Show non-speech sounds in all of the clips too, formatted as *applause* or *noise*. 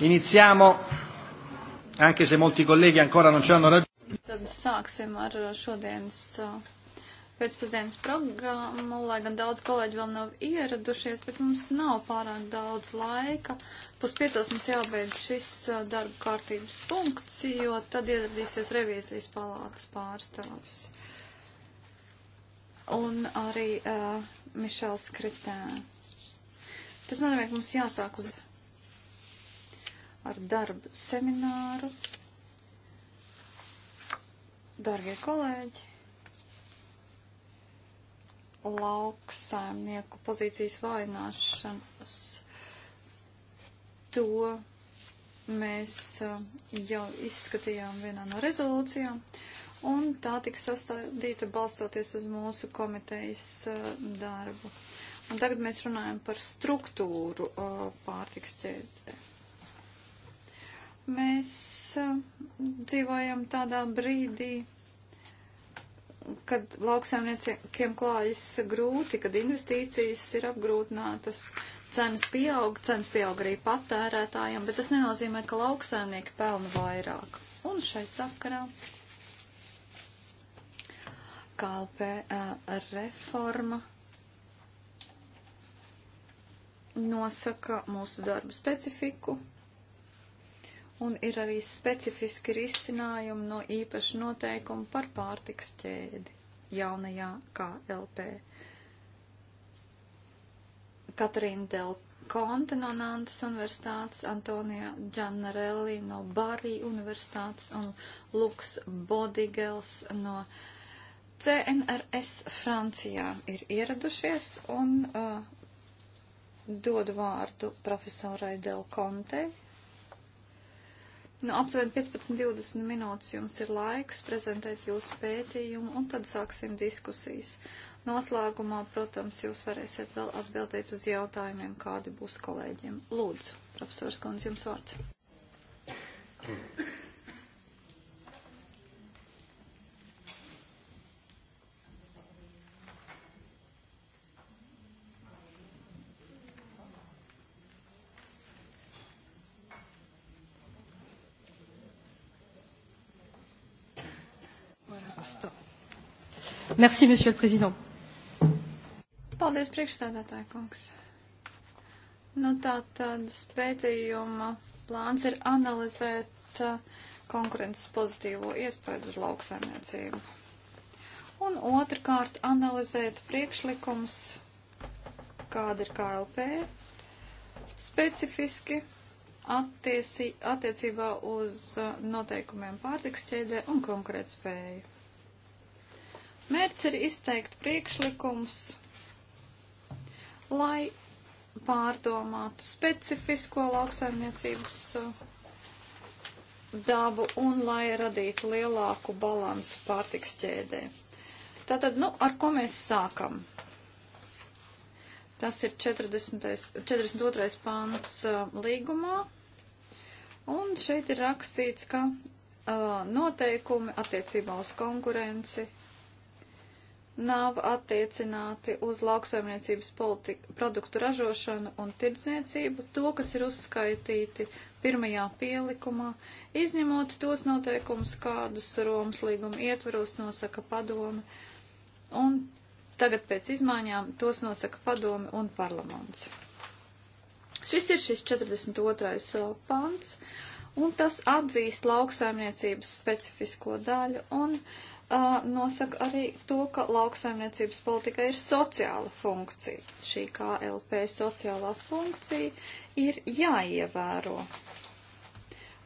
Iniziamo, anche se molti colleghi ancora non ci hanno raggiunto. Tad sāksim ar uh, šodienas uh, pēcpusdienas programmu, lai gan daudz kolēģi vēl nav ieradušies, bet mums nav pārāk daudz laika. Puspiecos mums jābeidz šis uh, darba kārtības punkts, jo tad ieradīsies revīzijas palātas pārstāvis. Un arī uh, Mišels Kritē. Tas nozīmē, ka mums jāsāk uz ar darbu semināru. Dargie kolēģi, lauksaimnieku pozīcijas vājināšanas to mēs eh, jau izskatījām vienā no rezolūcijām, un tā tika sastādīta balstoties uz mūsu komitejas eh, darbu. Un tagad mēs runājam par struktūru eh, pārtiks ķēdē. Mēs eh, dzīvojam tādā brīdī, kad lauksaimniekiem klājas grūti, kad investīcijas ir apgrūtinātas, cenas pieaug, cenas pieaug arī patērētājiem, bet tas nenozīmē, ka lauksaimnieki pelna vairāk. Un šai sakarā KLP eh, reforma nosaka mūsu darba specifiku, un ir arī specifiski risinājumi no īpašu noteikumu par pārtiks ķēdi jaunajā KLP. Katarīna Del Conte no Nantes universitātes, Antonija Giannarelli no Barī universitātes un Luks Bodigels no CNRS Francijā ir ieradušies un uh, dodu vārdu profesorai Del Conte, Nu, aptuveni 15-20 minūtes jums ir laiks prezentēt jūsu pētījumu, un tad sāksim diskusijas. Noslēgumā, protams, jūs varēsiet vēl atbildēt uz jautājumiem, kādi būs kolēģiem. Lūdzu, profesors Kundz, jums vārds. Merci, monsieur le président. Paldies, priekšsēdētāja kungs. Nu, tā tādas pētījuma plāns ir analizēt uh, konkurences pozitīvo iespēju uz lauksaimniecību. Un otrkārt, analizēt priekšlikums, kāda ir KLP, specifiski attieci, attiecībā uz uh, noteikumiem pārtiks ķēdē un konkurētspēju. Mērķis ir izteikt priekšlikums, lai pārdomātu specifisko lauksaimniecības uh, dabu un lai radītu lielāku balansu pārtiks ķēdē. Tātad, nu, ar ko mēs sākam? Tas ir 40, 42. pants uh, līgumā, un šeit ir rakstīts, ka uh, noteikumi attiecībā uz konkurenci nav attiecināti uz lauksaimniecības politika, produktu ražošanu un tirdzniecību, to, kas ir uzskaitīti pirmajā pielikumā, izņemot tos noteikumus, kādus Romas līguma ietvaros nosaka padome, un tagad pēc izmaiņām tos nosaka padome un parlaments. Šis ir šis 42. Uh, pants, un tas atzīst lauksaimniecības specifisko daļu un uh, uh, nosaka arī to, ka lauksaimniecības politika ir sociāla funkcija. Šī KLP sociālā funkcija ir jāievēro,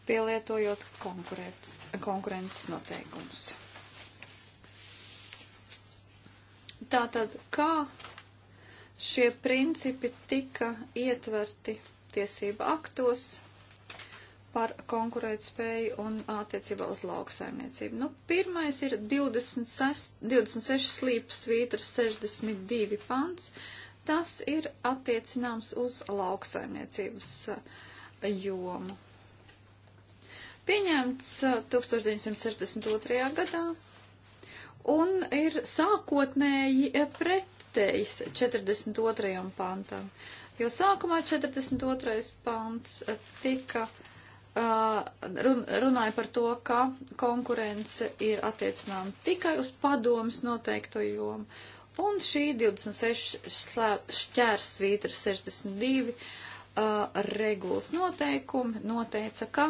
pielietojot konkurences noteikumus. Tātad, kā šie principi tika ietverti tiesība aktos, par konkurētspēju un attiecībā uz lauksaimniecību. Nu, pirmais ir 26, 26 slīpas vītras 62 pants. Tas ir attiecināms uz lauksaimniecības eh, jomu. Pieņemts 1962. Eh, gadā un ir sākotnēji eh, pretējs 42. pantam, jo sākumā 42. pants tika run, runāja par to, ka konkurence ir attiecināma tikai uz padomus noteikto jomu. Un šī 26 šķērsvītra 62 uh, regulas noteikumi noteica, ka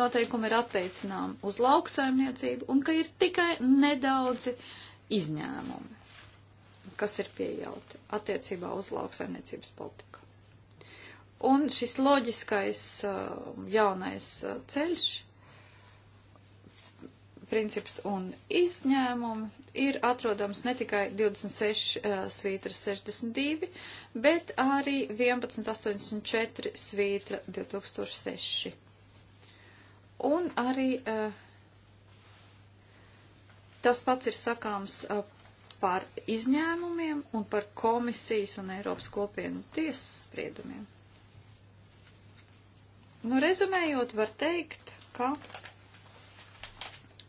noteikumi ir attiecinām uz lauksaimniecību un ka ir tikai nedaudzi izņēmumi, kas ir pieļauti attiecībā uz lauksaimniecības politiku. Un šis loģiskais uh, jaunais uh, ceļš, princips un izņēmumi ir atrodams ne tikai 26 uh, svītra 62, bet arī 1184 svītra 2006. Un arī tas pats ir sakāms par izņēmumiem un par komisijas un Eiropas kopienu tiesas spriedumiem. Nu, rezumējot, var teikt, ka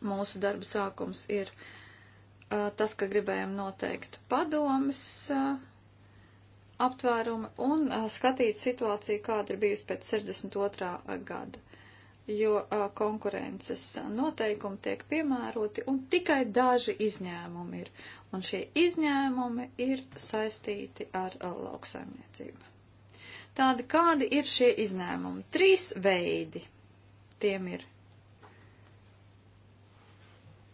mūsu darba sākums ir uh, tas, ka gribējam noteikt padomas uh, aptvērumu un uh, skatīt situāciju, kāda ir bijusi pēc 62. gada, jo konkurences noteikumi tiek piemēroti un tikai daži izņēmumi ir, un šie izņēmumi ir saistīti ar lauksaimniecību. Tādi kādi ir šie izņēmumi? Trīs veidi tiem ir.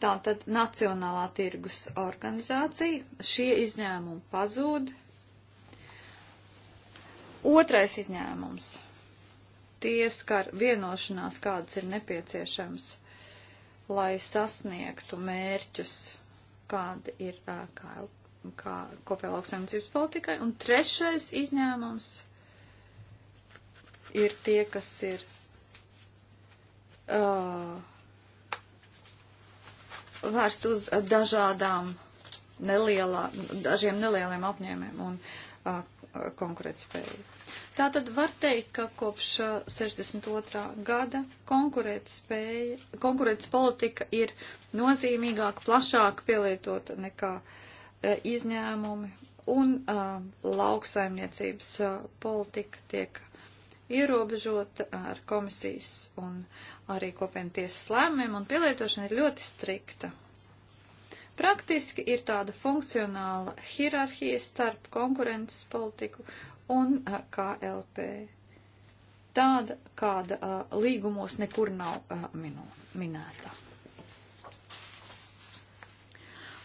Tātad Nacionālā tirgus organizācija, šie izņēmumi pazūd. Otrais izņēmums. Tie skar vienošanās, kādas ir nepieciešams, lai sasniegtu mērķus, kāda ir kā, kā kopējā lauksaimniecības politikai. Un trešais izņēmums ir tie, kas ir. Uh, vērst uz dažādām nelielā, dažiem nelieliem apņēmiem un uh, konkurētspēju. Tā tad var teikt, ka kopš 62. gada konkurētspēja, konkurētas politika ir nozīmīgāk, plašāk pielietota nekā uh, izņēmumi un uh, lauksaimniecības uh, politika tiek ierobežota ar komisijas un arī kopienu tiesas lēmumiem, un pielietošana ir ļoti strikta. Praktiski ir tāda funkcionāla hierarhija starp konkurences politiku un KLP. Tāda, kāda a, līgumos nekur nav a, minu, minēta.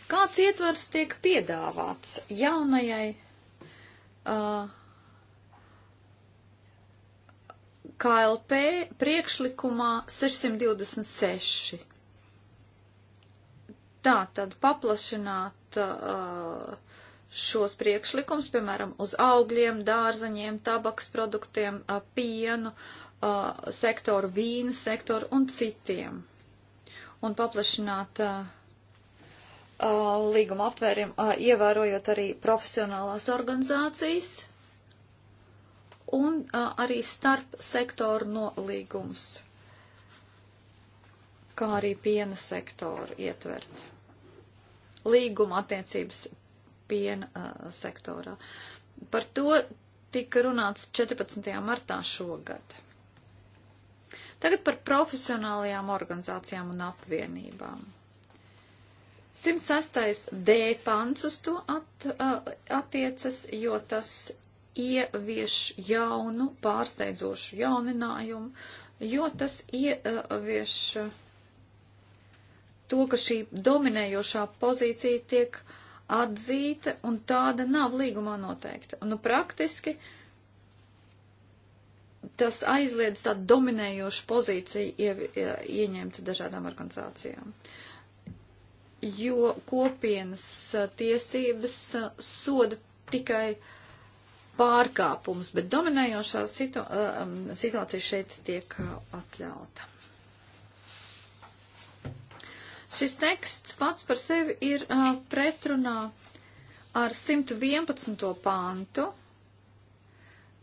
Kāds ietvars tiek piedāvāts jaunajai uh, KLP priekšlikumā 626. Tā tad paplašināt uh, šos priekšlikums, piemēram, uz augļiem, dārzaņiem, tabaks produktiem, uh, pienu uh, sektoru, vīna sektoru un citiem. Un paplašināt uh, uh līguma aptvēriem, uh, ievērojot arī profesionālās organizācijas un a, arī starp sektoru nolīgumus, kā arī piena sektoru ietvert. Līguma attiecības piena a, sektorā. Par to tika runāts 14. martā šogad. Tagad par profesionālajām organizācijām un apvienībām. 106. D pants uz to at, a, attiecas, jo tas ievieš jaunu, pārsteidzošu jauninājumu, jo tas ievieš uh, to, ka šī dominējošā pozīcija tiek atzīta un tāda nav līgumā noteikta. Nu, praktiski tas aizliedz tādu dominējošu pozīciju ie, ie, ieņemt dažādām organizācijām. Jo kopienas uh, tiesības uh, soda tikai uh, pārkāpumus, bet dominējošā situ, uh, um, situācija šeit tiek uh, atļauta. Šis teksts pats par sevi ir uh, pretrunā ar 111. pāntu,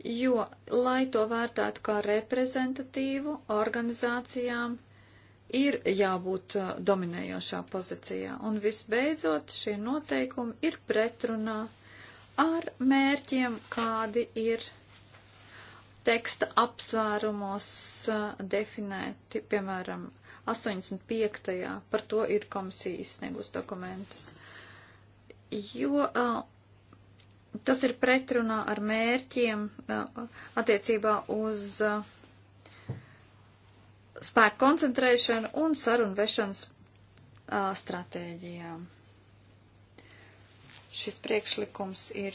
jo, lai to vērtētu kā reprezentatīvu organizācijām, ir jābūt uh, dominējošā pozīcijā. Un visbeidzot, šie noteikumi ir pretrunā ar mērķiem, kādi ir teksta apsvērumos uh, definēti, piemēram, 85. par to ir komisija izsniegus dokumentus. Jo uh, tas ir pretrunā ar mērķiem uh, attiecībā uz spēku koncentrēšanu un sarunu vešanas stratēģijām. Šis priekšlikums ir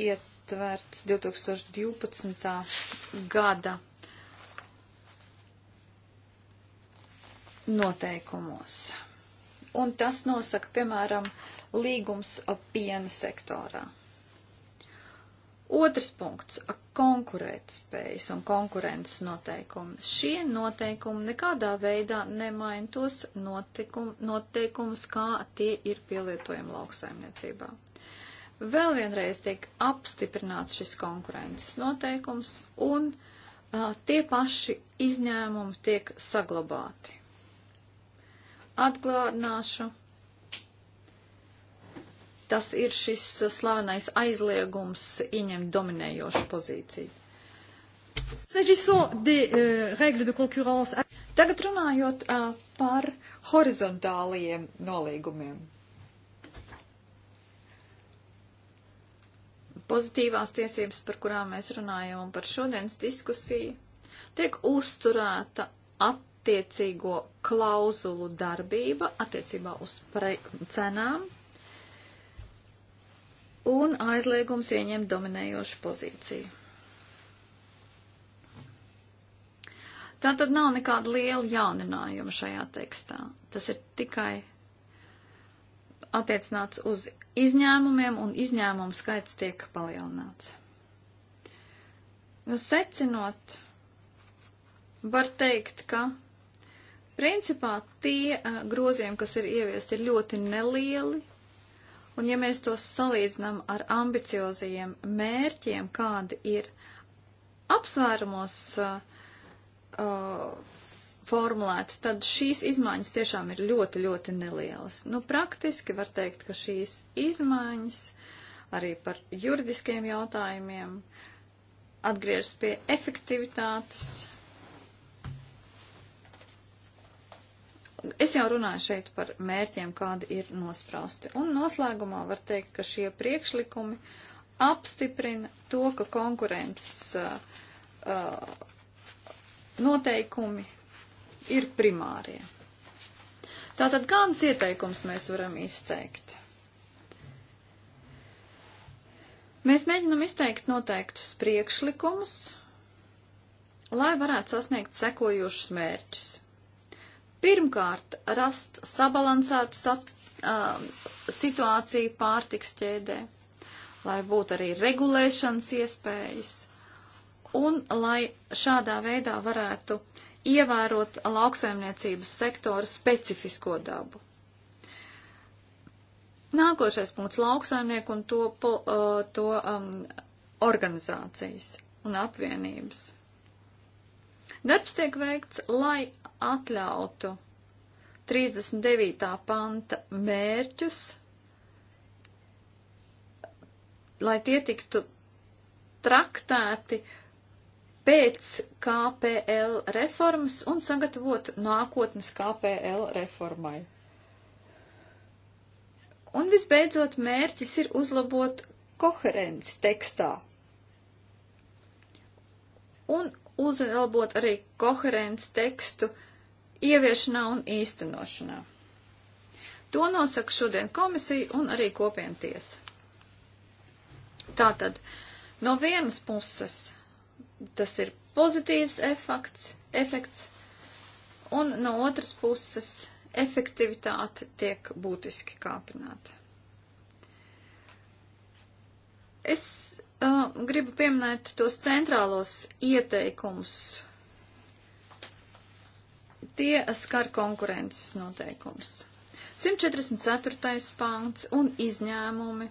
ietverts 2012. gada noteikumos. Un tas nosaka, piemēram, līgums piena sektorā. Otrs punkts - konkurētspējas un konkurences noteikumi. Šie noteikumi nekādā veidā nemaina tos noteikumus, kā tie ir pielietojami lauksaimniecībā. Vēl vienreiz tiek apstiprināts šis konkurences noteikums un uh, tie paši izņēmumi tiek saglabāti. Atgādināšu, tas ir šis slavenais aizliegums ieņemt dominējošu pozīciju. Tagad runājot uh, par horizontāliem nolīgumiem. pozitīvās tiesības, par kurām mēs runājam, un par šodienas diskusiju, tiek uzturēta attiecīgo klauzulu darbība attiecībā uz cenām un aizliegums ieņemt dominējošu pozīciju. Tā tad nav nekāda liela jauninājuma šajā tekstā. Tas ir tikai attiecināts uz izņēmumiem, un izņēmumu skaits tiek palielināts. Nu, secinot, var teikt, ka principā tie grozījumi, kas ir ieviesti, ir ļoti nelieli, un ja mēs tos salīdzinām ar ambiciozajiem mērķiem, kādi ir apsvērumos uh, formulēti, tad šīs izmaiņas tiešām ir ļoti, ļoti nelielas. Nu, praktiski var teikt, ka šīs izmaiņas arī par juridiskiem jautājumiem atgriežas pie efektivitātes. Es jau runāju šeit par mērķiem, kādi ir nosprausti. Un noslēgumā var teikt, ka šie priekšlikumi apstiprina to, ka konkurences uh, uh, noteikumi ir primārie. Tātad kādas ieteikums mēs varam izteikt? Mēs mēģinam izteikt noteiktus priekšlikumus, lai varētu sasniegt sekojošus mērķus. Pirmkārt, rast sabalansētu sat, uh, situāciju pārtiks ķēdē, lai būtu arī regulēšanas iespējas un lai šādā veidā varētu ievērot lauksaimniecības sektora specifisko dabu. Nākošais punkts - lauksaimnieku un to, uh, to um, organizācijas un apvienības. Darbs tiek veikts, lai atļautu 39. panta mērķus, lai tie tiktu traktēti uh, pēc KPL reformas un sagatavot nākotnes KPL reformai. Un visbeidzot, mērķis ir uzlabot koherenci tekstā un uzlabot arī koherenci tekstu ieviešanā un īstenošanā. To nosaka šodien komisija un arī kopientiesa. Tātad, no vienas puses tas ir pozitīvs efekts, efekts un no otras puses efektivitāte tiek būtiski kāpināta. Es uh, gribu pieminēt tos centrālos ieteikumus. Tie skar konkurences noteikums. 144. pāns un izņēmumi,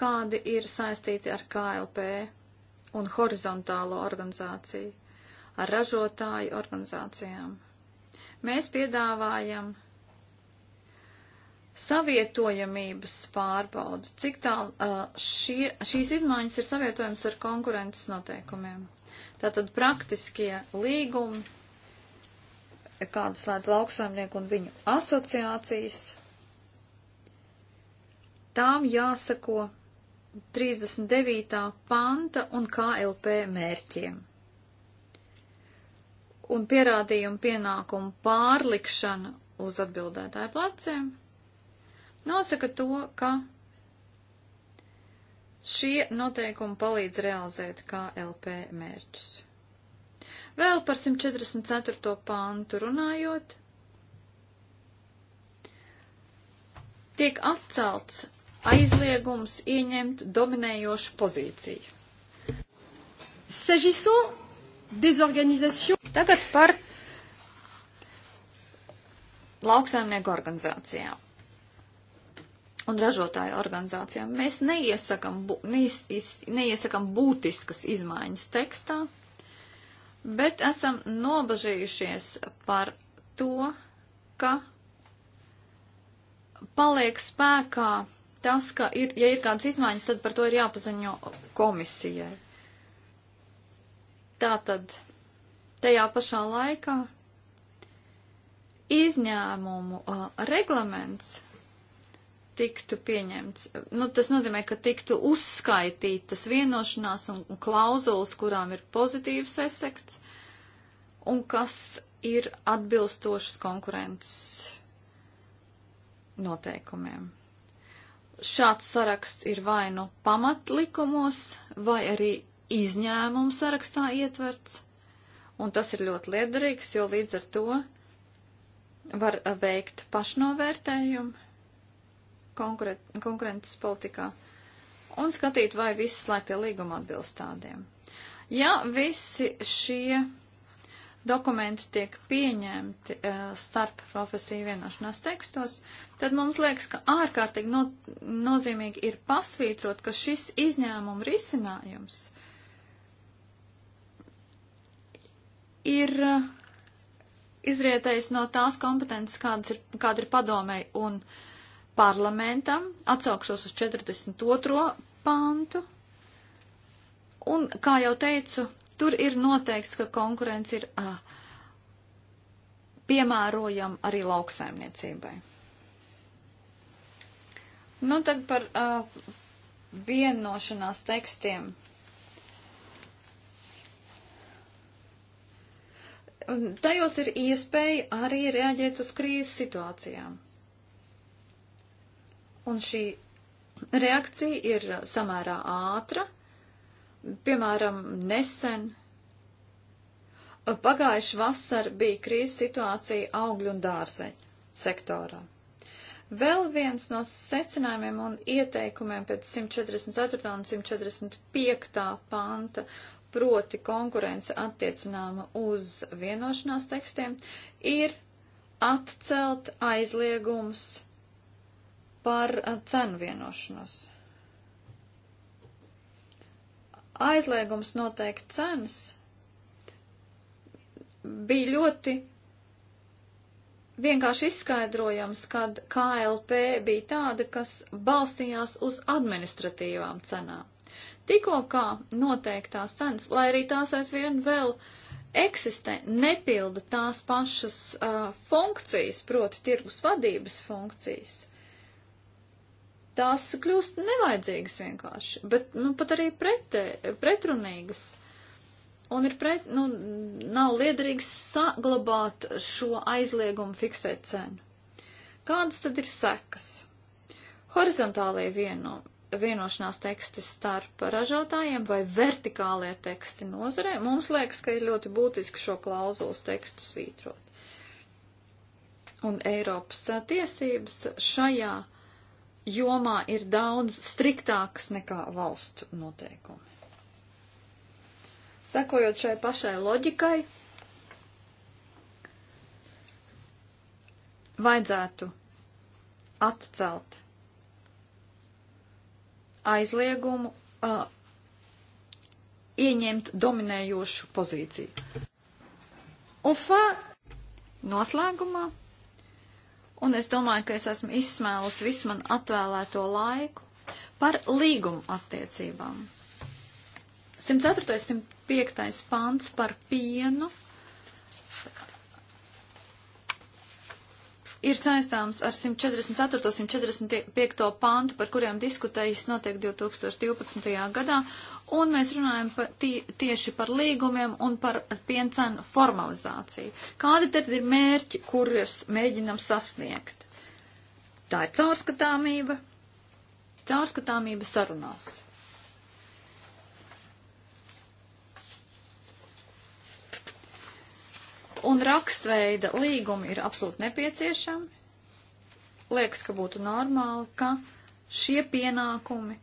kādi ir saistīti ar KLP un horizontālo organizāciju, ar ražotāju organizācijām. Mēs piedāvājam savietojamības pārbaudu, cik tālu šie, šīs izmaiņas ir savietojams ar konkurences noteikumiem. Tātad praktiskie līgumi, kādas slēdz lauksaimnieku un viņu asociācijas, tām jāsako 39. panta un KLP mērķiem. Un pierādījumu pienākumu pārlikšana uz atbildētāju pleciem nosaka to, ka šie noteikumi palīdz realizēt KLP mērķus. Vēl par 144. pāntu runājot, tiek atcelts aizliegums ieņemt dominējošu pozīciju. Tagad par lauksaimnieku organizācijām un ražotāju organizācijām. Mēs neiesakam, bu, neies, neiesakam būtiskas izmaiņas tekstā, bet esam nobažījušies par to, ka paliek spēkā tas, ka ir, ja ir kādas izmaiņas, tad par to ir jāpaziņo komisijai. Tātad tajā pašā laikā izņēmumu uh, reglaments tiktu pieņemts. Nu, tas nozīmē, ka tiktu uzskaitītas vienošanās un, un klauzulas, kurām ir pozitīvs efekts un kas ir atbilstošas konkurences noteikumiem šāds saraksts ir vai nu pamatlikumos, vai arī izņēmumu sarakstā ietverts. Un tas ir ļoti liederīgs, jo līdz ar to var veikt pašnovērtējumu konkurences politikā un skatīt, vai visi slēgtie līguma atbilst tādiem. Ja visi šie dokumenti tiek pieņemti uh, starp profesiju vienošanās tekstos, tad mums liekas, ka ārkārtīgi no, nozīmīgi ir pasvītrot, ka šis izņēmuma risinājums ir uh, izrietējis no tās kompetences, kādas ir, kāda ir padomei un parlamentam, atsaukšos uz 42. pantu. Un, kā jau teicu, Tur ir noteikts, ka konkurence ir uh, piemērojama arī lauksaimniecībai. Nu, tad par uh, vienošanās tekstiem. Tajos ir iespēja arī reaģēt uz krīzes situācijām. Un šī reakcija ir samērā ātra. Uh, Piemēram, nesen pagājuši vasar bija krīzes situācija augļu un dārzeņu sektorā. Vēl viens no secinājumiem un ieteikumiem pēc 144. un 145. panta, proti konkurence attiecināma uz vienošanās tekstiem, ir atcelt aizliegumus par cenu vienošanos aizliegums noteikt cenas bija ļoti vienkārši izskaidrojams, kad KLP bija tāda, kas balstījās uz administratīvām cenām. Tikko kā noteiktās cenas, lai arī tās aizvien vēl eksistē, nepilda tās pašas uh, funkcijas, proti tirgus vadības funkcijas tās kļūst nevajadzīgas vienkārši, bet, nu, pat arī pretē, pretrunīgas. Un ir pret, nu, nav liederīgs saglabāt šo aizliegumu fiksēt cenu. Kādas tad ir sekas? Horizontālie vieno, vienošanās teksti starp ražotājiem vai vertikālie teksti nozarē, mums liekas, ka ir ļoti būtiski šo klauzulas tekstu svītrot. Un Eiropas tiesības šajā jomā ir daudz striktāks nekā valstu noteikumi. Sekojot šai pašai loģikai, vajadzētu atcelt aizliegumu uh, ieņemt dominējošu pozīciju. Un fa noslēgumā un es domāju, ka es esmu izsmēlus visu man atvēlēto laiku par līgumu attiecībām. 104. 105. pants par pienu ir saistāms ar 144. 145. pantu, par kuriem diskutējas notiek 2012. gadā, un mēs runājam pa, tī, tieši par līgumiem un par piencenu formalizāciju. Kādi tad ir mērķi, kurus mēģinam sasniegt? Tā ir caurskatāmība, caurskatāmība sarunās. Un rakstveida līgumi ir absolūti nepieciešami. Liekas, ka būtu normāli, ka šie pienākumi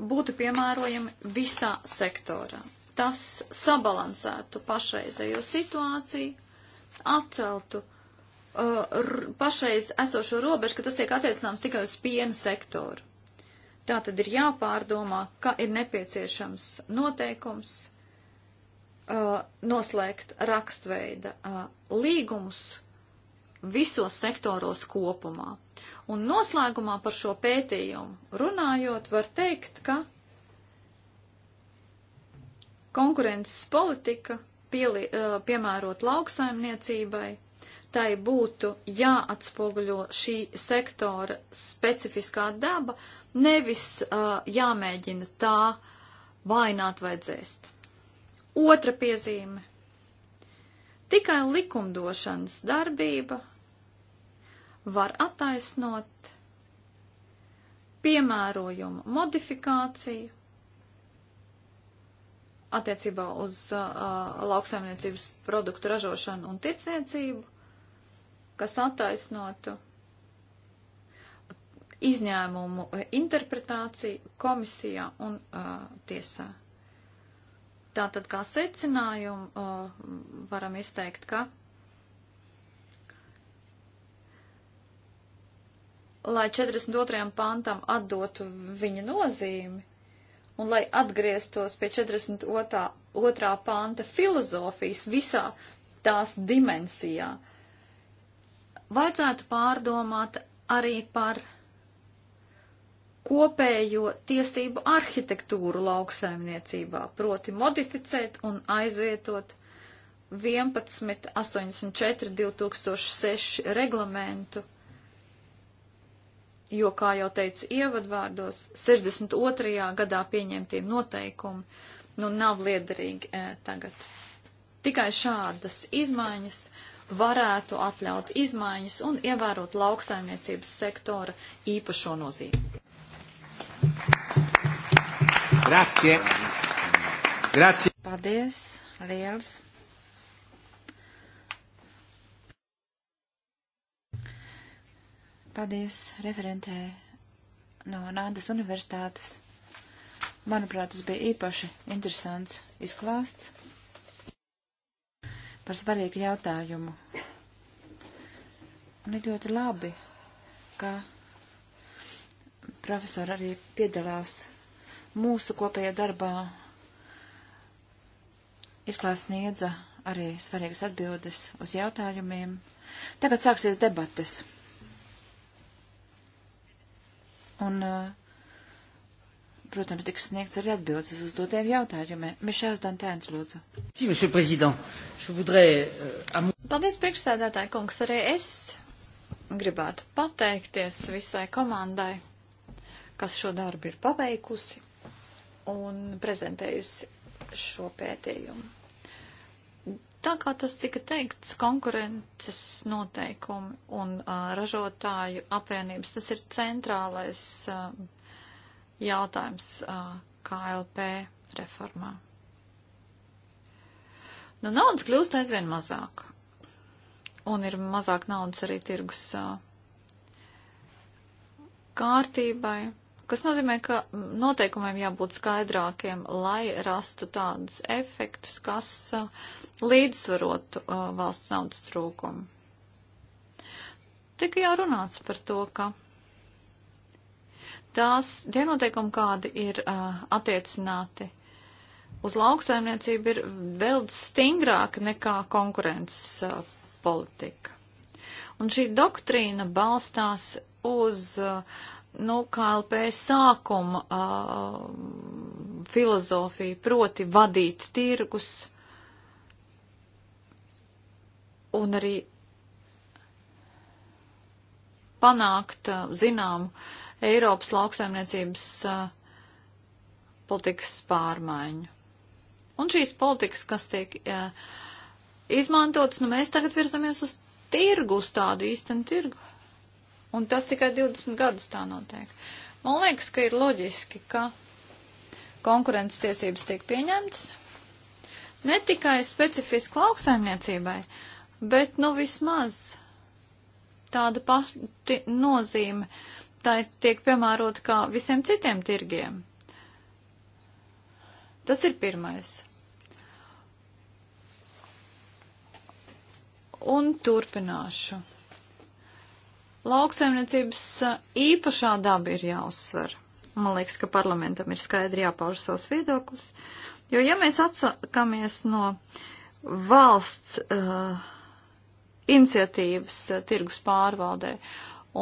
būtu piemērojami visā sektorā. Tas sabalansētu pašreizējo situāciju, atceltu uh, pašreiz esošo robežu, ka tas tiek attiecināms tikai uz piena sektoru. Tā tad ir jāpārdomā, ka ir nepieciešams noteikums uh, noslēgt rakstveida uh, līgumus visos sektoros kopumā. Un noslēgumā par šo pētījumu runājot, var teikt, ka konkurences politika pieli, eh, piemērot lauksaimniecībai, tai būtu jāatspoguļo šī sektora specifiskā daba, nevis uh, jāmēģina tā vainot vai dzēst. Otra piezīme. Tikai likumdošanas darbība var attaisnot piemērojumu modifikāciju attiecībā uz uh, lauksaimniecības produktu ražošanu un tirdzniecību, kas attaisnotu izņēmumu interpretāciju komisijā un uh, tiesā. Tātad kā secinājumu uh, varam izteikt, ka lai 42. pantam atdotu viņa nozīmi un lai atgrieztos pie 42. panta filozofijas visā tās dimensijā. Vajadzētu pārdomāt arī par kopējo tiesību arhitektūru lauksaimniecībā, proti modificēt un aizvietot 1184 2006 reglamentu jo, kā jau teicu ievadvārdos, 62. gadā pieņemtie noteikumi nu nav liederīgi e, tagad. Tikai šādas izmaiņas varētu atļaut izmaiņas un ievērot lauksaimniecības sektora īpašo nozīmi. Grazie. Grazie. Paldies. Liels. Paldies referentē no Nādas universitātes. Manuprāt, tas bija īpaši interesants izklāsts par svarīgu jautājumu. Un ir ļoti labi, ka profesori arī piedalās mūsu kopējā darbā. Izklāsts sniedza arī svarīgas atbildes uz jautājumiem. Tagad sāksies debates. Un, eh, protams, tiks sniegts arī atbildes uz dotiem jautājumiem. Mišās Dantēns, lūdzu. Eh, Paldies, priekšsēdētāji kungs, arī es gribētu pateikties visai komandai, kas šo darbu ir paveikusi un prezentējusi šo pētījumu. Tā kā tas tika teikts, konkurences noteikumi un uh, ražotāju apvienības, tas ir centrālais uh, jautājums uh, KLP reformā. Nu, naudas kļūst aizvien mazāk. Un ir mazāk naudas arī tirgus uh, kārtībai kas nozīmē, ka noteikumiem jābūt skaidrākiem, lai rastu tādus efektus, kas uh, līdzsvarotu uh, valsts naudas trūkumu. Tika jau runāts par to, ka tās tie noteikumi, kādi ir uh, attiecināti uz lauksaimniecību, ir vēl stingrāki nekā konkurences politika. Un šī doktrīna balstās uz uh, nu, KLP sākuma uh, filozofija, proti vadīt tirgus un arī panākt, uh, zinām, Eiropas lauksaimniecības uh, politikas pārmaiņu. Un šīs politikas, kas tiek uh, izmantotas, nu mēs tagad virzamies uz tirgu, uz tādu īstenu tirgu. Un tas tikai 20 gadus tā notiek. Man liekas, ka ir loģiski, ka konkurences tiesības tiek pieņemtas ne tikai specifiski lauksaimniecībai, bet nu vismaz tāda pati nozīme tā tiek piemērota kā visiem citiem tirgiem. Tas ir pirmais. Un turpināšu. Lauksaimniecības eh, īpašā daba ir jāuzsver. Man liekas, ka parlamentam ir skaidri jāpauž savs viedoklis, jo ja mēs atsakamies no valsts uh, iniciatīvas uh, tirgus pārvaldē,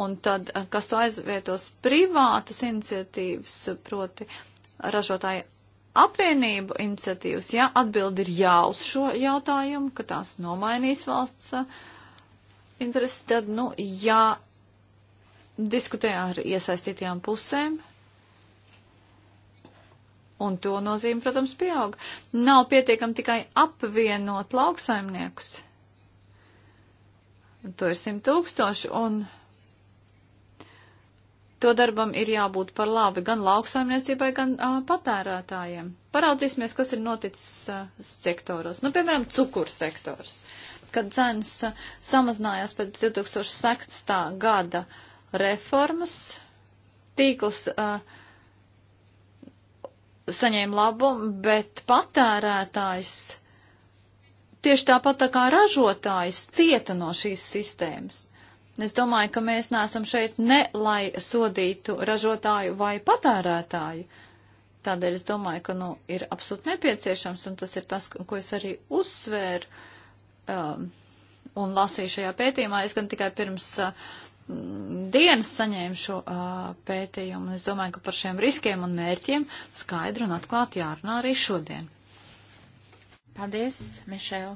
un tad, uh, kas to aizvietos privātas iniciatīvas, proti ražotāji apvienību iniciatīvas, ja atbildi ir jā uz šo jautājumu, ka tās nomainīs valsts interesi, tad, nu, jā, diskutējām ar iesaistītajām pusēm, un to nozīme, protams, pieaug. Nav pietiekami tikai apvienot lauksaimniekus. To ir simt tūkstoši, un to darbam ir jābūt par labi gan lauksaimniecībai, gan uh, patērētājiem. Paraudzīsimies, kas ir noticis uh, sektoros. Nu, piemēram, cukursektors, kad cenas uh, samazinājās pēc 2006. gada. Uh, reformas. Tīkls uh, saņēma labumu, bet patērētājs tieši tāpat tā kā ražotājs cieta no šīs sistēmas. Es domāju, ka mēs neesam šeit ne lai sodītu ražotāju vai patērētāju. Tādēļ es domāju, ka nu, ir absolūti nepieciešams, un tas ir tas, ko es arī uzsvēru um, un lasīju šajā pētījumā. Es gan tikai pirms uh, dienas saņēmu šo uh, pētījumu, un es domāju, ka par šiem riskiem un mērķiem skaidri un atklāti jārunā arī šodien. Paldies, Mišēl.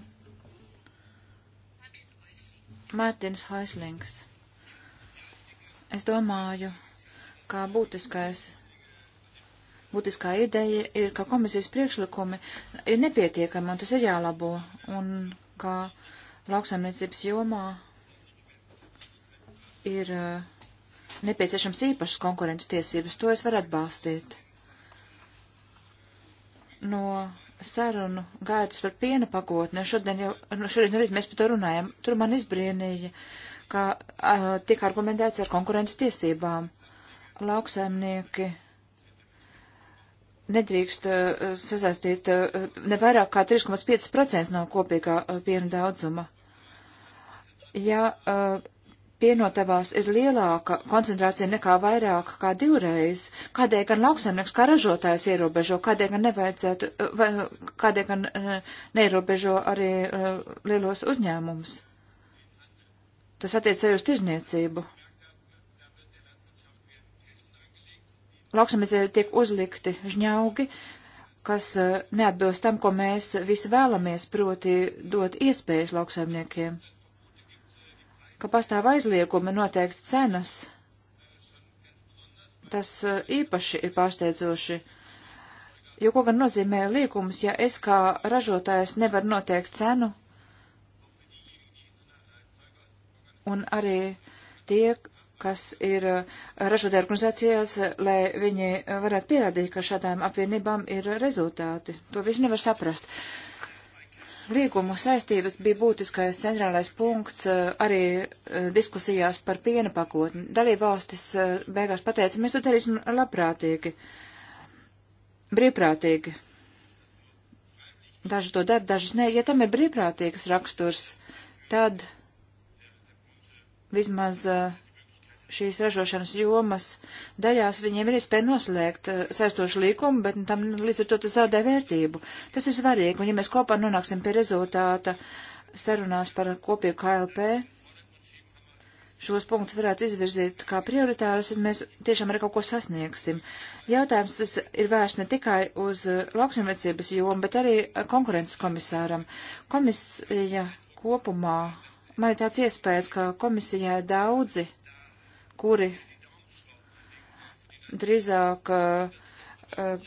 Mārtiņš Haislings. Es domāju, kā būtiskais būtiskā ideja ir, ka komisijas priekšlikumi ir nepietiekami un tas ir jālabo, un ka lauksaimniecības jomā ir eh, nepieciešams īpašas konkurences tiesības, to es varu atbalstīt. No sarunu gaitas par piena pagotni, šodien jau, nu, šodien arī nu mēs par to runājam, tur man izbrīnīja, ka uh, tiek argumentēts ar konkurences tiesībām. Lauksaimnieki nedrīkst uh, sasaistīt uh, ne vairāk kā 3,5% no kopīgā uh, piena daudzuma. Ja uh, pienotavās ir lielāka koncentrācija nekā vairāk kā divreiz, kādēļ gan lauksaimnieks kā ražotājs ierobežo, kādēļ gan nevajadzētu, eh, vai, kādēļ gan eh, neierobežo arī uh, lielos uzņēmumus. Tas attiec arī uz tirzniecību. Lauksaimniecei tiek uzlikti žņaugi, kas uh, neatbilst tam, ko mēs visi vēlamies, proti dot iespējas lauksaimniekiem ka pastāv aizliegumi noteikti cenas. Tas eh, īpaši ir pārsteidzoši, jo ko gan nozīmē līkums, ja es kā ražotājs nevaru noteikt cenu, un arī tie, kas ir eh, ražotāju organizācijās, lai viņi varētu pierādīt, ka šādām apvienībām ir rezultāti. To visu nevar saprast. Uh, Līgumu saistības bija būtiskais centrālais punkts eh, arī eh, diskusijās par piena pakotni. Dalībvalstis eh, beigās pateica, mēs to darīsim labprātīgi, brīvprātīgi. Daži to dara, dažas nē. Ja tam ir brīvprātīgas raksturs, tad vismaz uh, šīs ražošanas jomas daļās viņiem ir iespēja noslēgt uh, saistošu līkumu, bet tam līdz ar to tas zaudē vērtību. Tas ir svarīgi, un ja mēs kopā nonāksim pie rezultāta sarunās par kopīgu KLP, šos punktus varētu izvirzīt kā prioritārus, tad mēs tiešām arī kaut ko sasniegsim. Jautājums tas ir vērsts ne tikai uz uh, eh, lauksimniecības jomu, bet arī eh, konkurences komisāram. Komisija kopumā, man ir tāds iespējas, ka komisijai daudzi kuri drīzāk uh,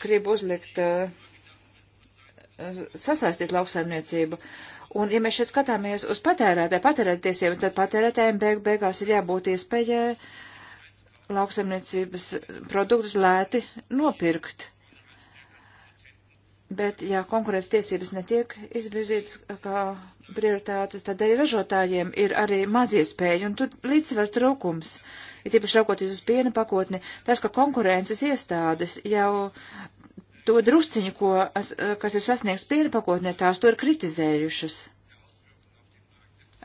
grib uzlikt, uh, sasaistīt lauksaimniecību. Un, ja mēs šeit skatāmies uz patērētāju, patērētiesiem, tad patērētājiem beig beigās ir jābūt iespējai lauksaimniecības produktus lēti nopirkt. Bet, ja konkurences tiesības netiek izvirzītas kā prioritātes, tad arī ražotājiem ir arī maziespēja, un tur līdzsver trūkums. Uh, ir tiepaši raukoties uz piena pakotni, tas, ka konkurences iestādes jau to drusciņu, ko, kas ir sasniegts piena pakotnē, tās to ir kritizējušas.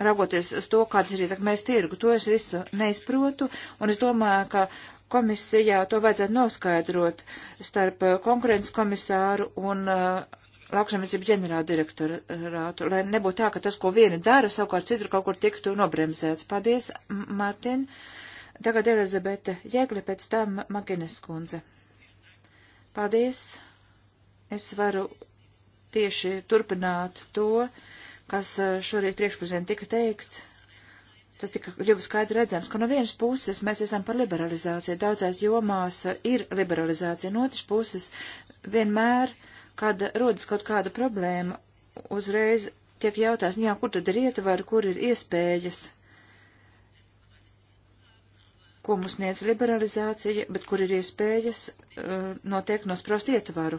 Raugoties uz to, kādas ir ietekmēs tirgu, to es visu neizprotu, un es domāju, ka komisijā to vajadzētu noskaidrot starp eh, konkurences komisāru un uh, lauksaimniecību ģenerāla direktorātu, lai nebūtu tā, ka tas, ko vieni dara, savukārt citur kaut kur tiktu nobremzēts. Paldies, Mārtiņ. Tagad Elizabete Jēgle, pēc tam Magenes kundze. Paldies! Es varu tieši turpināt to, kas eh, šorīt priekšpusdien tika teikts. Tas tika ļoti skaidri redzams, ka no vienas puses mēs esam par liberalizāciju. Daudzās jomās eh, ir liberalizācija, no otras puses vienmēr, kad rodas kaut kāda problēma, uzreiz tiek jautās, nu jā, kur tad ir ietvari, kur ir iespējas ko mums sniedz liberalizācija, bet kur ir iespējas uh, eh, noteikti nosprost ietvaru.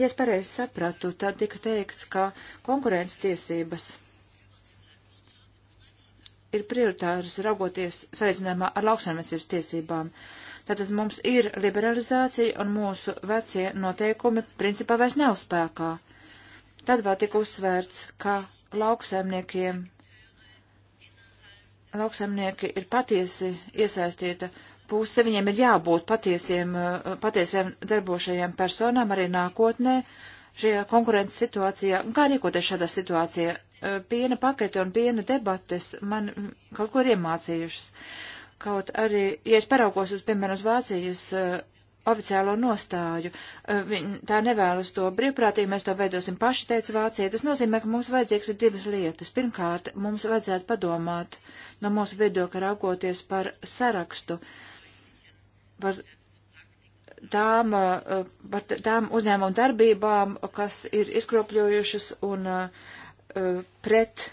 Ja es pareizi sapratu, tad tika teikts, ka konkurences tiesības ir prioritāras raugoties salīdzinājumā ar lauksaimniecības tiesībām. Tātad mums ir liberalizācija un mūsu vecie noteikumi principā vairs nav spēkā. Tad vēl tika uzsvērts, ka lauksaimniekiem lauksaimnieki ir patiesi iesaistīta puse, viņiem ir jābūt patiesiem, eh, patiesiem darbošajiem personām arī nākotnē šajā konkurences situācijā. Kā rīkoties šādā situācijā? Eh, piena pakete un piena debates man kaut ko ir iemācījušas. Kaut arī, ja es paraugos uz, piemēram, uz Vācijas eh, oficiālo nostāju. Viņa tā nevēlas to brīvprātīgi, mēs to veidosim paši, teica Vācija. Tas nozīmē, ka mums vajadzīgs ir divas lietas. Pirmkārt, mums vajadzētu padomāt no mūsu viedokļa raugoties par sarakstu, par tām, par tām uzņēmumu darbībām, kas ir izkropļojušas un pret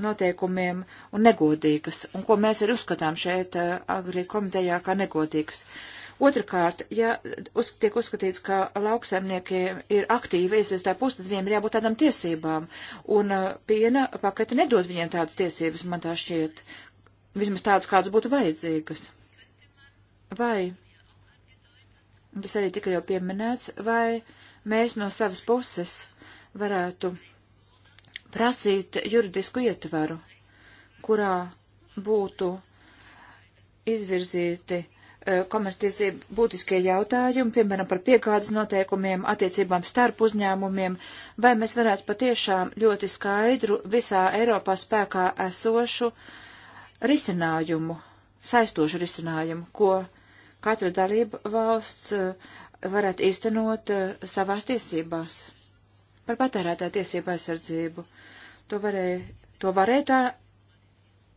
noteikumiem un negodīgas, un ko mēs arī uzskatām šeit agri komitejā kā negodīgas. Uh, Otrakārt, ja uz, tiek uzskatīts, ka lauksaimniekiem ir aktīvi iesaistā pusi, tad viņiem ir jābūt tādām tiesībām. Un uh, piena pakete nedod viņiem tādas tiesības, man tā šķiet. Vismaz tādas, kādas būtu vajadzīgas. Vai, tas arī tika jau pieminēts, vai mēs no savas puses varētu prasīt juridisku ietvaru, kurā būtu izvirzīti uh, E, komerctiesību būtiskie jautājumi, piemēram, par piegādes noteikumiem, attiecībām starp uzņēmumiem, vai mēs varētu patiešām ļoti skaidru visā Eiropā spēkā esošu risinājumu, saistošu risinājumu, ko katra dalība valsts e, varētu īstenot e, savās tiesībās par patērētāju tiesību aizsardzību. To varēja, to varēja tā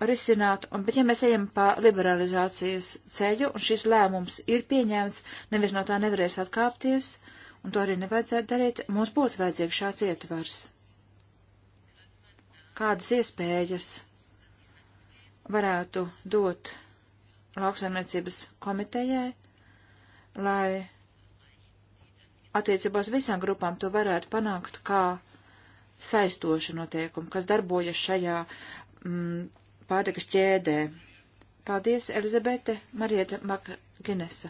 risināt, un, bet ja mēs ejam pa liberalizācijas ceļu, un šis lēmums ir pieņēmts, nevis no tā nevarēs atkāpties, un to arī nevajadzētu darīt, mums būs vajadzīgs šāds ietvars. Kādas iespējas varētu dot lauksaimniecības komitejai, lai attiecībās visām grupām to varētu panākt kā saistošu noteikumu, kas darbojas šajā mm, pārtikas ķēdē. Paldies, Elizabete Marieta Makgenesa.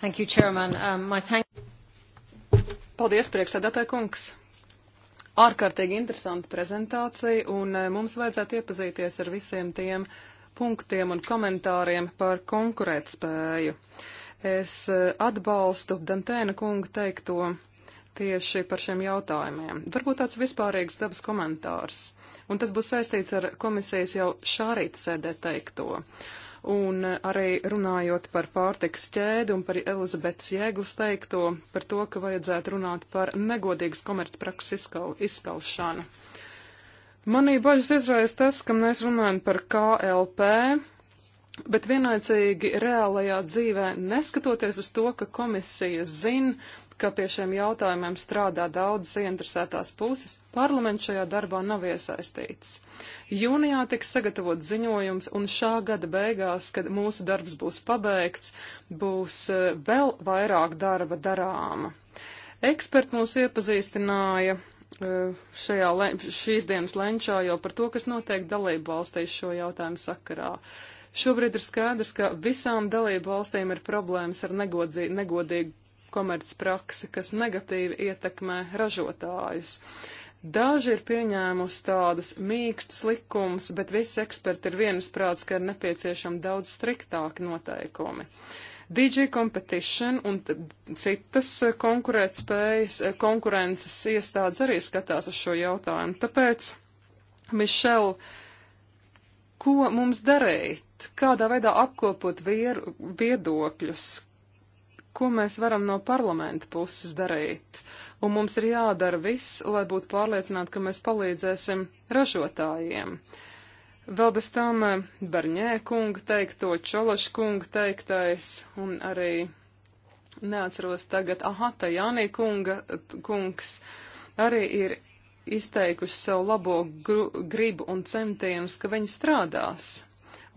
Thank you, Chairman. Um, my thank Paldies, priekšsēdētāji kungs. Ārkārtīgi interesanta prezentācija, un uh, mums vajadzētu iepazīties ar visiem tiem punktiem un komentāriem par konkurētspēju. Es uh, atbalstu Dantēna kunga teikto tieši par šiem jautājumiem. Varbūt tāds vispārīgs dabas komentārs, un tas būs saistīts ar komisijas jau šā rīta sēdē teikto. Un arī runājot par pārtikas ķēdi un par Elizabetes Jēglas teikto, par to, ka vajadzētu runāt par negodīgas komercprakses izskau, izskaušanu. Manī bažas izraisa tas, ka mēs runājam par KLP, bet vienlaicīgi reālajā dzīvē, neskatoties uz to, ka komisija zina, ka pie šiem jautājumiem strādā daudzas ieinteresētās puses, parlaments šajā darbā nav iesaistīts. Jūnijā tiks sagatavot ziņojums, un šā gada beigās, kad mūsu darbs būs pabeigts, būs e, vēl vairāk darba darāma. Eksperti mūs iepazīstināja e, šajā, šīs dienas lenčā jau par to, kas notiek dalību valstīs šo jautājumu sakarā. Šobrīd ir skaidrs, ka visām dalību valstīm ir problēmas ar negodzīgu, negodīgu komercpraksi, kas negatīvi ietekmē ražotājus. Daži ir pieņēmusi tādus mīkstus likumus, bet visi eksperti ir vienisprāts, ka ir nepieciešami daudz striktāki noteikumi. DJ Competition un citas konkurētspējas, konkurences iestādes arī skatās uz šo jautājumu. Tāpēc, Mišel, ko mums darīt? Kādā veidā apkopot vieru, viedokļus? ko mēs varam no parlamenta puses darīt. Un mums ir jādara viss, lai būtu pārliecināti, ka mēs palīdzēsim ražotājiem. Vēl bez tam eh, Barņē kunga teikto, Čološa kunga teiktais un arī neatceros tagad Ahata Jānī kunga, kungs arī ir izteikuši savu labo gribu un centienus, ka viņi strādās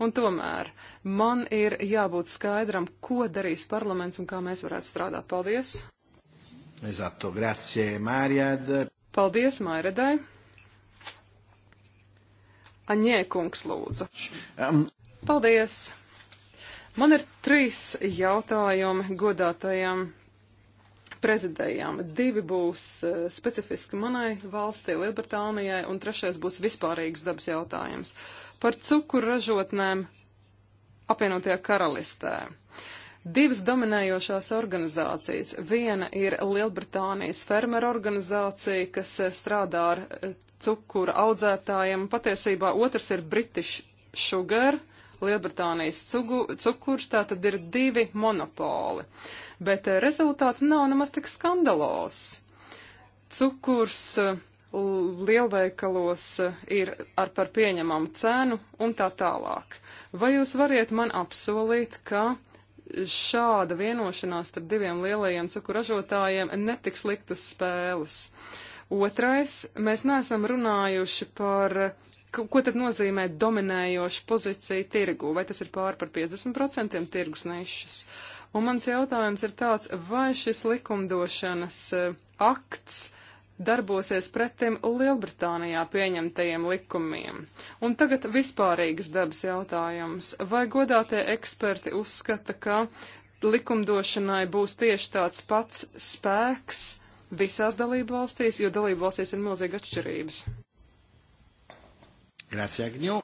Un tomēr man ir jābūt skaidram, ko darīs parlaments un kā mēs varētu strādāt. Paldies! Esatto, grazie, Mārjad. Paldies, Mairedai. Aņē kungs lūdzu. Um. Paldies! Man ir trīs jautājumi godātajam prezidējām. Divi būs uh, specifiski manai valstī, Lielbritānijai, un trešais būs vispārīgs dabas jautājums par cukuru ražotnēm apvienotajā karalistē. Divas dominējošās organizācijas. Viena ir Lielbritānijas fermera organizācija, kas strādā ar eh, cukura audzētājiem. Patiesībā otrs ir British Sugar, Lielbritānijas cugu, cukurs, tā tad ir divi monopoli. Bet eh, rezultāts nav nemaz tik skandalos. Cukurs eh, lielveikalos eh, ir ar par pieņemamu cenu un tā tālāk. Vai jūs variet man apsolīt, ka šāda vienošanās starp diviem lielajiem cukuražotājiem netiks likt uz spēles? Otrais, mēs neesam runājuši par ko tad nozīmē dominējoša pozīcija tirgu? Vai tas ir pār par 50% tirgus nišas? Un mans jautājums ir tāds, vai šis likumdošanas eh, akts darbosies pretim Lielbritānijā pieņemtajiem likumiem. Un tagad vispārīgas dabas jautājums. Vai godātie eksperti uzskata, ka likumdošanai būs tieši tāds pats spēks visās dalību valstīs, jo dalību valstīs ir milzīga atšķirības? Grācijā, Gņū.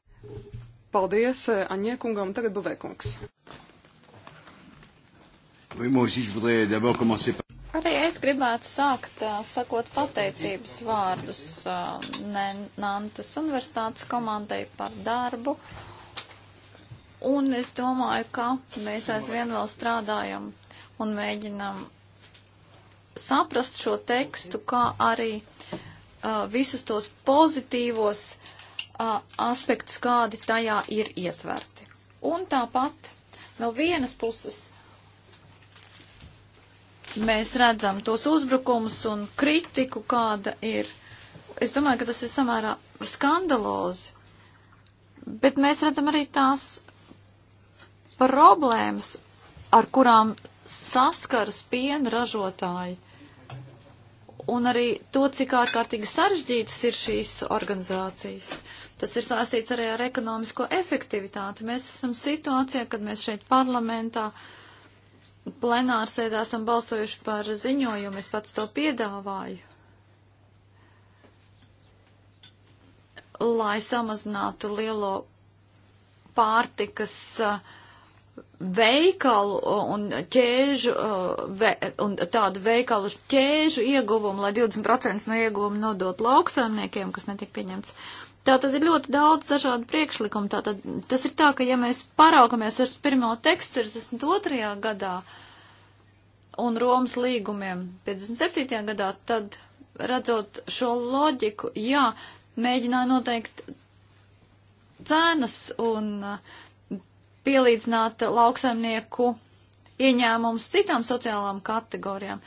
Paldies Aņiekungam, tagad Buvēkungs. Oui, moi aussi, je voudrais d'abord commencer par... Arī es gribētu sākt uh, sakot pateicības vārdus uh, Nantes universitātes komandai par darbu. Un es domāju, ka mēs aizvien vēl strādājam un mēģinam saprast šo tekstu, kā arī uh, visus tos pozitīvos uh, aspektus, kādi tajā ir ietverti. Un tāpat no vienas puses mēs redzam tos uzbrukumus un kritiku, kāda ir. Es domāju, ka tas ir samērā skandalozi. Bet mēs redzam arī tās problēmas, ar kurām saskaras piena ražotāji. Un arī to, cik ārkārtīgi sarežģītas ir šīs organizācijas. Tas ir sāstīts arī ar ekonomisko efektivitāti. Mēs esam situācijā, kad mēs šeit parlamentā uh, plenārsēdā esam balsojuši par ziņojumu, es pats to piedāvāju, lai samazinātu lielo pārtikas uh, veikalu un ķēžu, uh, ve, un tādu veikalu ķēžu ieguvumu, lai 20% no ieguvuma nodot lauksaimniekiem, kas netiek pieņemts uh, Tātad ir ļoti daudz dažādu priekšlikumu. Tātad tas ir tā, ka ja mēs paraugamies ar pirmo tekstu 62. gadā un Romas līgumiem 57. gadā, tad redzot šo loģiku, jā, mēģināja noteikt cenas un uh, pielīdzināt lauksaimnieku ieņēmumus citām sociālām kategorijām.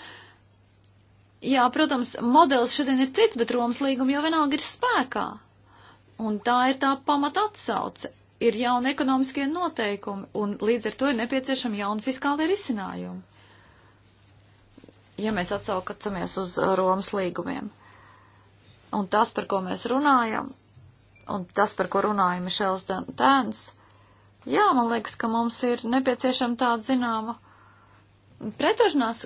Jā, protams, modelis šodien ir cits, bet Romas līguma jau vienalga ir spēkā. Un tā ir tā pamata atsauce. Ir jauni ekonomiskie noteikumi, un līdz ar to ir nepieciešama jauna fiskāla risinājuma. Ja mēs atsaucamies uz Romas līgumiem. Un tas, par ko mēs runājam, un tas, par ko runāja Mišels Dantēns, jā, man liekas, ka mums ir nepieciešama tāda zināma pretošanās,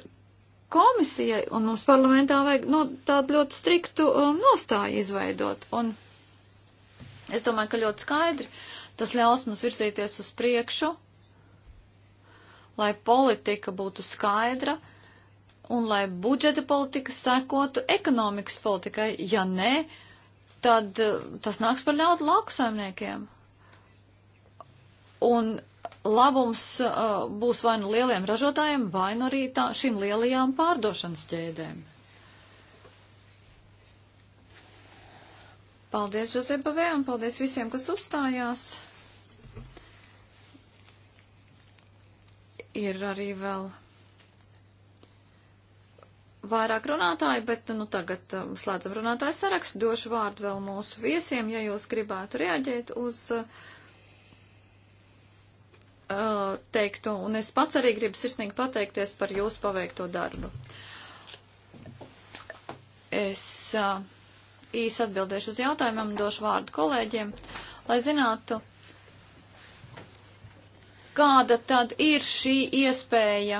komisijai un mums parlamentā vajag nu, tādu ļoti striktu um, nostāju izveidot. Un Es domāju, ka ļoti skaidri tas ļaus mums virzīties uz priekšu, lai politika būtu skaidra un lai budžeta politika sekotu ekonomikas politikai. Ja nē, tad eh, tas nāks par ļaudu lauksaimniekiem. Un labums uh, būs vai nu no lieliem ražotājiem, vai nu no arī tā, šīm lielajām pārdošanas ķēdēm. Paldies Žozebavē un paldies visiem, kas uzstājās. Ir arī vēl vairāk runātāji, bet nu tagad um, slēdzam runātāju sarakstu. Došu vārdu vēl mūsu viesiem, ja jūs gribētu reaģēt uz uh, teikto. Un es pats arī gribu sirsnīgi pateikties par jūsu paveikto darbu. Es uh, īsi atbildēšu uz jautājumiem, došu vārdu kolēģiem, lai zinātu, kāda tad ir šī iespēja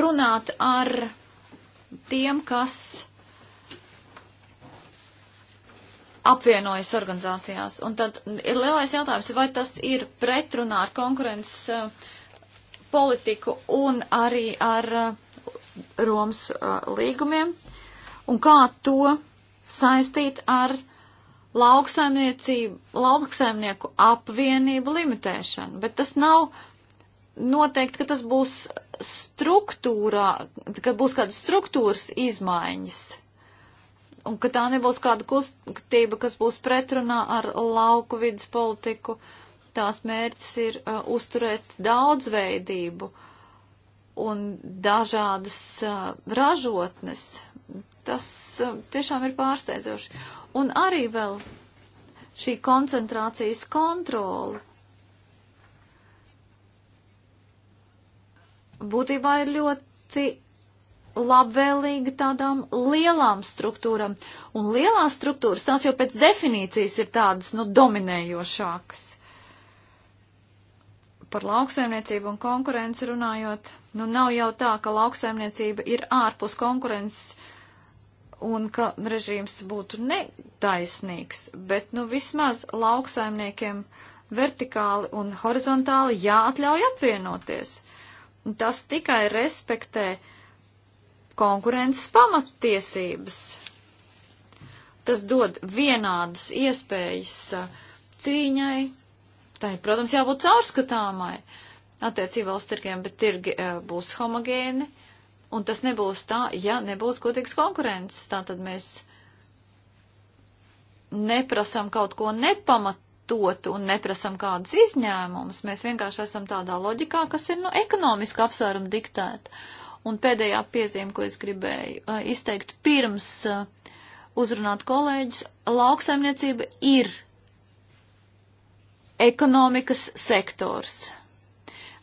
runāt ar tiem, kas apvienojas organizācijās. Un tad ir lielais jautājums, vai tas ir pretrunā ar konkurences uh, politiku un arī ar uh, Romas uh, līgumiem un kā to saistīt ar lauksaimnieku apvienību limitēšanu. Bet tas nav noteikti, ka tas būs struktūrā, ka būs kādas struktūras izmaiņas un ka tā nebūs kāda kustība, kas būs pretrunā ar lauku vidas politiku. Tās mērķis ir uh, uzturēt daudzveidību. Uh, un dažādas uh, ražotnes. Tas uh, tiešām ir pārsteidzoši. Un arī vēl šī koncentrācijas kontrola. Būtībā ir ļoti labvēlīga tādām lielām struktūram. Un lielās struktūras, tās jau pēc definīcijas ir tādas, nu, dominējošākas. Par lauksaimniecību un konkurenci runājot, Nu, nav jau tā, ka lauksaimniecība ir ārpus konkurences un ka režīms būtu netaisnīgs, bet, nu, vismaz lauksaimniekiem vertikāli un horizontāli jāatļauj apvienoties. Tas tikai respektē konkurences pamattiesības. Tas dod vienādas iespējas uh, cīņai, tai, protams, jābūt caurskatāmai. Uh, attiecībā uz tirgiem, bet tirgi eh, būs homogēni, un tas nebūs tā, ja nebūs godīgs konkurences. Tātad mēs neprasam kaut ko nepamatotu un neprasam kādus izņēmumus. Mēs vienkārši esam tādā loģikā, kas ir no nu, ekonomiska apsvēruma diktēta. Un pēdējā piezīme, ko es gribēju eh, izteikt pirms eh, uzrunāt kolēģis, lauksaimniecība ir ekonomikas sektors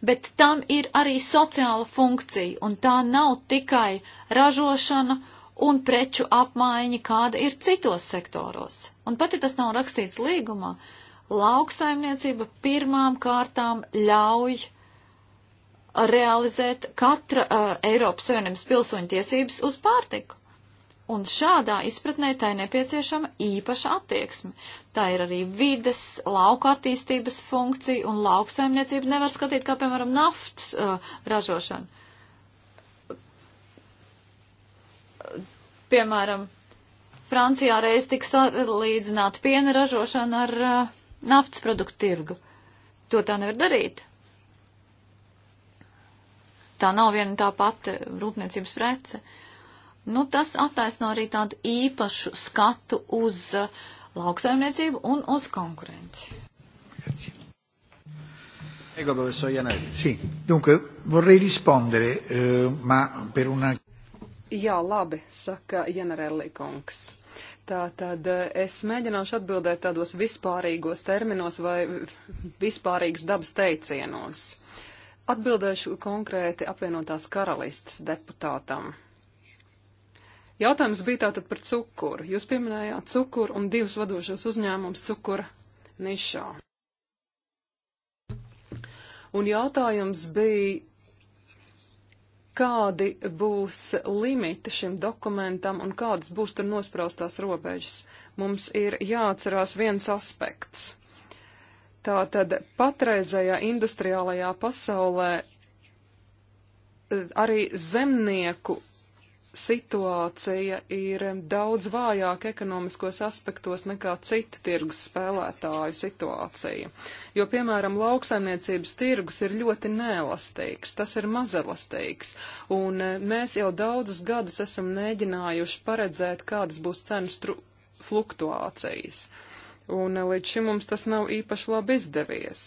bet tam ir arī sociāla funkcija, un tā nav tikai ražošana un preču apmaiņa, kāda ir citos sektoros. Un pat ja tas nav rakstīts līgumā, lauksaimniecība pirmām kārtām ļauj realizēt katra uh, Eiropas Savienības pilsoņa tiesības uz pārtiku. Un šādā izpratnē tai nepieciešama īpaša attieksme tā ir arī vides, lauka attīstības funkcija, un lauksaimniecība nevar skatīt kā, piemēram, naftas uh, ražošanu. Piemēram, Francijā reiz tika salīdzināta piena ražošana ar uh, naftas produktu tirgu. To tā nevar darīt. Tā nav viena tā pati rūpniecības prece. Nu, tas attaisno arī tādu īpašu skatu uz uh, lauksaimniecību un uz konkurenci. Ego, professor Janelli. Sì, dunque vorrei rispondere, eh, ma per una... Jā, labi, saka Janelli kungs. Tātad eh, es mēģināšu atbildēt tādos vispārīgos terminos vai vispārīgas dabas teicienos. Atbildēšu konkrēti apvienotās karalistas deputātam. Jautājums bija tātad par cukuru. Jūs pieminējāt cukuru un divus vadošos uzņēmumus cukura nišā. Un jautājums bija, kādi būs limiti šim dokumentam un kādas būs tur nospraustās robežas. Mums ir jāatcerās viens aspekts. Tātad patreizējā industriālajā pasaulē eh, arī zemnieku situācija ir daudz vājāka ekonomiskos aspektos nekā citu tirgus spēlētāju situācija. Jo, piemēram, lauksaimniecības tirgus ir ļoti neelastīgs, tas ir mazelastīgs, un eh, mēs jau daudzus gadus esam mēģinājuši paredzēt, kādas būs cenu fluktuācijas. Uh, un eh, līdz šim mums tas nav īpaši labi izdevies.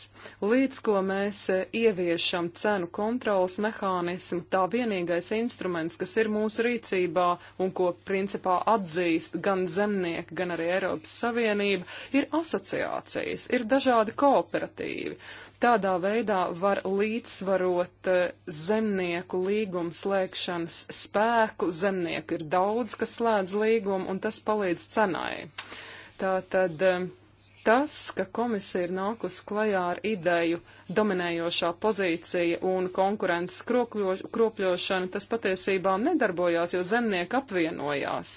Līdz ko mēs eh, ieviešam cenu kontrolas mehānismu, tā vienīgais instruments, kas ir mūsu rīcībā un ko principā atzīst gan zemnieki, gan arī Eiropas Savienība, ir asociācijas, ir dažādi kooperatīvi. Tādā veidā var līdzsvarot eh, zemnieku līgumu slēgšanas spēku, zemnieku ir daudz, kas slēdz līgumu, un tas palīdz cenai. Tātad tas, ka komisija ir nākus klajā ar ideju dominējošā pozīcija un konkurences kropļošana, tas patiesībā nedarbojās, jo zemnieki apvienojās.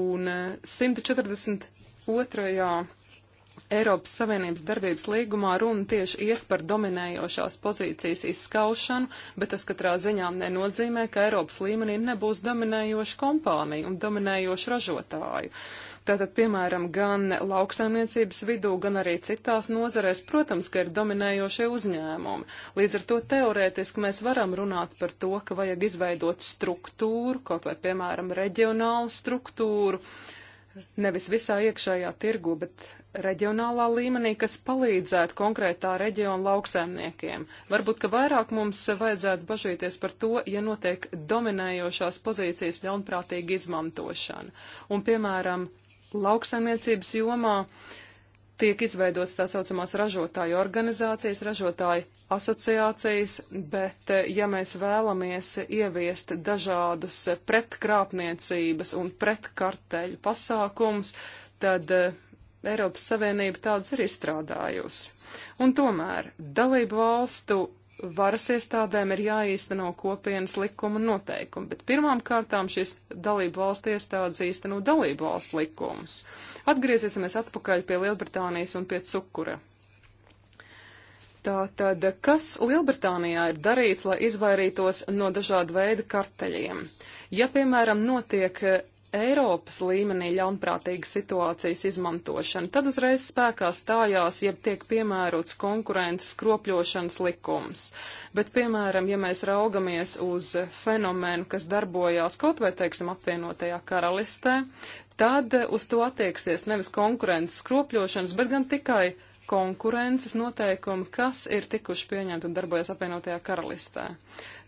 Un 142. Eh, Eiropas Savienības darbības līgumā runa tieši iet par dominējošās pozīcijas izskaušanu, bet tas katrā ziņā nenozīmē, ka Eiropas līmenī nebūs dominējoša kompānija un dominējoša ražotāju. Uh, Tātad, piemēram, gan lauksaimniecības vidū, gan arī citās nozarēs, protams, ka ir dominējošie uzņēmumi. Līdz ar to teorētiski mēs varam runāt par to, ka vajag izveidot struktūru, kaut vai, piemēram, reģionālu struktūru, nevis visā iekšējā tirgu, bet reģionālā līmenī, kas palīdzētu konkrētā reģiona lauksaimniekiem. Varbūt, ka vairāk mums vajadzētu bažīties par to, ja notiek dominējošās pozīcijas ļaunprātīga izmantošana. Un, piemēram, lauksaimniecības jomā tiek izveidotas tā saucamās ražotāju organizācijas, ražotāju asociācijas, bet eh, ja mēs vēlamies ieviest dažādus eh, pretkrāpniecības un pretkarteļu pasākums, tad eh, Eiropas Savienība tādus ir izstrādājusi. Un tomēr dalību valstu varas iestādēm ir jāīsteno kopienas likuma noteikumi, bet pirmām kārtām šis dalību valstu iestādes īsteno dalību valstu likumus. Atgriezīsimies atpakaļ pie Lielbritānijas un pie cukura. Tātad, kas Lielbritānijā ir darīts, lai izvairītos no dažāda veida karteļiem? Ja, piemēram, notiek Eiropas līmenī ļaunprātīgas situācijas izmantošana, tad uzreiz spēkā stājās, ja tiek piemērots konkurences kropļošanas likums. Bet, piemēram, ja mēs raugamies uz fenomenu, kas darbojās kaut vai, teiksim, apvienotajā karalistē, tad uz to attieksies nevis konkurences kropļošanas, bet gan tikai konkurences noteikumi, kas ir tikuši pieņemti un darbojas apvienotajā karalistē.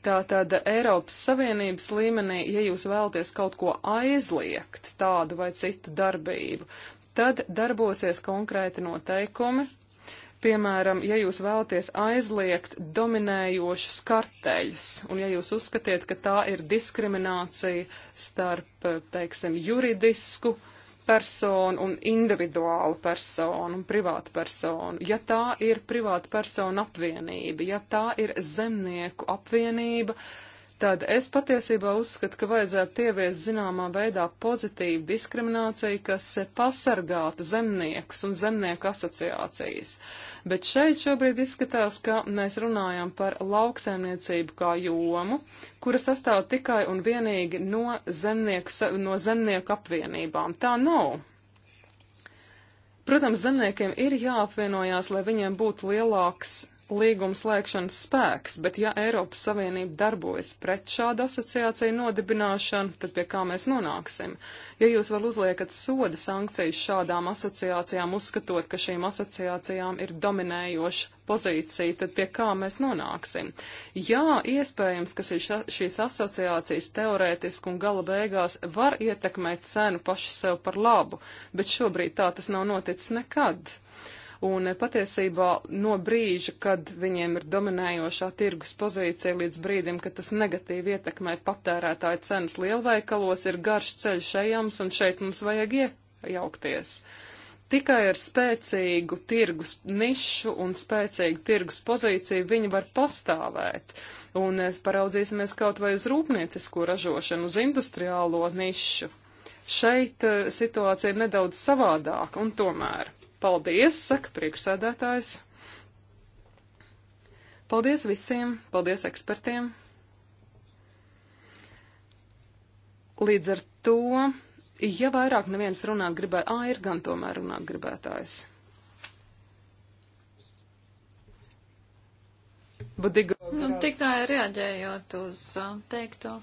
Tātad Eiropas Savienības līmenī, ja jūs vēlaties kaut ko aizliegt, tādu vai citu darbību, tad darbosies konkrēti noteikumi. Piemēram, ja jūs vēlaties aizliegt dominējošus karteļus, un ja jūs uzskatiet, ka tā ir diskriminācija starp, teiksim, juridisku uh, personu un individuālu personu un privātu personu, ja tā ir privāta persona apvienība, ja tā ir zemnieku apvienība, uh, tad es patiesībā uzskatu, ka vajadzētu ieviest zināmā veidā pozitīvu diskrimināciju, kas pasargātu zemniekus un zemnieku asociācijas. Bet šeit šobrīd izskatās, ka mēs runājam par lauksēmniecību kā jomu, kura sastāv tikai un vienīgi no zemnieku, no zemnieku apvienībām. Tā nav. Protams, zemniekiem ir jāapvienojās, lai viņiem būtu lielāks līguma slēgšanas spēks, bet ja Eiropas Savienība darbojas pret šādu asociāciju nodibināšanu, tad pie kā mēs nonāksim? Ja jūs vēl uzliekat soda sankcijas šādām asociācijām, uzskatot, ka šīm asociācijām ir dominējoša pozīcija, tad pie kā mēs nonāksim. Jā, iespējams, ka šīs asociācijas teorētiski un gala beigās var ietekmēt cenu paši sev par labu, bet šobrīd tā tas nav noticis nekad. Un patiesībā no brīža, kad viņiem ir dominējošā tirgus pozīcija līdz brīdim, kad tas negatīvi ietekmē patērētāju cenas lielveikalos, ir garš ceļš ejams un šeit mums vajag iejaukties. Tikai ar spēcīgu tirgus nišu un spēcīgu tirgus pozīciju viņi var pastāvēt. Un mēs paraudzīsimies kaut vai uz rūpniecisko ražošanu, uz industriālo nišu. Šeit eh, situācija ir nedaudz savādāka un tomēr. Paldies, saka priekšsēdētājs. Paldies visiem, paldies ekspertiem. Līdz ar to, ja vairāk neviens runāt gribēja, ā, ir gan tomēr runāt gribētājs. Budigo. Nu, tikai reaģējot uz teikto,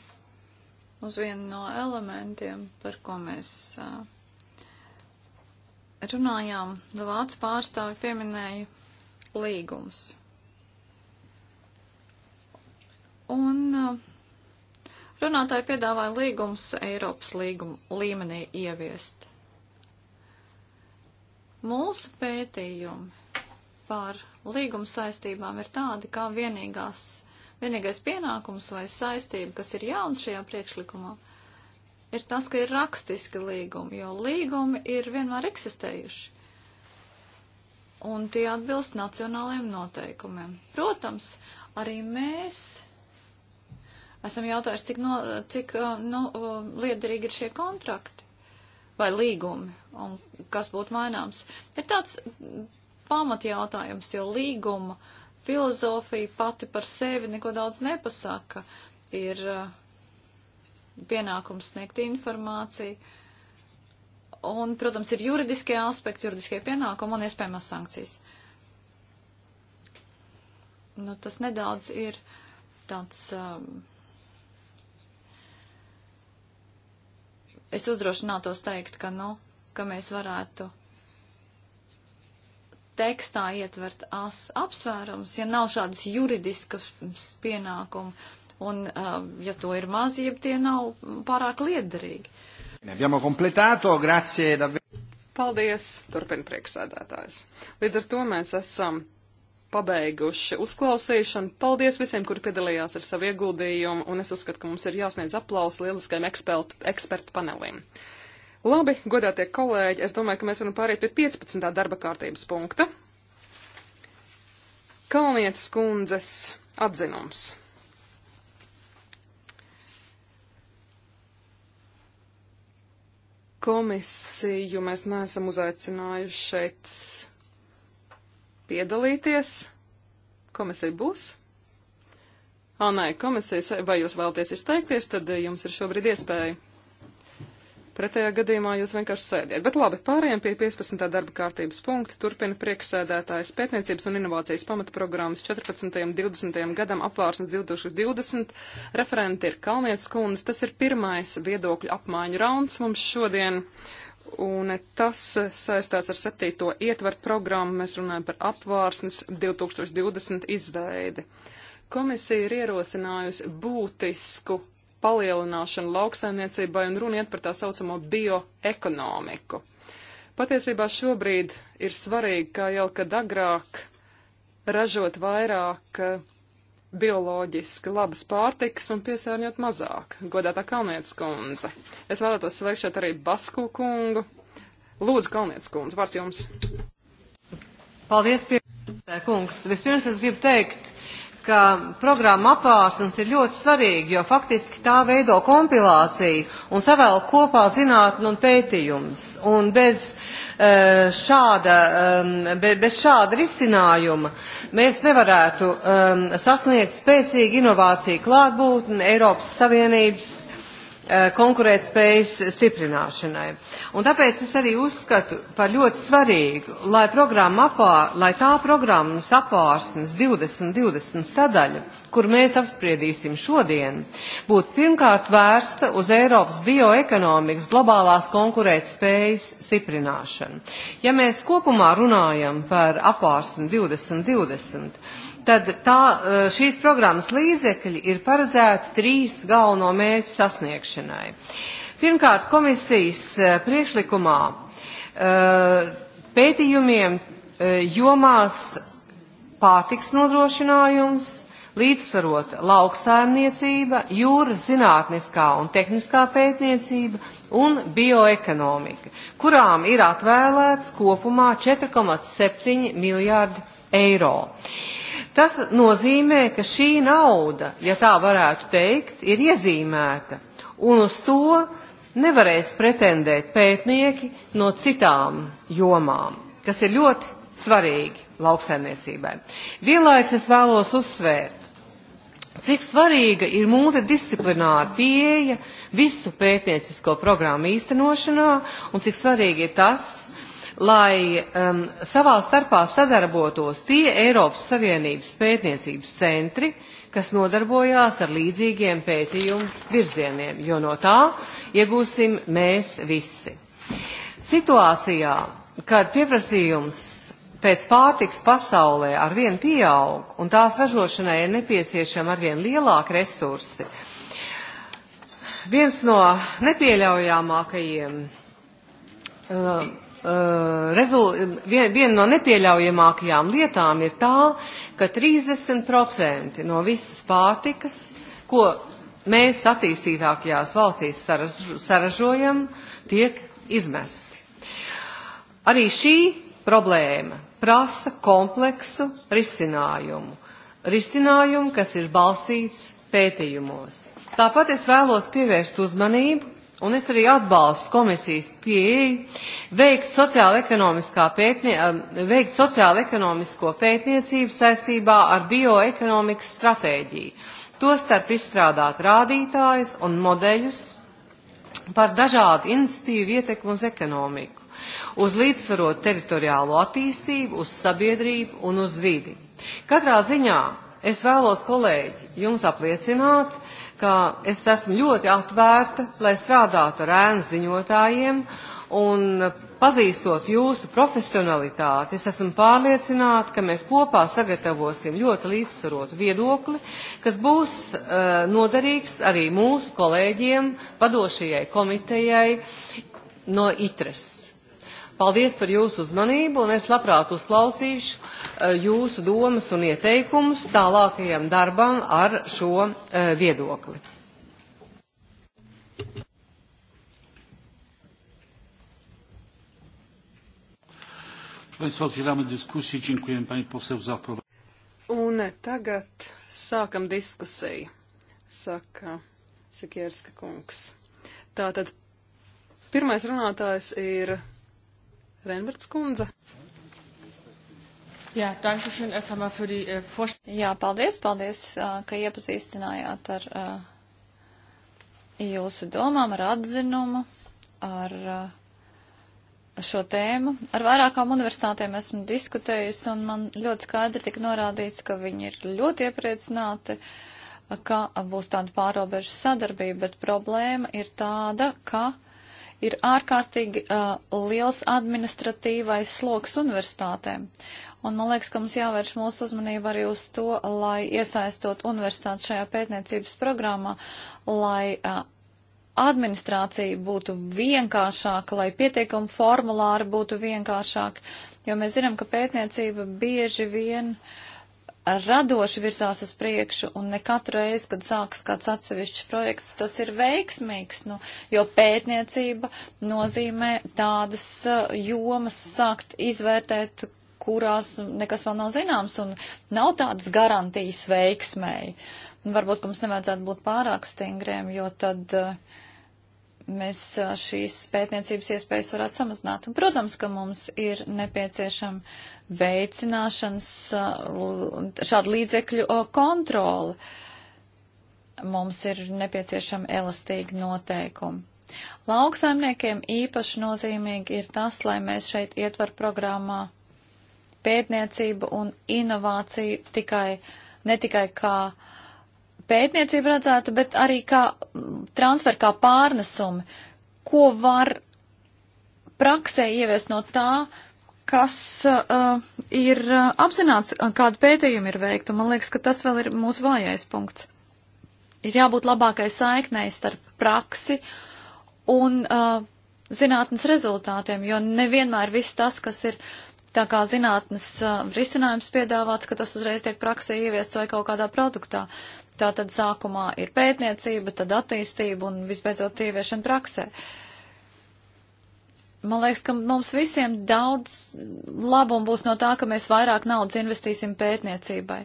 uz vienu no elementiem, par ko mēs runājām, Vācu pārstāvi pieminēja līgums. Un uh, runātāji piedāvāja līgums Eiropas līguma līmenī ieviest. Mūsu pētījumi par līguma saistībām ir tādi, kā vienīgās, vienīgais pienākums vai saistība, kas ir jauns šajā priekšlikumā – ir tas, ka ir rakstiski līgumi, jo līgumi ir vienmēr eksistējuši. Un tie atbilst nacionālajiem noteikumiem. Protams, arī mēs esam jautājuši, cik, no, cik uh, no, nu, uh, liederīgi ir šie kontrakti vai līgumi un kas būtu maināms. Ir tāds pamatjautājums, jo līguma filozofija pati par sevi neko daudz nepasaka. Ir uh, pienākums sniegt informāciju. Un, protams, ir juridiskie aspekti, juridiskie pienākumi un iespējamās sankcijas. Nu, tas nedaudz ir tāds. Um, es uzdrošinātos teikt, ka, nu, ka mēs varētu tekstā ietvert as apsvērums, ja nav šādas juridiskas pienākuma un uh, ja to ir maz, jeb tie nav pārāk liederīgi. Paldies, turpina priekšsēdētājs. Līdz ar to mēs esam pabeiguši uzklausīšanu. Paldies visiem, kuri piedalījās ar savu ieguldījumu, un es uzskatu, ka mums ir jāsniedz aplaus lieliskajam ekspertu, ekspertu panelim. Labi, godātie kolēģi, es domāju, ka mēs varam pāriet pie 15. darba kārtības punkta. Kalnietes kundzes atzinums. Komisiju mēs neesam uzaicinājuši šeit piedalīties. Komisija būs. Ā, nē, komisijas, vai jūs vēlaties izteikties, tad jums ir šobrīd iespēja. Pretējā gadījumā jūs vienkārši sēdiet. Bet labi, pārējiem pie 15. darba kārtības punkta turpina prieksēdētājs pētniecības un inovācijas pamatprogrammas 14. un 20. gadam apvārsnes 2020. Referenti ir Kalnietis kundze. Tas ir pirmais viedokļu apmaiņu rauns mums šodien. Un tas saistās ar septīto ietvaru programmu. Mēs runājam par apvārsnes 2020 izveidi. Komisija ir ierosinājusi būtisku palielināšanu lauksaimniecībai un runiet par tā saucamo bioekonomiku. Patiesībā šobrīd ir svarīgi, kā jau kad agrāk, ražot vairāk eh, bioloģiski labas pārtikas un piesārņot mazāk, godātā Kalnietes kundze. Es vēlētos sveikt šeit arī Basku kungu. Lūdzu, Kalnietes kundze, vārds jums. Paldies, pie... kungs. Vispirms es gribu teikt, ka programma apvārsnes ir ļoti svarīga, jo faktiski tā veido kompilāciju un savēl kopā zinātnu un pētījums. Un bez, e, šāda, e, bez šāda risinājuma mēs nevarētu e, sasniegt spēcīgu inovāciju klātbūtni Eiropas Savienības Eh, konkurētspējas stiprināšanai. Un tāpēc es arī uzskatu par ļoti svarīgu, lai, apār, lai tā programmas apvārsnes 2020 sadaļa, kur mēs apspriedīsim šodien, būtu pirmkārt vērsta uz Eiropas bioekonomikas globālās konkurētspējas stiprināšanu. Ja mēs kopumā runājam par apvārsni 2020, tad tā, e, šīs programmas līdzekļi ir paredzēti trīs galveno mērķu sasniegšanai. Pirmkārt, komisijas e, priekšlikumā e, pētījumiem jomās pārtiks nodrošinājums, līdzsvarot lauksaimniecība, jūras zinātniskā un tehniskā pētniecība un bioekonomika, kurām ir atvēlēts kopumā 4,7 miljārdi eiro. Uh, Tas nozīmē, ka šī nauda, ja tā varētu teikt, ir iezīmēta, un uz to nevarēs pretendēt pētnieki no citām jomām, kas ir ļoti svarīgi lauksaimniecībai. Vienlaiks es vēlos uzsvērt, cik svarīga ir multidisciplināra pieeja visu pētniecisko programmu īstenošanā un cik svarīgi ir tas, lai um, savā starpā sadarbotos tie Eiropas Savienības pētniecības centri, kas nodarbojās ar līdzīgiem pētījumu virzieniem, jo no tā iegūsim mēs visi. Situācijā, kad pieprasījums pēc pārtiks pasaulē arvien pieaug un tās ražošanai ir nepieciešama arvien lielāka resursi, viens no nepieļaujamākajiem uh, Eh, Rezul, vien, viena no nepieļaujamākajām lietām ir tā, ka 30% no visas pārtikas, ko mēs attīstītākajās valstīs saraž, saražojam, tiek izmesti. Arī šī problēma prasa kompleksu risinājumu. Risinājumu, kas ir balstīts pētījumos. Tāpat es vēlos pievērst uzmanību un es arī atbalstu komisijas pieeju veikt sociāla-ekonomiskā pētnie, um, veikt sociāla-ekonomisko pētniecību saistībā ar bioekonomikas stratēģiju. Tostarp izstrādāt rādītājus un modeļus par dažādu iniciatīvu ietekmu uz ekonomiku, uz līdzsvarot teritoriālo attīstību, uz sabiedrību un uz vidi. Katrā ziņā es vēlos, kolēģi, jums apliecināt, uh, ka es esmu ļoti atvērta, lai strādātu ar ēnu ziņotājiem un pazīstot jūsu profesionalitāti, es esmu pārliecināta, ka mēs kopā sagatavosim ļoti līdzsvarotu viedokli, kas būs uh, noderīgs arī mūsu kolēģiem, padošajai komitejai no ITRES. Paldies par jūsu uzmanību, un es labprāt uzklausīšu eh, jūsu domas un ieteikumus tālākajam darbam ar šo eh, viedokli. Państwa, otwieramy dyskusję. Dziękujemy Pani Poseł za prowadzenie. Un tagad sākam diskusiju, saka Sikierska kungs. Tātad pirmais runātājs ir Renberts kundze. Jā, dankšen, esam für die uh, äh, forš... Jā, paldies, paldies, ka iepazīstinājāt ar uh, jūsu domām, ar atzinumu, ar uh, šo tēmu. Ar vairākām universitātēm esmu diskutējusi, un man ļoti skaidri tika norādīts, ka viņi ir ļoti iepriecināti, ka būs tāda pārobežu sadarbība, bet problēma ir tāda, ka ir ārkārtīgi uh, liels administratīvais sloks universitātēm. Un man liekas, ka mums jāvērš mūsu uzmanība arī uz to, lai iesaistot universitāti šajā pētniecības programmā, lai uh, administrācija būtu vienkāršāka, lai pietiekuma formulāri būtu vienkāršāki, jo mēs zinām, ka pētniecība bieži vien uh, radoši virzās uz priekšu, un ne katru reizi, kad sākas kāds atsevišķs projekts, tas ir veiksmīgs, nu, jo pētniecība nozīmē tādas eh, jomas sākt izvērtēt, kurās nekas vēl nav zināms, un nav tādas garantijas veiksmēji. Varbūt, ka mums nevajadzētu būt pārāk stingriem, jo tad uh, mēs šīs pētniecības iespējas varētu samazināt. Un, protams, ka mums ir nepieciešama veicināšanas šādu līdzekļu kontroli. Mums ir nepieciešama elastīga noteikuma. Lauksaimniekiem īpaši nozīmīgi ir tas, lai mēs šeit ietver programmā pētniecību un inovāciju tikai, ne tikai kā uh, pētniecību redzētu, bet arī kā transfer, kā pārnesumi, ko var praksē ieviest no tā, kas uh, ir uh, apzināts, uh, kāda pētījuma ir veikta. Man liekas, ka tas vēl ir mūsu vājais punkts. Ir jābūt labākai saiknei starp praksi un uh, zinātnes rezultātiem, jo nevienmēr viss tas, kas ir tā kā zinātnes uh, risinājums piedāvāts, ka tas uzreiz tiek praksē ieviests vai kaut kādā produktā. Tātad sākumā ir pētniecība, tad attīstība un visbeidzot ieviešana praksē. Man liekas, ka mums visiem daudz labumu būs no tā, ka mēs vairāk naudas investīsim pētniecībai.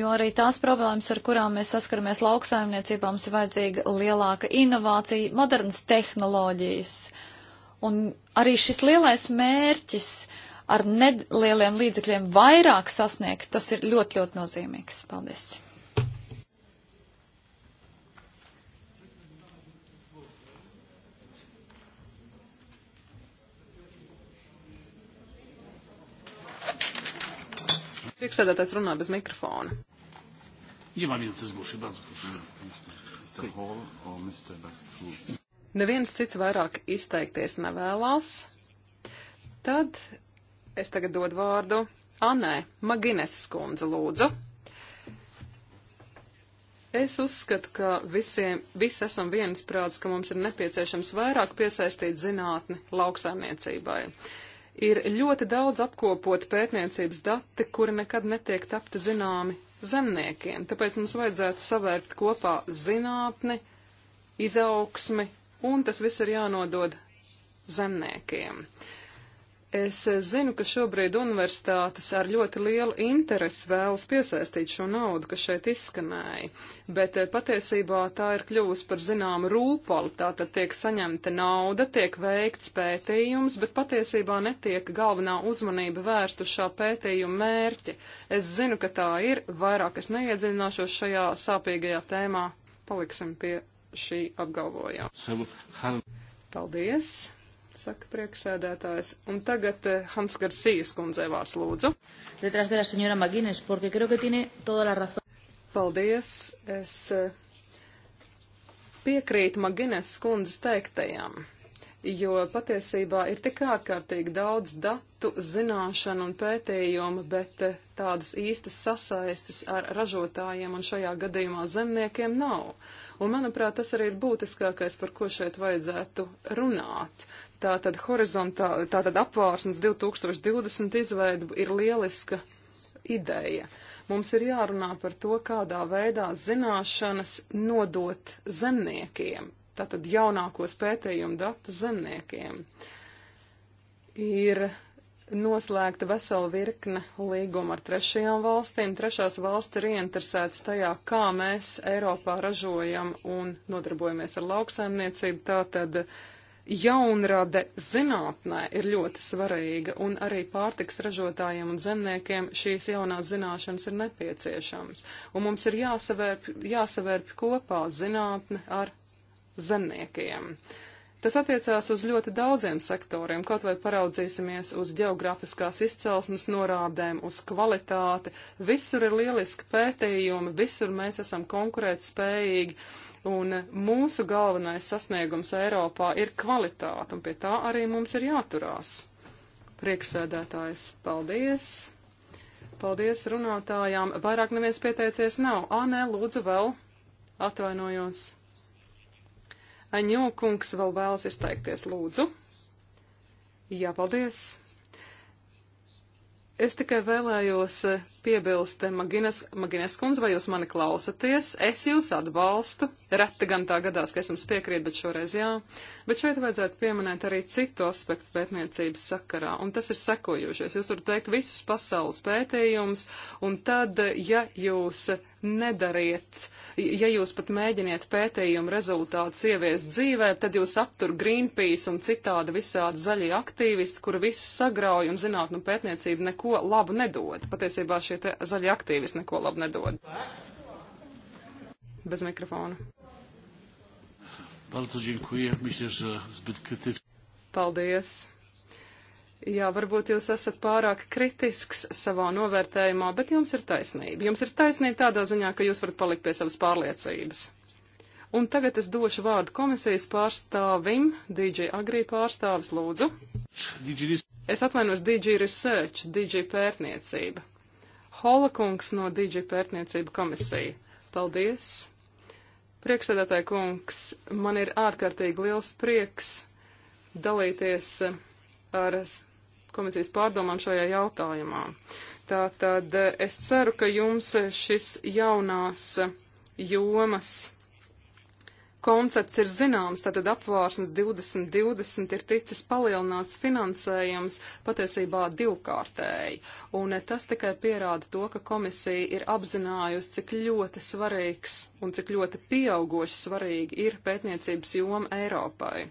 Jo arī tās problēmas, ar kurām mēs saskaramies lauksaimniecībā, mums ir vajadzīga lielāka inovācija, modernas tehnoloģijas. Un arī šis lielais mērķis ar nelieliem līdzekļiem vairāk sasniegt, tas ir ļoti, ļoti nozīmīgs. Paldies! Priekšsēdētājs runā bez mikrofona. Neviens cits vairāk izteikties nevēlas. Tad es tagad dodu vārdu Anē Magines skundze lūdzu. Es uzskatu, ka visiem, visi esam viensprāts, ka mums ir nepieciešams vairāk piesaistīt zinātni lauksaimniecībai. Uh, Ir ļoti daudz apkopot pētniecības dati, kuri nekad netiek tapti zināmi zemniekiem, tāpēc mums vajadzētu savērt kopā zinātni, izaugsmi, un tas viss ir jānodod zemniekiem. Uh, Es eh, zinu, ka šobrīd universitātes ar ļoti lielu interesi vēlas piesaistīt šo naudu, kas šeit izskanēja, bet eh, patiesībā tā ir kļuvusi par zināmu rūpali, tātad tiek saņemta nauda, tiek veikts pētījums, bet patiesībā netiek galvenā uzmanība vērsta uz šā pētījuma mērķi. Es zinu, ka tā ir, vairāk es neiedziļināšos šajā sāpīgajā tēmā, paliksim pie šī apgalvojuma. Paldies! saka priekšsēdētājs. Un tagad eh, Hans Garcijas kundzē vārds lūdzu. Detrás de la señora Magines, porque creo que tiene toda la razón. Paldies. Es eh, piekrītu Magines skundzes teiktajam, jo patiesībā ir tik ārkārtīgi daudz datu, zināšanu un pētījumu, bet eh, tādas īstas sasaistes ar ražotājiem un šajā gadījumā zemniekiem nav. Un, manuprāt, tas arī ir būtiskākais, par ko šeit vajadzētu runāt. Tātad, horizontā, tātad apvārsnes 2020 izveida ir lieliska ideja. Mums ir jārunā par to, kādā veidā zināšanas nodot zemniekiem, tātad jaunākos pētījumu datu zemniekiem. Ir noslēgta vesela virkne līguma ar trešajām valstīm. Trešās valsts ir ieinteresētas tajā, kā mēs Eiropā ražojam un nodarbojamies ar lauksaimniecību. Tātad uh, jaunrade zinātnē ir ļoti svarīga, un arī pārtiks ražotājiem un zemniekiem šīs jaunās zināšanas ir nepieciešamas. Un mums ir jāsavērp, jāsavērp kopā zinātne ar zemniekiem. Tas attiecās uz ļoti daudziem sektoriem, kaut vai paraudzīsimies uz geogrāfiskās izcelsmes norādēm, uz kvalitāti. Visur ir lieliski pētījumi, visur mēs esam konkurētspējīgi. spējīgi Un mūsu galvenais sasniegums Eiropā ir kvalitāte, un pie tā arī mums ir jāturās. Prieksēdētājs, paldies! Paldies runātājām. Vairāk neviens pieteicies nav. Ā, nē, lūdzu vēl. Atvainojos. Aņokungs vēl vēlas izteikties, lūdzu. Jā, paldies. Es tikai vēlējos piebilst, Magines, Magines kundze, vai jūs mani klausaties? Es jūs atbalstu. Reti gan tā gadās, ka es jums piekrītu, bet šoreiz jā. Bet šeit vajadzētu pieminēt arī citu aspektu pētniecības sakarā, un tas ir sekojošais. Jūs varat teikt visus pasaules pētījumus, un tad, ja jūs nedariet, ja jūs pat mēģiniet pētījumu rezultātus ieviest dzīvē, tad jūs aptur Greenpeace un citādi visādi zaļie aktīvisti, kuri visu sagrauj un zinātnu pētniecību neko labu nedod. Patiesībā šie šie zaļie aktīvis neko labu nedod. Bez mikrofona. Paldies! Jā, varbūt jūs esat pārāk kritisks savā novērtējumā, bet jums ir taisnība. Jums ir taisnība tādā ziņā, ka jūs varat palikt pie savas pārliecības. Un tagad es došu vārdu komisijas pārstāvim, DJ Agrī pārstāvis, lūdzu. Es atvainos DJ Research, DJ Pērtniecība. Holakungs no Digi pērtniecība komisija. Paldies! Priekšsēdētāji kungs, man ir ārkārtīgi liels prieks dalīties ar komisijas pārdomām šajā jautājumā. Tātad es ceru, ka jums šis jaunās jomas koncepts ir zināms, tātad apvārsnes 2020 ir ticis palielināts finansējums patiesībā divkārtēji, un tas tikai pierāda to, ka komisija ir apzinājusi, cik ļoti svarīgs un cik ļoti pieaugoši svarīgi ir pētniecības joma Eiropai.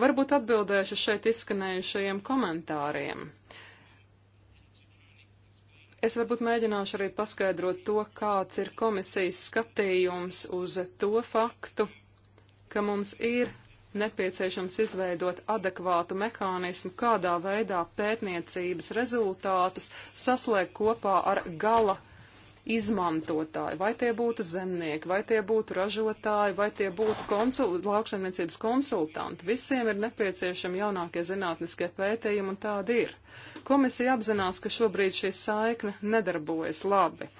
Varbūt atbildēšu šeit izskanējušajiem komentāriem. Es varbūt mēģināšu arī paskaidrot to, kāds ir komisijas skatījums uz to faktu, ka mums ir nepieciešams izveidot adekvātu mehānismu, kādā veidā pētniecības rezultātus saslēgt kopā ar gala izmantotāji, vai tie būtu zemnieki, vai tie būtu ražotāji, vai tie būtu konsul lauksaimniecības konsultanti. Visiem ir nepieciešami jaunākie zinātniskie pētījumi, un tādi ir. Komisija apzinās, ka šobrīd šī saikne nedarbojas labi.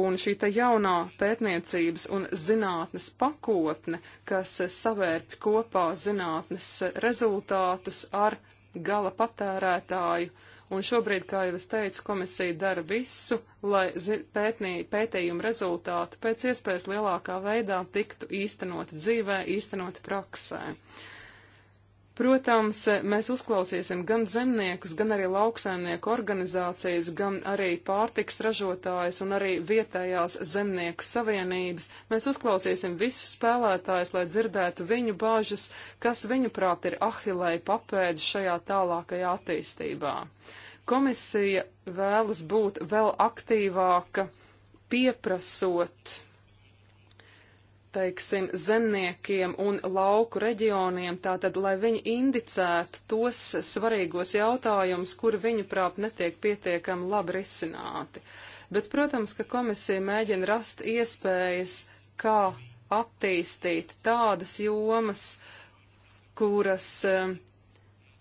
Un šī te jaunā pētniecības un zinātnes pakotne, kas savērp kopā zinātnes rezultātus ar gala patērētāju, un šobrīd, kā jau es teicu, komisija dara visu, lai pētnī, pētījuma rezultāti pēc iespējas lielākā veidā tiktu īstenoti dzīvē, īstenoti praksē. Protams, mēs uzklausīsim gan zemniekus, gan arī lauksaimnieku organizācijas, gan arī pārtiks ražotājus un arī vietējās zemnieku savienības. Mēs uzklausīsim visus spēlētājus, lai dzirdētu viņu bāžas, kas viņuprāt ir ahilai papēdis šajā tālākajā attīstībā. Komisija vēlas būt vēl aktīvāka, pieprasot teiksim, zemniekiem un lauku reģioniem, tātad, lai viņi indicētu tos svarīgos jautājumus, kuri viņu prāt netiek pietiekami labi risināti. Bet, protams, ka komisija mēģina rast iespējas, kā attīstīt tādas jomas, kuras uh,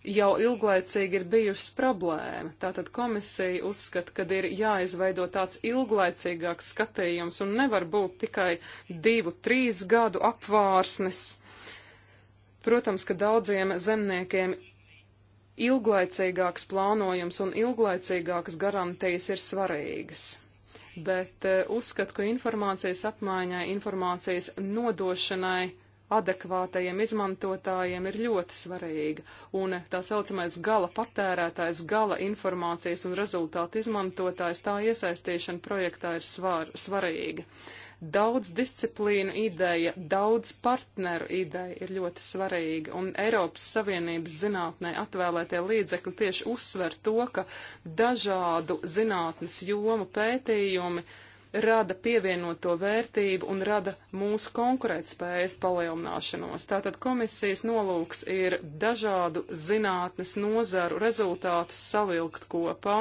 jau ilglaicīgi ir bijusi problēma. Tātad komisija uzskata, ka ir jāizveido tāds ilglaicīgāks skatījums un nevar būt tikai divu, trīs gadu apvārsnes. Protams, ka daudziem zemniekiem ilglaicīgāks plānojums un ilglaicīgākas garantijas ir svarīgas. Bet eh, uzskatu, ka informācijas apmaiņai, informācijas nodošanai adekvātajiem izmantotājiem ir ļoti svarīga, un tā saucamais gala patērētājs, gala informācijas un rezultātu izmantotājs, tā iesaistīšana projektā ir svar, svarīga. Daudz disciplīnu ideja, daudz partneru ideja ir ļoti svarīga, un Eiropas Savienības zinātnē atvēlētie līdzekļi tieši uzsver to, ka dažādu zinātnes jomu pētījumi rada pievienoto vērtību un rada mūsu konkurētspējas palielināšanos. Tātad komisijas nolūks ir dažādu zinātnes nozaru rezultātus savilkt kopā,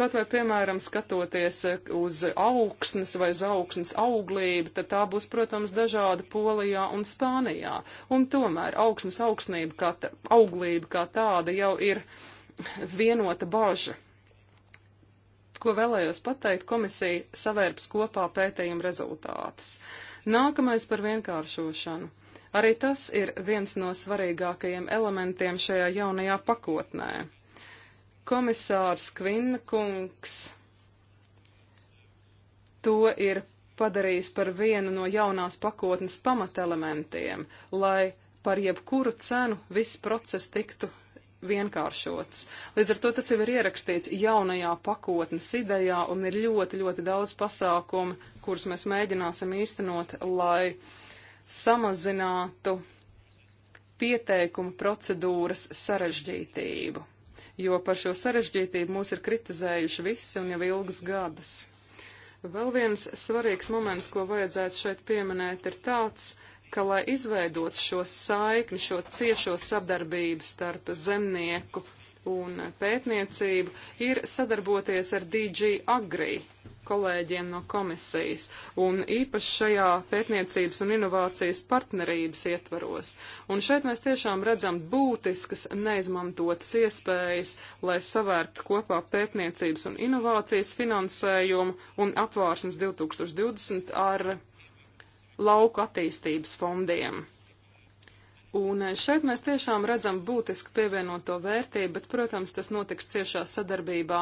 kaut vai, piemēram, skatoties uz augsnes vai uz augsnes auglību, tad tā būs, protams, dažāda Polijā un Spānijā. Un tomēr augsnes augsnība kā tā, auglība kā tāda jau ir vienota baža ko vēlējos pateikt, komisija savērps kopā pētījuma rezultātus. Nākamais par vienkāršošanu. Arī tas ir viens no svarīgākajiem elementiem šajā jaunajā pakotnē. Komisārs Kvinkungs to ir padarījis par vienu no jaunās pakotnes pamatelementiem, lai par jebkuru cenu viss process tiktu vienkāršots. Līdz ar to tas jau ir ierakstīts jaunajā pakotnes idejā un ir ļoti, ļoti daudz pasākumu, kurus mēs mēģināsim īstenot, lai samazinātu pieteikumu procedūras sarežģītību. Jo par šo sarežģītību mūs ir kritizējuši visi un jau ilgas gadus. Vēl viens svarīgs moments, ko vajadzētu šeit pieminēt, ir tāds, ka ka, lai izveidot šo saikni, šo ciešo sadarbību starp zemnieku un pētniecību, ir sadarboties ar DG Agri kolēģiem no komisijas un īpaši šajā pētniecības un inovācijas partnerības ietvaros. Un šeit mēs tiešām redzam būtiskas neizmantotas iespējas, lai savērtu kopā pētniecības un inovācijas finansējumu un apvārsnes 2020 ar lauku attīstības fondiem. Un šeit mēs tiešām redzam būtiski pievienoto vērtību, bet, protams, tas notiks ciešā sadarbībā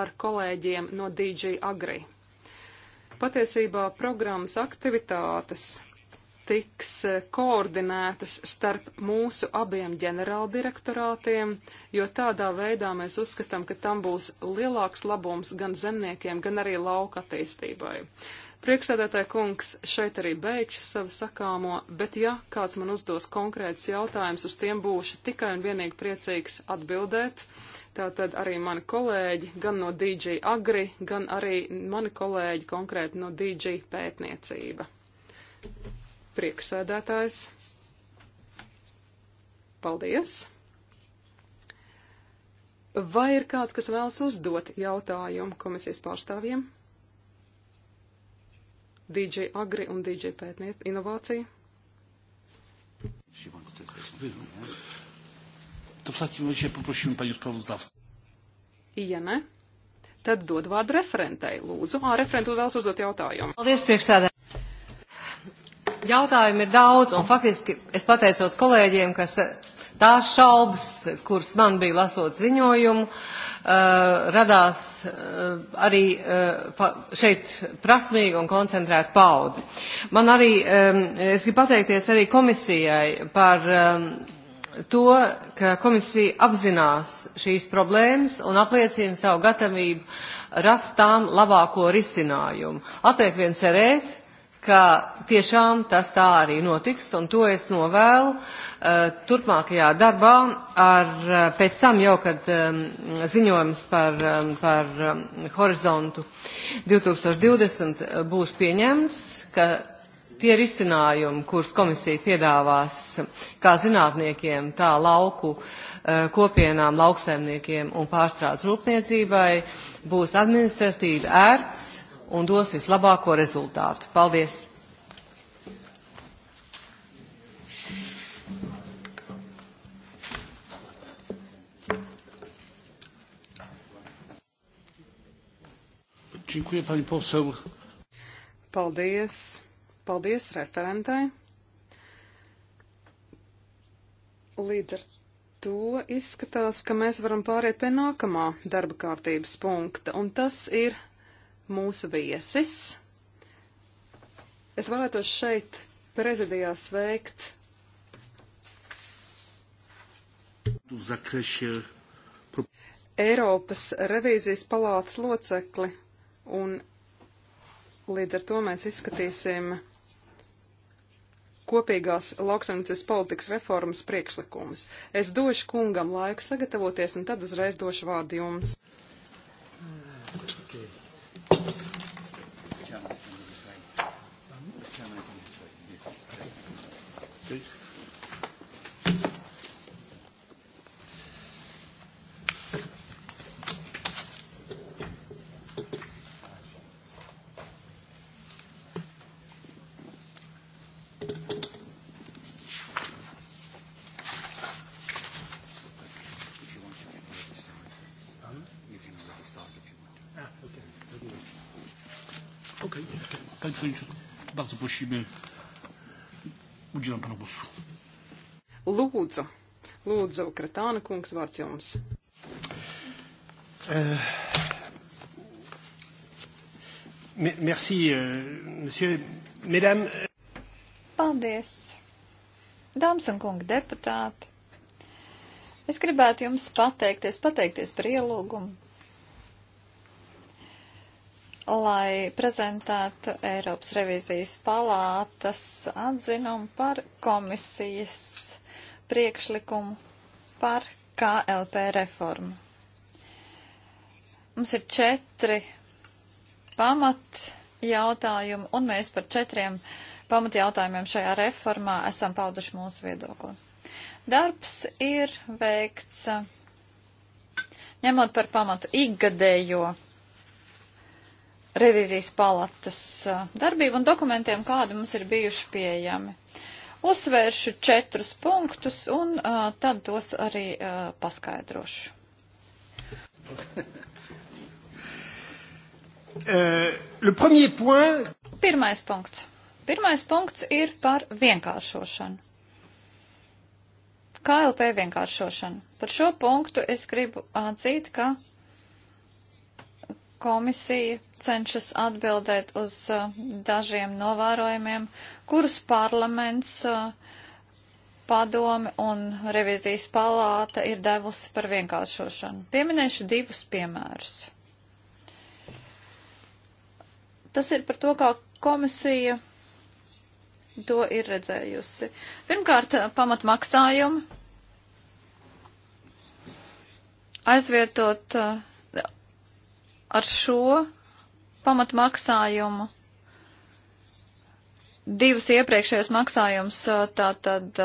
ar kolēģiem no DJ Agri. Patiesībā programmas aktivitātes tiks koordinētas starp mūsu abiem ģenerāldirektorātiem, jo tādā veidā mēs uzskatām, ka tam būs lielāks labums gan zemniekiem, gan arī lauka attīstībai. Priekšsēdētāji kungs, šeit arī beigšu savu sakāmo, bet ja kāds man uzdos konkrētus jautājumus, uz tiem būšu tikai un vienīgi priecīgs atbildēt. Tātad arī mani kolēģi, gan no DJ Agri, gan arī mani kolēģi konkrēti no DJ Pētniecība. Priekšsēdētājs. Paldies! Vai ir kāds, kas vēlas uzdot jautājumu komisijas pārstāvjiem? DJ Agri un DJ Pētniet inovācija. To w takim razie poprosimy panią sprawozdawcę. Ja ne? Tad dod vārdu referentei, lūdzu. Ā, referentu vēlas uzdot jautājumu. Paldies, priekšsēdē. Jautājumi ir daudz, un faktiski es pateicos kolēģiem, kas tās šaubas, kuras man bija lasot ziņojumu, uh, Eh, radās eh, arī eh, šeit prasmīga un koncentrēta pauda. Man arī, es gribu pateikties arī komisijai par to, ka komisija apzinās šīs problēmas un apliecina savu gatavību rast tām labāko risinājumu. Atliek vien cerēt, ka tiešām tas tā arī notiks, un to es novēlu uh, turpmākajā darbā, ar, uh, pēc tam jau, kad um, ziņojums par, um, par um, horizontu 2020 eh, būs pieņemts, ka tie risinājumi, kurus komisija piedāvās kā zinātniekiem, tā lauku uh, kopienām, lauksaimniekiem un pārstrādes rūpniecībai, būs administratīvi ērts, un dos vislabāko rezultātu. Paldies! Dziękuję pani poseł. Paldies. Paldies referentai. Līdz ar to izskatās, ka mēs varam pāriet pie nākamā darba kārtības punkta, un tas ir mūsu viesis. Es vēlētos šeit prezidijā sveikt. Eiropas revīzijas palātas locekli un līdz ar to mēs izskatīsim kopīgās lauksaimniecības politikas reformas priekšlikumus. Es došu kungam laiku sagatavoties un tad uzreiz došu vārdu jums. Okay. Musimy. Udzielam panu głosu. Lūdzu, lūdzu, Kratāna kungs, vārds jums. Uh, merci, uh, monsieur, mesdames. Eh. Paldies. Dāmas un kungi deputāti, es gribētu jums pateikties, pateikties par ielūgumu, lai prezentētu Eiropas revīzijas palātas atzinumu par komisijas priekšlikumu par KLP reformu. Mums ir četri pamat jautājumi, un mēs par četriem pamat jautājumiem šajā reformā esam pauduši mūsu viedokli. Darbs ir veikts ņemot par pamatu ikgadējo revizijas palatas eh, darbību un dokumentiem, kādi mums ir bijuši pieejami. Uzsvēršu četrus punktus un uh, tad tos arī uh, paskaidrošu. Uh, *laughs* point... Pirmais punkts. Pirmais punkts ir par vienkāršošanu. KLP vienkāršošanu. Par šo punktu es gribu atzīt, ka komisija cenšas atbildēt uz uh, dažiem novērojumiem, kurus parlaments, uh, padomi un revizijas palāta ir devusi par vienkāršošanu. Pieminēšu divus piemērus. Tas ir par to, kā komisija to ir redzējusi. Pirmkārt, pamatmaksājumi aizvietot uh, ar šo pamatmaksājumu divus iepriekšējos maksājumus tātad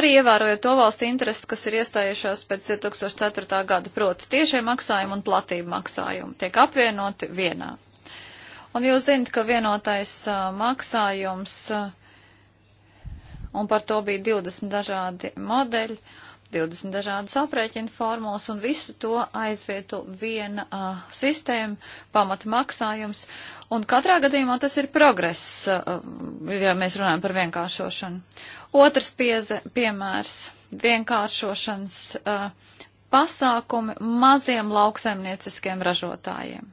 arī ievērojot to valstu intereses, kas ir iestājušās pēc 2004. gada, proti tiešie maksājumi un platība maksājumi tiek apvienoti vienā. Un jūs zinat, ka vienotais maksājums, un par to bija 20 dažādi modeļi, 20 dažādas aprēķina formulas un visu to aizvieto viena uh, sistēma, pamata maksājums. Un katrā gadījumā tas ir progress, uh, ja mēs runājam par vienkāršošanu. Otrs pieze, piemērs - vienkāršošanas uh, pasākumi maziem lauksaimnieciskiem ražotājiem.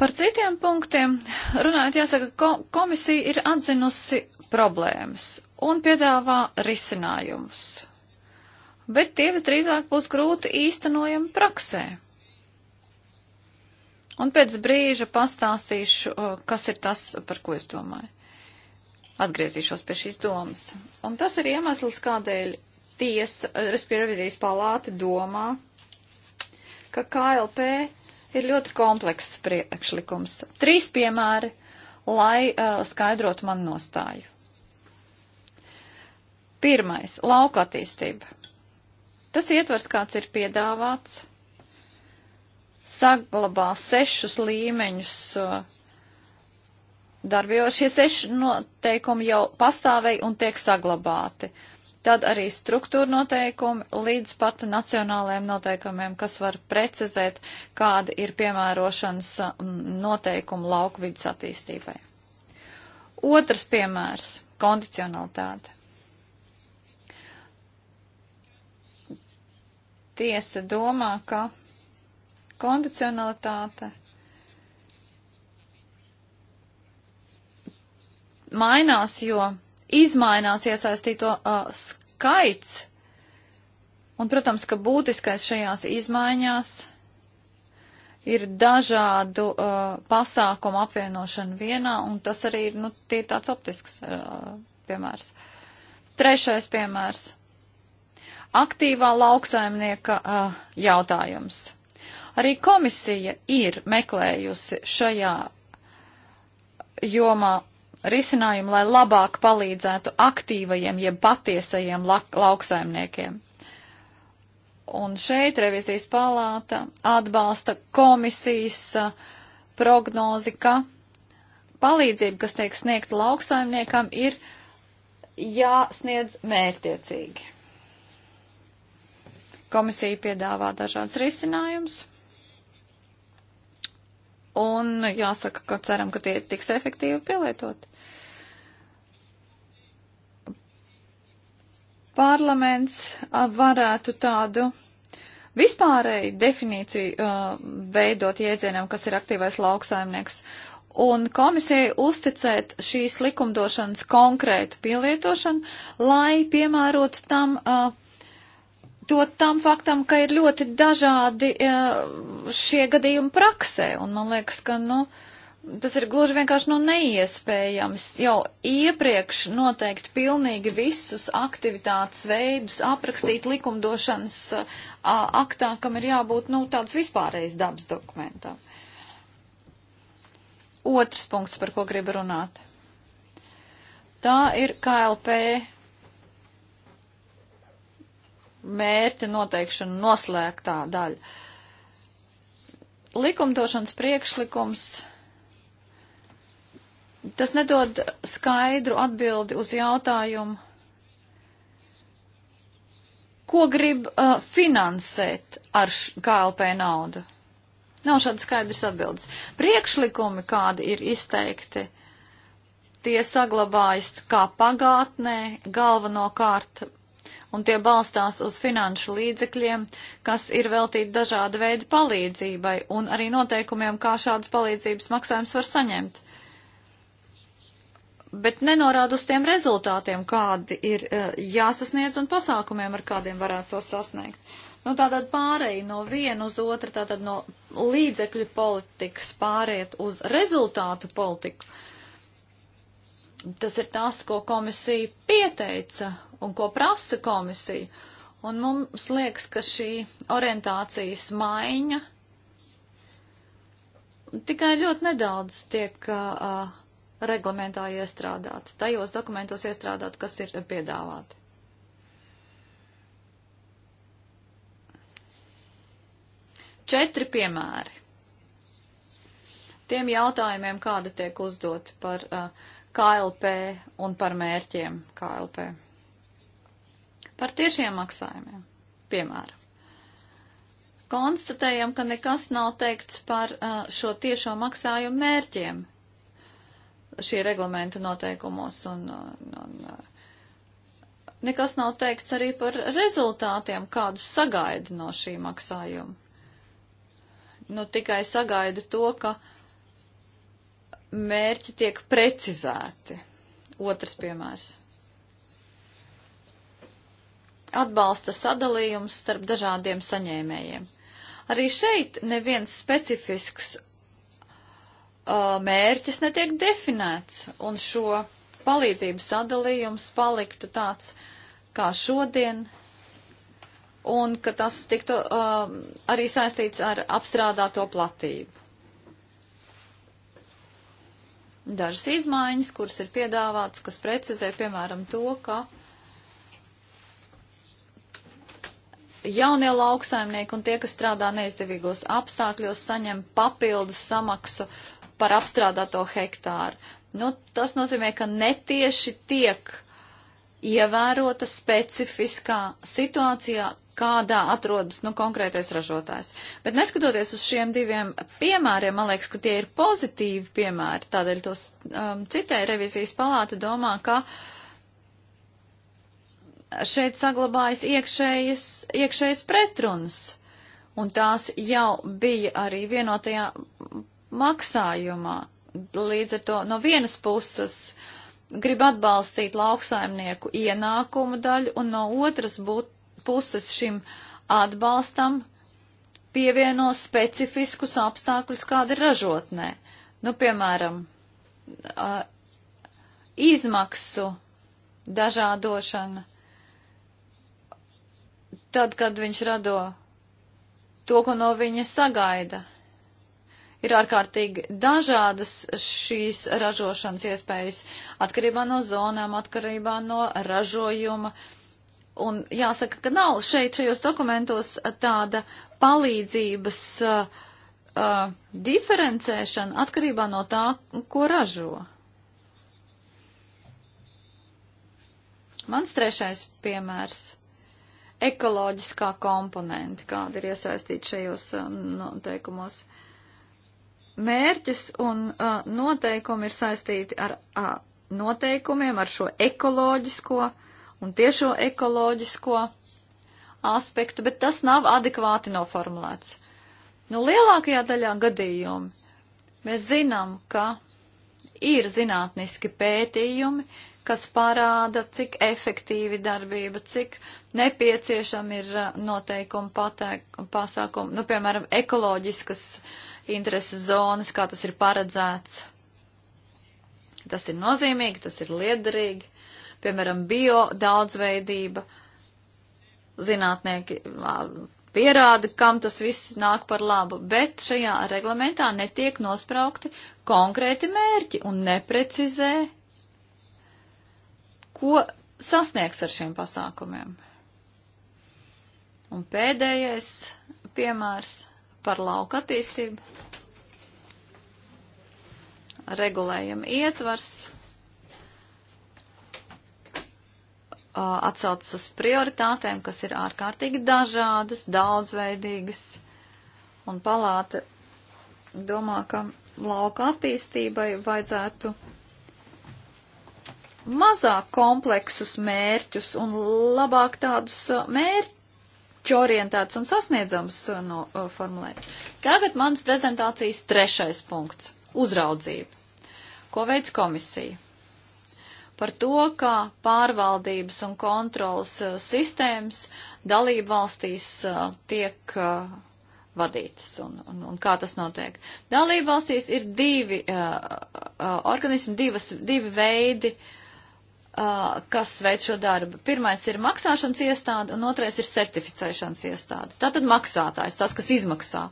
Par citiem punktiem runājot, jāsaka, ko, komisija ir atzinusi problēmas un piedāvā risinājumus. Bet tie visdrīzāk būs grūti īstenojami praksē. Un pēc brīža pastāstīšu, uh, kas ir tas, par ko es domāju. Atgriezīšos pie šīs domas. Un tas ir iemesls, kādēļ tiesa, uh, respektīvi revizijas palāta domā, ka KLP ir ļoti komplekss priekšlikums. Trīs piemēri, lai uh, skaidrotu man nostāju. Pirmais - lauka attīstība. Tas ietvers, kāds ir piedāvāts, saglabā sešus līmeņus uh, darbi, jo šie seši noteikumi jau pastāvēja un tiek saglabāti. Tad arī struktūra noteikumi līdz pat nacionālajiem noteikumiem, kas var precizēt, kāda ir piemērošanas mm, noteikuma lauku vidas attīstībai. Otrs piemērs - kondicionalitāte. tiesa domā, ka kondicionalitāte mainās, jo izmainās iesaistīto uh, skaits. Un, protams, ka būtiskais šajās izmaiņās ir dažādu uh, pasākumu apvienošana vienā, un tas arī ir, nu, tie tāds optisks uh, piemērs. Trešais piemērs aktīvā lauksaimnieka uh, jautājums. Arī komisija ir meklējusi šajā jomā risinājumu, lai labāk palīdzētu aktīvajiem, jeb patiesajiem lauksaimniekiem. Un šeit revizijas palāta atbalsta komisijas prognozi, ka palīdzība, kas tiek sniegta lauksaimniekam, ir jāsniedz mērtiecīgi. Komisija piedāvā dažādas risinājumus. Un jāsaka, ka ceram, ka tie tiks efektīvi pielietot. Parlaments varētu tādu vispārēju definīciju uh, veidot jēdzienam, kas ir aktīvais lauksaimnieks, un komisijai uzticēt šīs likumdošanas konkrētu pielietošanu, lai piemērot tam uh, to tam faktam, ka ir ļoti dažādi e, šie gadījumi praksē, un man liekas, ka, nu, tas ir gluži vienkārši, nu, neiespējams jau iepriekš noteikti pilnīgi visus aktivitātes veidus aprakstīt likumdošanas e, aktā, kam ir jābūt, nu, tāds vispārējais dabas dokumentam. Otrs punkts, par ko gribu runāt. Tā ir KLP mērķa noteikšana noslēgtā daļa. Likumdošanas priekšlikums. Tas nedod skaidru atbildi uz jautājumu, ko grib uh, finansēt ar KLP naudu. Nav šādas skaidras atbildes. Priekšlikumi, kādi ir izteikti, tie saglabājas kā pagātnē, galvenokārt un tie balstās uz finanšu līdzekļiem, kas ir veltīti dažāda veida palīdzībai un arī noteikumiem, kā šādas palīdzības maksājums var saņemt. Bet nenorāda uz tiem rezultātiem, kādi ir eh, jāsasniedz un pasākumiem, ar kādiem varētu to sasniegt. Nu, tātad pārēja no viena uz otru, tātad no līdzekļu politikas pāriet uz rezultātu politiku. Tas ir tas, ko komisija pieteica un ko prasa komisija. Un mums liekas, ka šī orientācijas maiņa tikai ļoti nedaudz tiek uh, reglamentā iestrādāta, tajos dokumentos iestrādāta, kas ir piedāvāti. Četri piemēri. Tiem jautājumiem, kāda tiek uzdot par uh, KLP un par mērķiem KLP. Par tiešiem maksājumiem, piemēram. Konstatējam, ka nekas nav teikts par uh, šo tiešo maksājumu mērķiem šī reglamenta noteikumos un, un, un uh, nekas nav teikts arī par rezultātiem, kādus sagaida no šī maksājuma. Nu, tikai sagaida to, ka mērķi tiek precizēti. Otrs piemērs atbalsta sadalījums starp dažādiem saņēmējiem. Arī šeit neviens specifisks uh, mērķis netiek definēts, un šo palīdzību sadalījums paliktu tāds kā šodien, un ka tas tiktu uh, arī saistīts ar apstrādāto platību. Dažas izmaiņas, kuras ir piedāvātas, kas precizē, piemēram, to, ka uh, jaunie lauksaimnieki un tie, kas strādā neizdevīgos apstākļos, saņem papildus samaksu par apstrādāto hektāru. Nu, tas nozīmē, ka netieši tiek ievērota specifiskā situācijā, kādā atrodas nu, konkrētais ražotājs. Bet neskatoties uz šiem diviem piemēriem, man liekas, ka tie ir pozitīvi piemēri. Tādēļ tos um, citai revizijas palāta domā, ka uh, šeit saglabājas iekšējas, iekšējas pretrunas, un tās jau bija arī vienotajā maksājumā. Līdz ar to no vienas puses grib atbalstīt lauksaimnieku ienākumu daļu, un no otras būt, puses šim atbalstam pievieno specifiskus apstākļus, kāda ir ražotnē. Nu, piemēram, izmaksu dažādošana tad, kad viņš rado to, ko no viņa sagaida. Ir ārkārtīgi dažādas šīs ražošanas iespējas atkarībā no zonām, atkarībā no ražojuma. Un jāsaka, ka nav šeit šajos dokumentos tāda palīdzības uh, uh, diferencēšana atkarībā no tā, ko ražo. Mans trešais piemērs ekoloģiskā komponente, kāda ir iesaistīta šajos um, noteikumos. Mērķis un uh, noteikumi ir saistīti ar noteikumiem, ar šo ekoloģisko un tiešo ekoloģisko aspektu, bet tas nav adekvāti noformulēts. Nu, lielākajā daļā gadījumu mēs zinām, ka ir zinātniski pētījumi, uh, kas parāda, cik efektīvi darbība, cik nepieciešami ir eh, noteikumi patēk, pasākumi, nu, piemēram, ekoloģiskas intereses zonas, kā tas ir paredzēts. Tas ir nozīmīgi, tas ir liederīgi, piemēram, bio daudzveidība. Zinātnieki pierāda, kam tas viss nāk par labu, bet šajā reglamentā netiek nospraukti konkrēti mērķi un neprecizē ko sasniegs ar šiem pasākumiem. Un pēdējais piemērs par lauka attīstību. Regulējuma ietvars atsaucas uz prioritātēm, kas ir ārkārtīgi dažādas, daudzveidīgas. Un palāte domā, ka lauka attīstībai vajadzētu mazāk kompleksus mērķus un labāk tādus uh, mērķu orientētus un sasniedzams uh, noformulēt. Uh, Tagad manas prezentācijas trešais punkts - uzraudzība. Ko veids komisija? par to, kā pārvaldības un kontrolas sistēmas dalību valstīs tiek vadītas un, un, un kā tas notiek. Dalību valstīs ir divi uh, organismi, divas, divi veidi uh, kas veic šo darbu. Pirmais ir maksāšanas iestāde, un otrais ir certificēšanas iestāde. Tātad maksātājs, tas, kas izmaksā.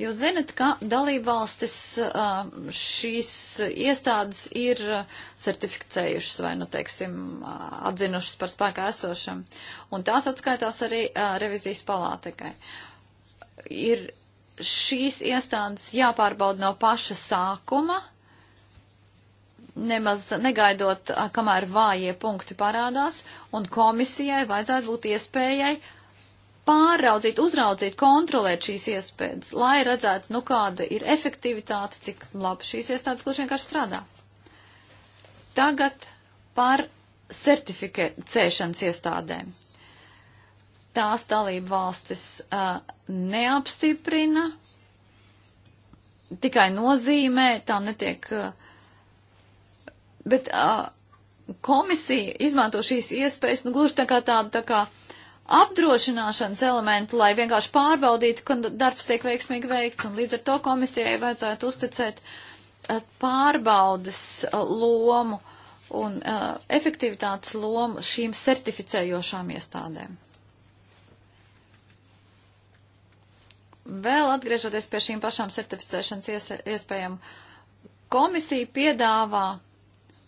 Jūs zinat, ka dalībvalstis šīs iestādes ir certificējušas vai, nu, teiksim, atzinušas par spēkā esošam. Un tās atskaitās arī revizijas palātekai. Ir šīs iestādes jāpārbauda no paša sākuma nemaz negaidot, kamēr vājie punkti parādās, un komisijai vajadzētu būt iespējai pāraudzīt, uzraudzīt, kontrolēt šīs iespējas, lai redzētu, nu kāda ir efektivitāte, cik labi šīs iestādes gluži vienkārši strādā. Tagad par certificēšanas iestādēm. Tās dalība valstis uh, neapstiprina, tikai nozīmē, tām netiek uh, Bet uh, komisija izmanto šīs iespējas, nu, gluži tā kā tādu tā kā apdrošināšanas elementu, lai vienkārši pārbaudītu, ka darbs tiek veiksmīgi veikts, un līdz ar to komisijai vajadzētu uzticēt uh, pārbaudas uh, lomu un uh, efektivitātes lomu šīm certificējošām iestādēm. Vēl atgriežoties pie šīm pašām certificēšanas ies, iespējām, komisija piedāvā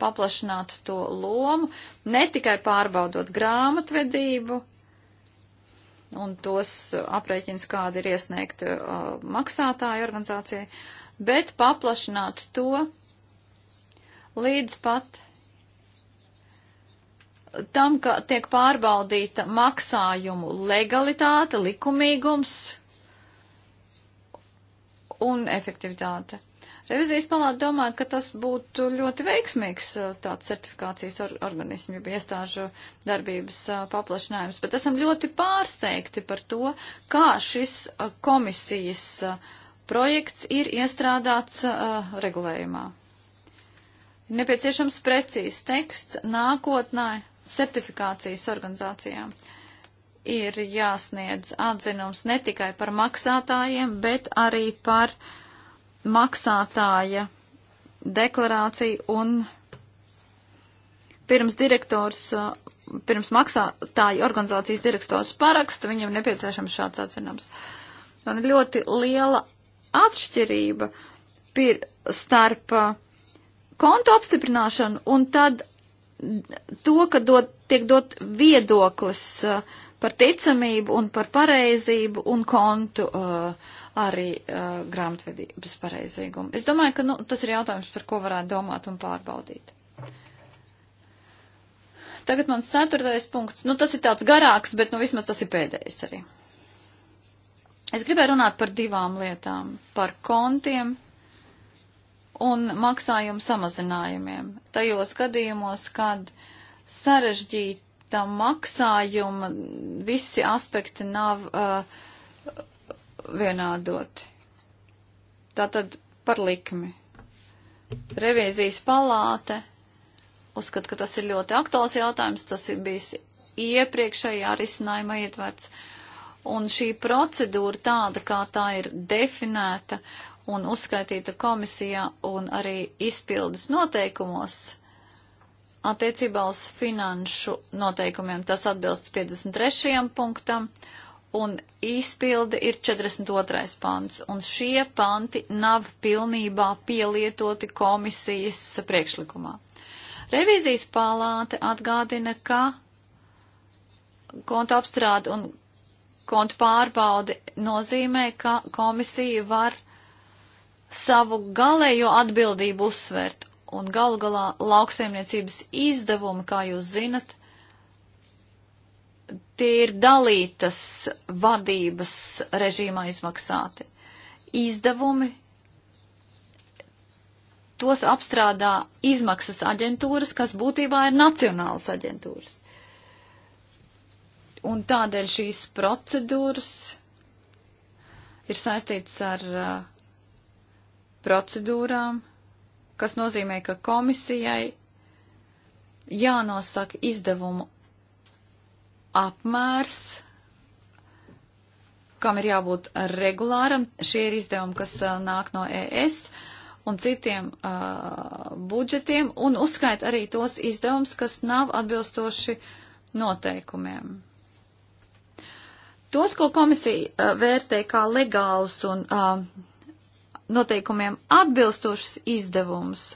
paplašināt to lomu, ne tikai pārbaudot grāmatvedību un tos aprēķins, kādi ir iesniegti uh, maksātāju organizācijai, bet paplašināt to līdz pat tam, ka tiek pārbaudīta maksājumu legalitāte, likumīgums un efektivitāte. Revizijas palāta domā, ka tas būtu ļoti veiksmīgs uh, tāds certifikācijas or organismu, jeb iestāžu darbības uh, paplašinājums, bet esam ļoti pārsteigti par to, kā šis uh, komisijas projekts ir iestrādāts regulējumā. Ir nepieciešams precīzs teksts nākotnē certifikācijas organizācijām ir jāsniedz atzinums ne tikai par maksātājiem, bet arī par uh, maksātāja deklarācija un pirms direktors, pirms maksātāja organizācijas direktors paraksta, viņam nepieciešams šāds atzinums. Man ir ļoti liela atšķirība pir, starp uh, kontu apstiprināšanu un tad to, ka dot, tiek dot viedoklis uh, par ticamību un par pareizību un kontu uh, arī uh, grāmatvedības pareizīgumu. Es domāju, ka nu, tas ir jautājums, par ko varētu domāt un pārbaudīt. Tagad mans ceturtais punkts. Nu, tas ir tāds garāks, bet nu, vismaz tas ir pēdējais arī. Es gribēju runāt par divām lietām - par kontiem un maksājumu samazinājumiem. Tajos gadījumos, kad sarežģīta maksājuma visi aspekti nav uh, vienādoti. Tātad par likmi. Revīzijas palāte uzskata, ka tas ir ļoti aktuāls jautājums, tas ir bijis iepriekšējā risinājumā ietverts. Un šī procedūra tāda, kā tā ir definēta un uzskaitīta komisijā un arī izpildes noteikumos attiecībā uz finanšu noteikumiem, tas atbilst 53. punktam un izpilde ir 42. pants, un šie panti nav pilnībā pielietoti komisijas priekšlikumā. Revizijas palāte atgādina, ka konta apstrāde un konta pārbaude nozīmē, ka komisija var savu galējo atbildību uzsvērt, un galu galā lauksaimniecības izdevumi, kā jūs zinat, tie ir dalītas vadības režīmā izmaksāti. Izdevumi tos apstrādā izmaksas aģentūras, kas būtībā ir nacionālas aģentūras. Un tādēļ šīs procedūras ir saistītas ar uh, procedūrām, kas nozīmē, ka komisijai jānosaka izdevumu apmērs, kam ir jābūt regulāram. Šie ir izdevumi, kas uh, nāk no ES un citiem uh, budžetiem, un uzskait arī tos izdevums, kas nav atbilstoši noteikumiem. Tos, ko komisija uh, vērtē kā legālus un uh, noteikumiem atbilstošus izdevumus,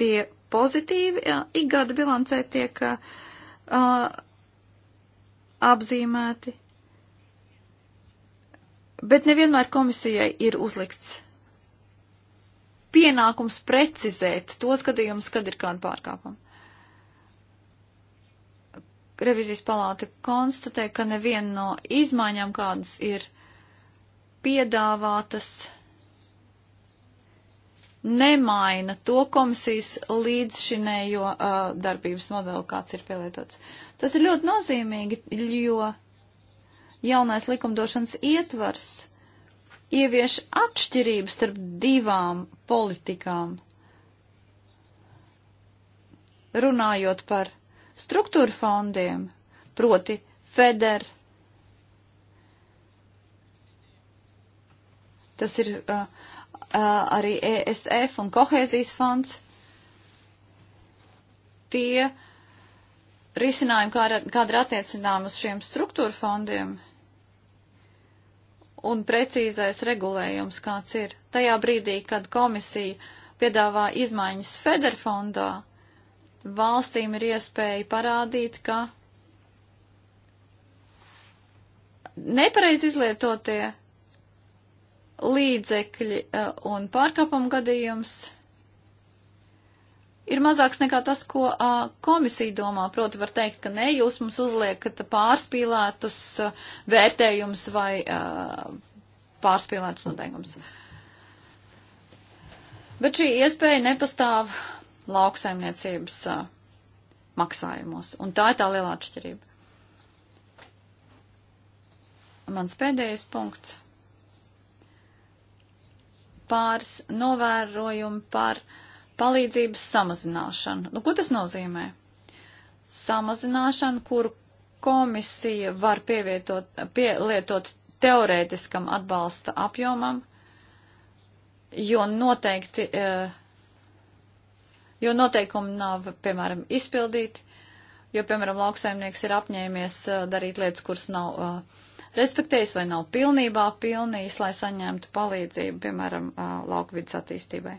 tie pozitīvi uh, ikgada bilancē tiek uh, uh apzīmēti, bet nevienmēr komisijai ir uzlikts pienākums precizēt tos gadījumus, kad ir kāda pārkāpuma. Revizijas palāta konstatē, ka neviena no izmaiņām, kādas ir piedāvātas, nemaina to komisijas līdzšinējo uh, darbības modeli, kāds ir pielietots. Uh, Tas ir ļoti nozīmīgi, jo jaunais likumdošanas ietvars ievieš atšķirības starp divām politikām. Runājot par struktūra fondiem, proti FEDER. Tas ir uh, uh, arī ESF un kohēzijas fonds. Tie uh, risinājumi, kā, kāda ir attiecinām uz šiem struktūra fondiem un precīzais regulējums, kāds ir. Tajā brīdī, kad komisija piedāvā izmaiņas federfondā, valstīm ir iespēja parādīt, ka nepareiz izlietotie līdzekļi eh, un pārkāpumu gadījums ir mazāks nekā tas, ko a, komisija domā. Proti var teikt, ka ne, jūs mums uzliekat pārspīlētus a, vērtējums vai a, pārspīlētus noteikums. Bet šī iespēja nepastāv lauksaimniecības a, maksājumos. Un tā ir tā lielā atšķirība. Mans pēdējais punkts. Pāris novērojumi par uh, palīdzības samazināšanu. Nu, ko tas nozīmē? Samazināšanu, kuru komisija var pievietot, pielietot teorētiskam atbalsta apjomam, jo noteikti, eh, jo noteikumi nav, piemēram, izpildīti, jo, piemēram, lauksaimnieks ir apņēmies eh, darīt lietas, kuras nav eh, respektējis vai nav pilnībā pilnījis, lai saņemtu palīdzību, piemēram, lauku vidas attīstībai.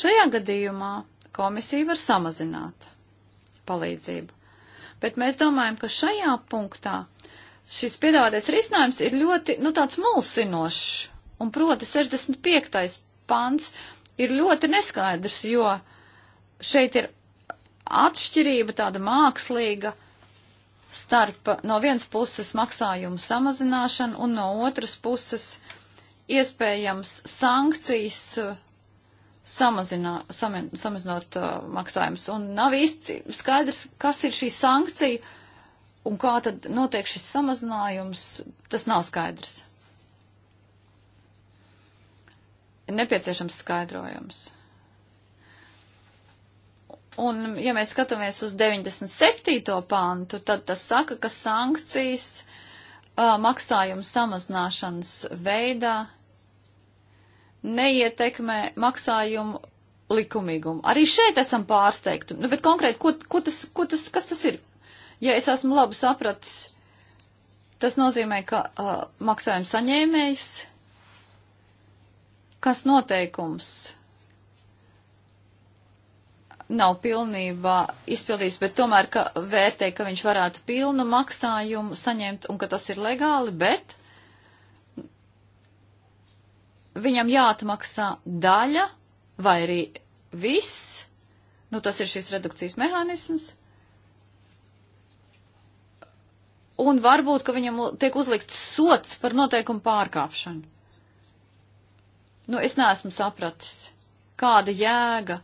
Šajā gadījumā komisija var samazināt palīdzību. Bet mēs domājam, ka šajā punktā šis piedāvātais risinājums ir ļoti, nu, tāds mulsinošs. Un proti 65. pants ir ļoti neskaidrs, jo šeit ir atšķirība tāda mākslīga starp no vienas puses maksājumu samazināšanu un no otras puses iespējams sankcijas samazinā, sama, samazinot uh, maksājumus. Un nav īsti skaidrs, kas ir šī sankcija un kā tad notiek šis samazinājums. Tas nav skaidrs. Ir nepieciešams skaidrojums. Un, ja mēs skatāmies uz 97. pāntu, tad tas saka, ka sankcijas uh, maksājuma samazināšanas veidā neietekmē maksājumu likumīgumu. Arī šeit esam pārsteigti. Nu, bet konkrēti, ko, ko tas, ko tas, kas tas ir? Ja es esmu labi sapratis, tas nozīmē, ka uh, maksājuma saņēmējs, kas noteikums nav pilnībā izpildījis, bet tomēr, ka vērtē, ka viņš varētu pilnu maksājumu saņemt un ka tas ir legāli, bet viņam jāatmaksā daļa vai arī viss, nu tas ir šis redukcijas mehānisms, un varbūt, ka viņam tiek uzlikts sots par noteikumu pārkāpšanu. Nu, es neesmu sapratis, kāda jēga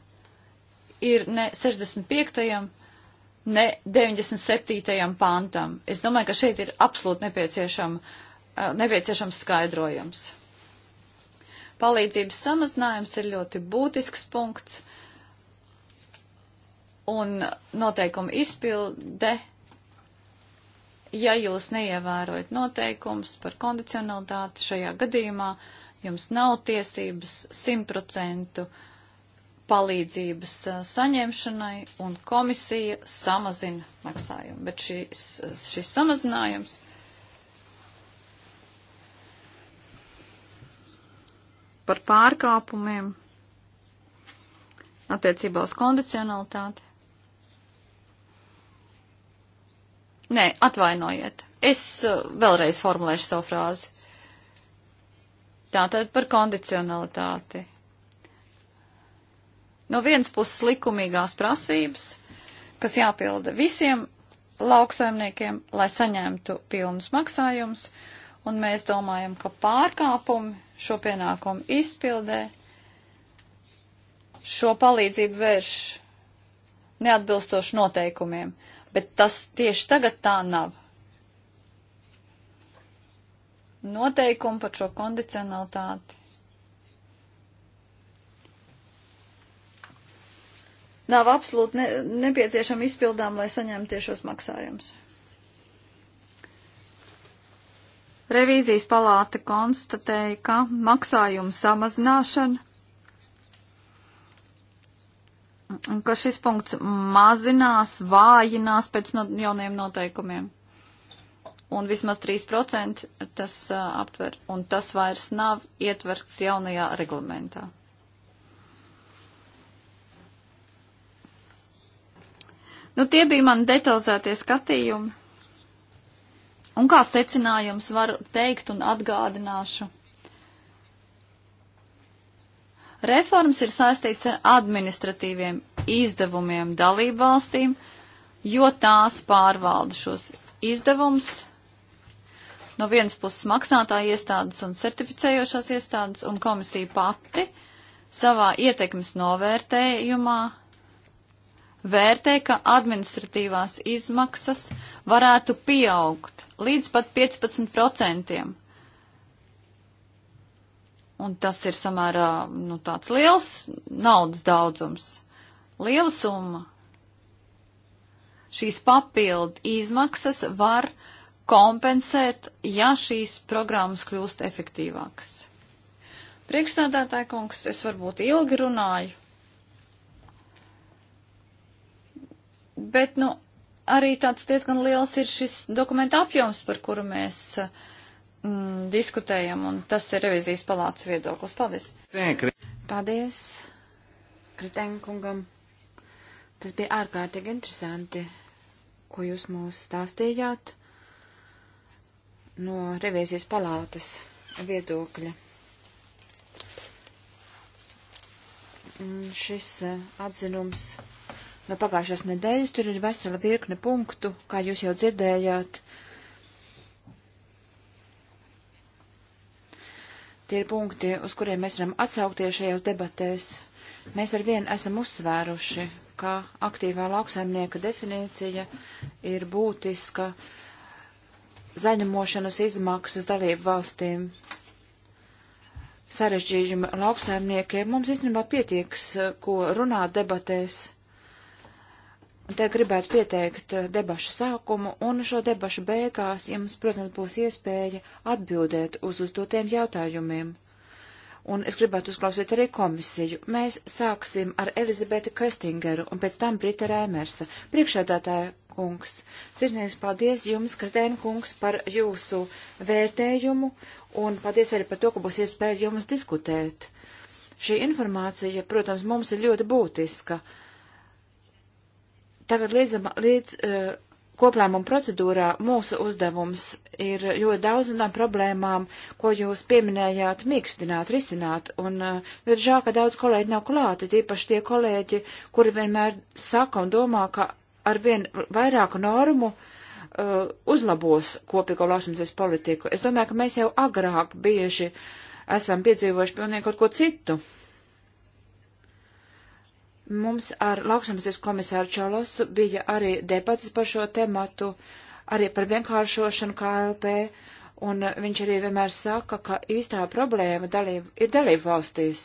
ir ne 65. ne 97. pantam. Es domāju, ka šeit ir absolūti nepieciešama, eh, nepieciešams skaidrojums. Palīdzības samazinājums ir ļoti būtisks punkts, un noteikuma izpilde, ja jūs neievērojat noteikums par kondicionalitāti šajā gadījumā, jums nav tiesības simtprocentu palīdzības uh, saņemšanai, un komisija samazina maksājumu. Bet šis, šis samazinājums par pārkāpumiem attiecībā uz kondicionalitāti. Nē, atvainojiet. Es uh, vēlreiz formulēšu savu frāzi. Tātad par kondicionalitāti. No vienas puses likumīgās prasības, kas jāpilda visiem lauksaimniekiem, lai saņemtu pilnus maksājumus, un mēs domājam, ka pārkāpumi šo pienākumu izpildē, šo palīdzību vērš neatbilstoši noteikumiem, bet tas tieši tagad tā nav. Noteikumi par šo kondicionalitāti. Nav absolūti ne, nepieciešama izpildām, lai saņemtu tiešos maksājumus. Revīzijas palāta konstatēja, ka maksājumu samazināšana ka šis punkts mazinās, vājinās pēc no, jauniem noteikumiem. Un vismaz 3% tas uh, aptver, un tas vairs nav ietverts jaunajā reglamentā. Nu, tie bija mani detalizētie skatījumi. Un kā secinājums varu teikt un atgādināšu? Reformas ir saistīts ar administratīviem izdevumiem dalību valstīm, jo tās pārvalda šos izdevumus. No vienas puses maksātāja iestādes un certificējošās iestādes un komisija pati savā ietekmes novērtējumā vērtē, ka administratīvās izmaksas varētu pieaugt līdz pat 15%. Un tas ir samērā nu, tāds liels naudas daudzums, liela summa. Šīs papildu izmaksas var kompensēt, ja šīs programmas kļūst efektīvākas. Priekšstādātāja kungs, es varbūt ilgi runāju, bet, nu, arī tāds diezgan liels ir šis dokumenta apjoms, par kuru mēs mm, diskutējam, un tas ir revizijas palātas viedoklis. Paldies! Paldies Kritenkungam! Tas bija ārkārtīgi interesanti, ko jūs mūs stāstījāt no revizijas palātas viedokļa. Šis eh, atzinums no pagājušās nedēļas. Tur ir vesela virkne punktu, kā jūs jau dzirdējāt. Tie ir punkti, uz kuriem mēs varam atsaukties šajās debatēs. Mēs ar vienu esam uzsvēruši, ka aktīvā lauksaimnieka definīcija ir būtiska zaļumošanas izmaksas dalību valstīm sarežģījumi lauksaimniekiem. Mums īstenībā pietieks, ko runāt debatēs. Te gribētu pieteikt eh, debašu sākumu, un šo debašu beigās jums, protams, būs iespēja atbildēt uz uzdotiem jautājumiem. Un es gribētu uzklausīt arī komisiju. Mēs sāksim ar Elizabeti Köstingeru un pēc tam Brita Rēmersa. Priekšēdātāja kungs, sirsnīgs paldies jums, Kretēna kungs, par jūsu vērtējumu un paldies arī par to, ka būs iespēja jums diskutēt. Šī informācija, protams, mums ir ļoti būtiska. Uh, tagad līdz, līdz eh, koplēmuma procedūrā mūsu uzdevums ir ļoti daudz no problēmām, ko jūs pieminējāt, mīkstināt, risināt, un ļoti eh, žēl, ka daudz kolēģi nav klāti, tīpaši tie kolēģi, kuri vienmēr saka un domā, ka ar vien vairāku normu uh, uzlabos kopīgo lausumsies politiku. Es domāju, ka mēs jau agrāk bieži esam piedzīvojuši pilnīgi kaut ko citu. Uh, Mums ar lauksamasies komisāru Čalosu bija arī debatas par šo tematu, arī par vienkāršošanu KLP, un viņš arī vienmēr saka, ka īstā problēma dalība, ir dalību valstīs,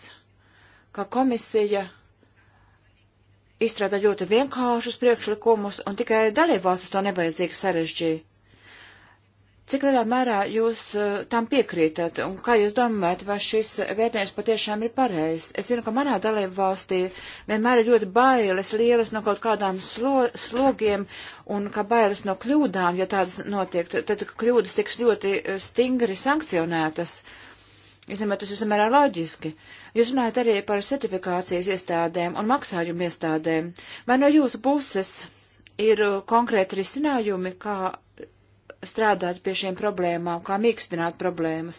ka komisija izstrādā ļoti vienkāršus priekšlikumus, un tikai dalībvalstis to nevajadzīgi sarežģīja. Cik lielā mērā jūs eh, tam piekrītat un kā jūs domājat, vai šis vērtējums patiešām ir pareizs? Es zinu, ka manā dalību valstī vienmēr ir ļoti bailes lielas no kaut kādām slo, slogiem un ka bailes no kļūdām, ja tādas notiek, tad kļūdas tiks ļoti eh, stingri sankcionētas. Es domāju, tas ir samērā loģiski. Jūs runājat arī par certifikācijas iestādēm un maksājumu iestādēm. Vai no jūsu puses ir eh, konkrēti risinājumi, kā strādāt pie šiem problēmām, kā mīkstināt problēmas.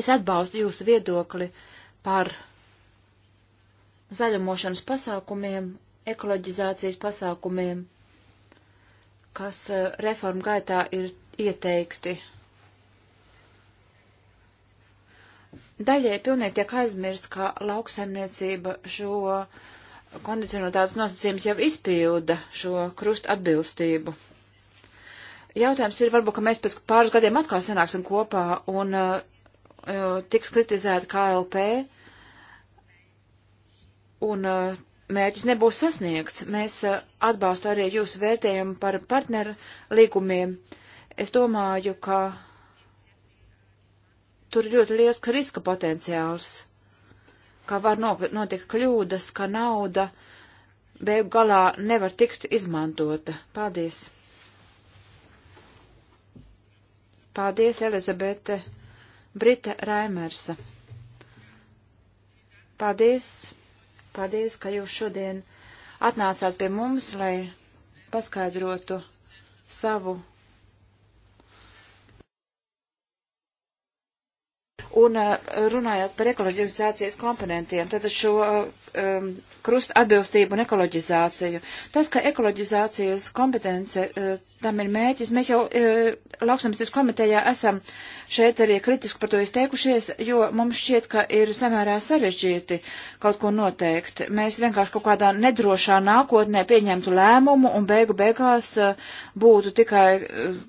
Es atbalstu jūsu viedokli par zaļumošanas pasākumiem, ekoloģizācijas pasākumiem, kas eh, reformu gaitā ir ieteikti. Daļai pilnīgi tiek aizmirst, ka lauksaimniecība šo kondicionalitātes nosacījums jau izpilda šo krustu atbilstību jautājums ir varbūt, ka mēs pēc pāris gadiem atkal sanāksim kopā un uh, uh tiks kritizēta KLP un uh, mērķis nebūs sasniegts. Mēs uh, atbalstu arī jūsu vērtējumu par partneru līgumiem. Es domāju, ka tur ir ļoti liels riska potenciāls, ka var notikt kļūdas, ka nauda beigu galā nevar tikt izmantota. Paldies! Paldies, Elizabete Brita Raimersa. Paldies, paldies, ka jūs šodien atnācāt pie mums, lai paskaidrotu savu Un eh, runājot par ekoloģizācijas komponentiem, tad šo eh, um, krustu atbilstību un ekoloģizāciju. Tas, ka ekoloģizācijas kompetence, uh, tam ir mēķis, mēs jau uh, lauksamības komitejā esam šeit arī kritiski par to izteikušies, jo mums šķiet, ka ir samērā sarežģīti kaut ko noteikt. Mēs vienkārši kaut kādā nedrošā nākotnē pieņemtu lēmumu un beigu beigās uh, būtu tikai. Uh,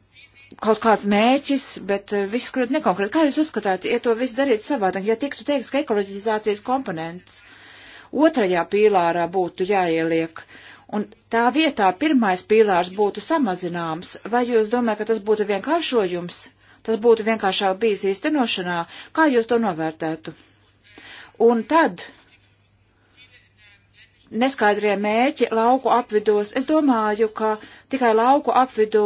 kaut kāds mēķis, bet eh, viss kļūt nekonkrēt. Kā jūs uzskatāt, ja to visu darītu savādāk, ja tiktu teiks, ka ekoloģizācijas komponents otrajā pīlārā būtu jāieliek, un tā vietā pirmais pīlārs būtu samazināms, vai jūs domājat, ka tas būtu vienkāršojums? Tas būtu vienkāršāk bijis īstenošanā. Kā jūs to novērtētu? Un tad neskaidrie mērķi lauku apvidos. Es domāju, ka tikai lauku apvidū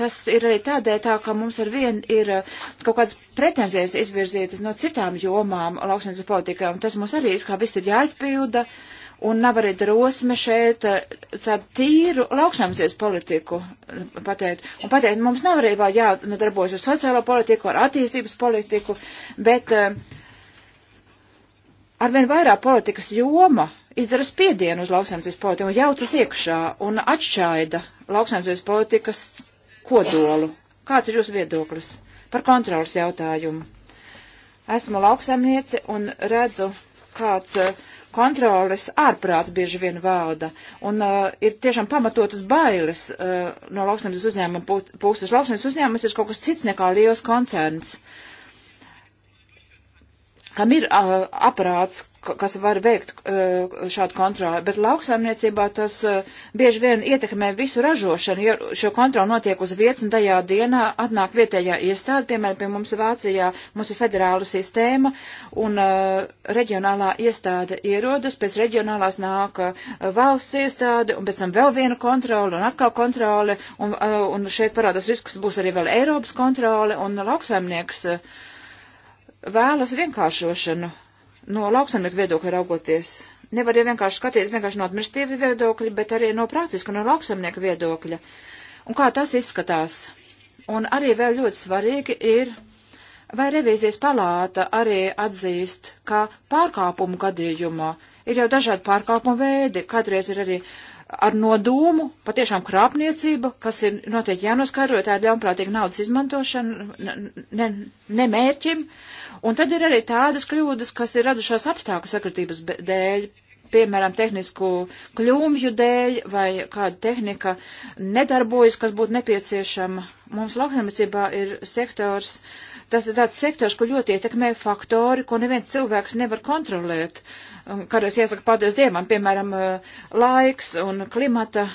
Tas ir arī tādēļ tā, ka mums ar vienu ir eh, kaut kādas pretenzijas izvirzītas no citām jomām lauksnības politikā, un tas mums arī kā viss ir jāizpilda, un nav arī drosme šeit eh, tādu tīru lauksnības politiku eh, pateikt. Un pateikt, mums nav arī vēl jānodarbojas ar sociālo politiku, ar attīstības politiku, bet arvien vairāk politikas joma izdara spiedienu uz lauksaimniecības politiku un jaucas iekšā un atšķaida lauksaimniecības politikas kodolu. Kāds ir jūsu viedoklis par kontrolas jautājumu? Esmu lauksaimniece un redzu, kāds eh, kontroles ārprāts bieži vien valda. Un uh, ir tiešām pamatotas bailes uh, no lauksaimnes uzņēmuma puses. Lauksaimnes uzņēmums ir kaut kas cits nekā liels koncerns, kam ir uh, aprāts, kas var veikt eh, šādu kontroli, bet lauksaimniecībā tas eh, bieži vien ietekmē visu ražošanu, jo šo kontroli notiek uz vietas un tajā dienā atnāk vietējā iestāde, piemēram, pie mums Vācijā mums ir federāla sistēma un eh, reģionālā iestāde ierodas, pēc reģionālās nāk valsts iestāde un pēc tam vēl viena kontrole un atkal kontrole un, un šeit parādās risks būs arī vēl Eiropas kontrole un lauksaimnieks vēlas vienkāršošanu no lauksamnieku viedokļa raugoties. Nevar jau vienkārši skatīties vienkārši no administratīvi viedokļa, bet arī no praktiska, no lauksamnieku viedokļa. Un kā tas izskatās? Un arī vēl ļoti svarīgi ir, vai revīzijas palāta arī atzīst, ka pārkāpumu gadījumā ir jau dažādi pārkāpumu veidi, kādreiz ir arī ar nodomu, patiešām krāpniecība, kas ir noteikti jānoskaidro, tā ir ļaunprātīga naudas izmantošana, nemērķim. Ne, ne Un tad ir arī tādas kļūdas, kas ir radušās apstākļu sakritības dēļ, piemēram, tehnisku kļūmju dēļ vai kāda tehnika nedarbojas, kas būtu nepieciešama. Mums lauksaimniecībā ir sektors, tas ir tāds sektors, kur ļoti ietekmē faktori, ko neviens cilvēks nevar kontrolēt. Kādreiz iesaka paldies Dievam, piemēram, eh, laiks un klimata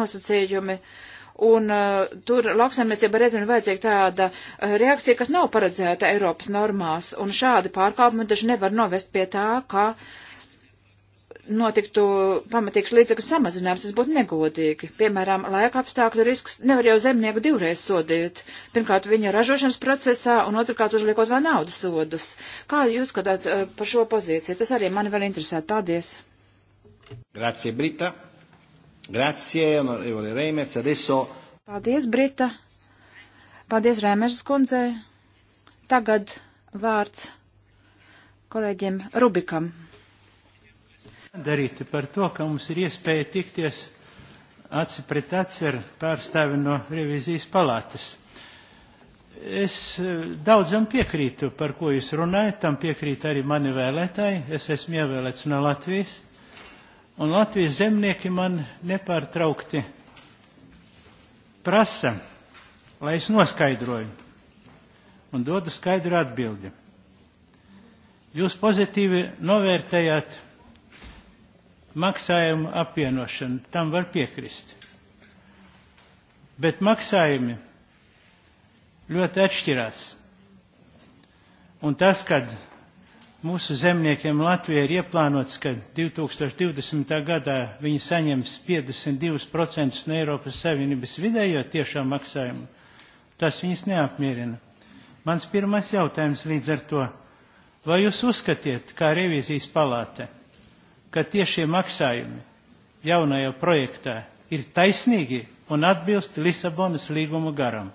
nosacījumi. Uh, un uh, tur lauksaimniecība reizēm vajadzīga tāda uh, reakcija, kas nav paredzēta Eiropas normās, un šādi pārkāpumi taču nevar novest pie tā, ka notiktu pamatīgs līdzekļu samazinājums, tas būtu negodīgi. Piemēram, laika apstākļu risks nevar jau zemnieku divreiz sodīt. Pirmkārt, viņa ražošanas procesā, un otrkārt, uzliekot vēl naudas sodus. Kā jūs skatāt uh, par šo pozīciju? Tas arī mani vēl interesē. Paldies! Grazie, Brita! Grazie, onorevole Reimers. Adesso... Paldies, Brita. Paldies, Rēmers kundzei. Tagad vārds kolēģiem Rubikam. Darīt par to, ka mums ir iespēja tikties aci pret aci ar pārstāvi no revizijas palātas. Es eh, daudzam piekrītu, par ko jūs runājat, tam piekrīt arī mani vēlētāji. Es esmu ievēlēts no Latvijas. Un Latvijas zemnieki man nepārtraukti prasa, lai es noskaidroju un dodu skaidru atbildi. Jūs pozitīvi novērtējāt maksājumu apvienošanu, tam var piekrist. Bet maksājumi ļoti atšķirās. Un tas, kad Mūsu zemniekiem Latvijai ir ieplānots, ka 2020. gadā viņi saņems 52% no Eiropas Savienības vidējo tiešā maksājuma. Tas viņus neapmierina. Mans pirmais jautājums līdz ar to. Vai jūs uzskatiet, kā revizijas palāte, ka tiešie maksājumi jaunajā projektā ir taisnīgi un atbilst Lisabonas līguma garam?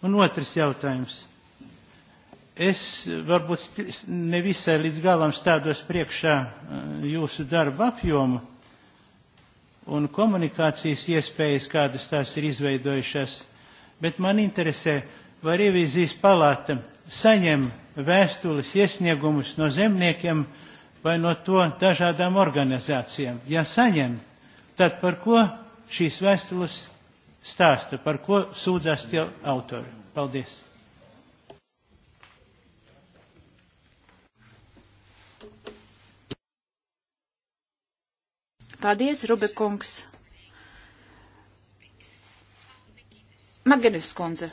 Un otrs jautājums. Es varbūt nevisai līdz galam stādos priekšā eh, jūsu darba apjomu un komunikācijas iespējas, kādas tās ir izveidojušās, bet man interesē, vai revizijas palāta saņem vēstules iesniegumus no zemniekiem vai no to dažādām organizācijām. Ja saņem, tad par ko šīs vēstules stāsta, par ko sūdzās tie autori? Paldies! Paldies, Rubikungs. Magenis kundze.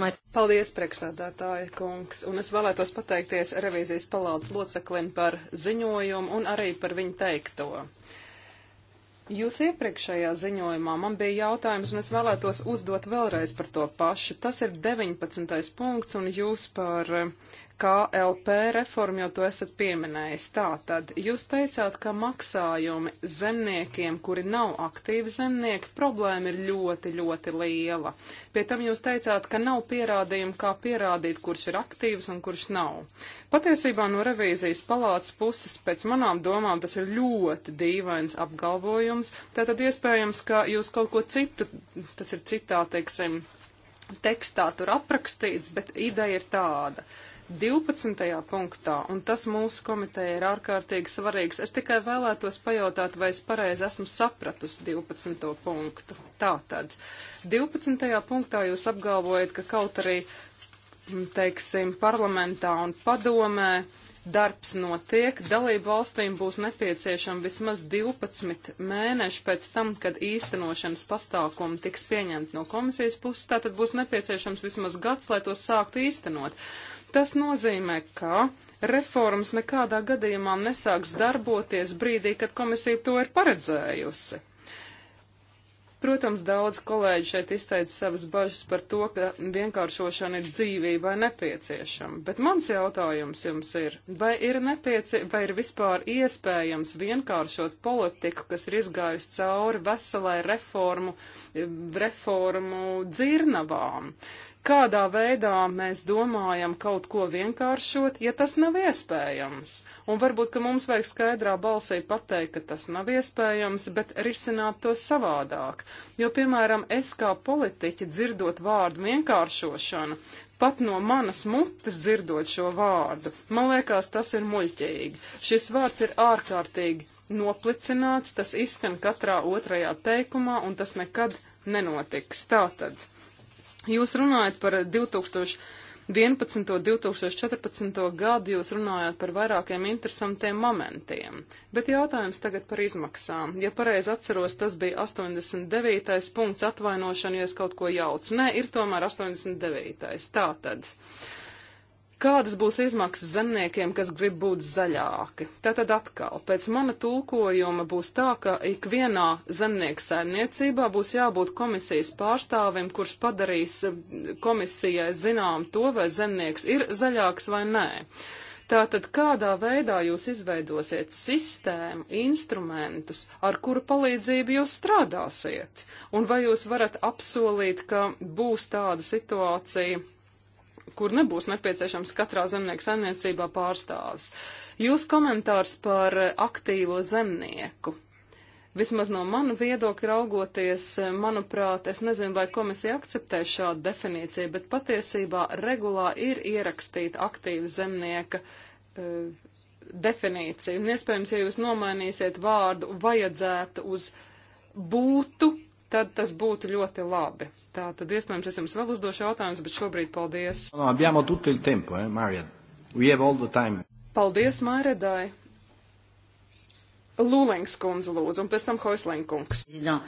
My... Paldies, priekšsēdētāja kungs, un es vēlētos pateikties revīzijas palādes loceklim par ziņojumu un arī par viņu teikto. Jūs iepriekšējā ziņojumā man bija jautājums, un es vēlētos uzdot vēlreiz par to pašu. Tas ir 19. punkts, un jūs par KLP reformu, jo to esat pieminējis. Tātad, jūs teicāt, ka maksājumi zemniekiem, kuri nav aktīvi zemnieki, problēma ir ļoti, ļoti liela. Pie tam jūs teicāt, ka nav pierādījumu, kā pierādīt, kurš ir aktīvs un kurš nav. Patiesībā no revīzijas palātas puses, pēc manām domām, tas ir ļoti dīvains apgalvojums. Tātad iespējams, ka jūs kaut ko citu, tas ir citā, teiksim, tekstā tur aprakstīts, bet ideja ir tāda. Uh, 12. punktā, un tas mūsu komiteja ir ārkārtīgi svarīgs. Es tikai vēlētos pajautāt, vai es pareizi esmu sapratusi 12. punktu. Tātad, 12. punktā jūs apgalvojat, ka kaut arī, teiksim, parlamentā un padomē darbs notiek, dalību valstīm būs nepieciešama vismaz 12 mēneši pēc tam, kad īstenošanas pastākumi tiks pieņemti no komisijas puses, tātad būs nepieciešams vismaz gads, lai to sāktu īstenot. Tas nozīmē, ka reformas nekādā gadījumā nesāks darboties brīdī, kad komisija to ir paredzējusi. Protams, daudz kolēģi šeit izteica savas bažas par to, ka vienkāršošana ir dzīvībai nepieciešama, bet mans jautājums jums ir, vai ir, nepiecie... vai ir vispār iespējams vienkāršot politiku, kas ir izgājusi cauri veselai reformu, reformu dzirnavām? kādā veidā mēs domājam kaut ko vienkāršot, ja tas nav iespējams. Un varbūt, ka mums vajag skaidrā balsī pateikt, ka tas nav iespējams, bet risināt to savādāk. Jo, piemēram, es kā politiķi dzirdot vārdu vienkāršošana, pat no manas mutes dzirdot šo vārdu, man liekas, tas ir muļķīgi. Šis vārds ir ārkārtīgi noplicināts, tas izskan katrā otrajā teikumā, un tas nekad nenotiks. Tātad. Jūs runājat par 2000. 11. un 2014. gadu jūs runājāt par vairākiem interesantiem momentiem, bet jautājums tagad par izmaksām. Ja pareizi atceros, tas bija 89. punkts atvainošana, ja es kaut ko jaucu. Nē, ir tomēr 89. Tātad. Kādas būs izmaksas zemniekiem, kas grib būt zaļāki? Tātad atkal, pēc mana tulkojuma būs tā, ka ikvienā zemnieku saimniecībā būs jābūt komisijas pārstāvim, kurš padarīs eh, komisijai zinām to, vai zemnieks ir zaļāks vai nē. Tātad kādā veidā jūs izveidosiet sistēmu, instrumentus, ar kuru palīdzību jūs strādāsiet? Un vai jūs varat apsolīt, ka būs tāda situācija? kur nebūs nepieciešams katrā zemnieka saimniecībā pārstāvis. Jūs komentārs par aktīvo zemnieku. Vismaz no manu viedokļa raugoties, manuprāt, es nezinu, vai komisija akceptē šādu definīciju, bet patiesībā regulā ir ierakstīta aktīva zemnieka uh, definīcija. Un iespējams, ja jūs nomainīsiet vārdu vajadzētu uz būtu, tad tas būtu ļoti labi. Tā tad iespējams es jums vēl uzdošu jautājumus, bet šobrīd paldies. No, abbiamo tutto il tempo, eh, Marija. We have all the time. Paldies, Mairedai. Lūlings kundze lūdzu, un pēc tam Hoislinkungs. Eh,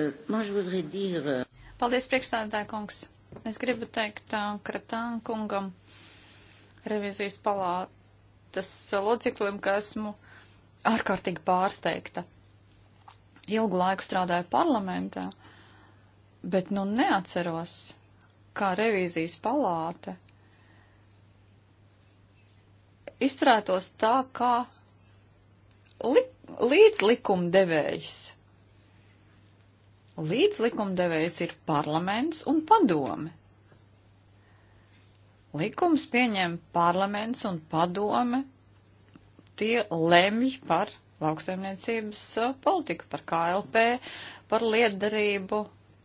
eh, paldies, priekšstādātāja kungs. Es gribu teikt Kratāna kungam, revizijas palātas loceklim, ka esmu ārkārtīgi pārsteigta. Ilgu laiku strādāju parlamentā, Bet nu neatceros, kā revīzijas palāte izturētos tā, kā li līdz likumdevējs. Līdz likumdevējs ir parlaments un padome. Likums pieņem parlaments un padome, tie lemj par lauksaimniecības uh, politiku, par KLP, par lietdarību,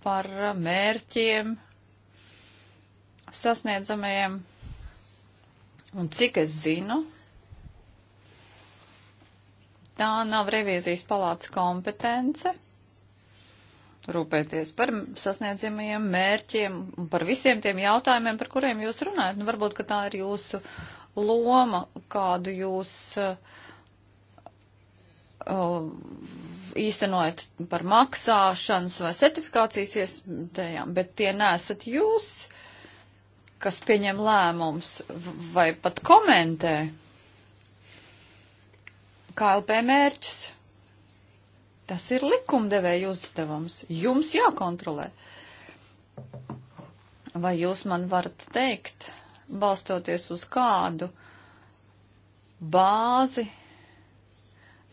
par mērķiem sasniedzamajiem. Un cik es zinu, tā nav revīzijas palātas kompetence rūpēties par sasniedzamajiem mērķiem un par visiem tiem jautājumiem, par kuriem jūs runājat. Nu, varbūt, ka tā ir jūsu loma, kādu jūs uh, īstenojat par maksāšanas vai certifikācijas iespējām, bet tie nesat jūs, kas pieņem lēmums vai pat komentē KLP mērķus. Tas ir likumdevēja uzdevums. Jums jākontrolē. Vai jūs man varat teikt, balstoties uz kādu bāzi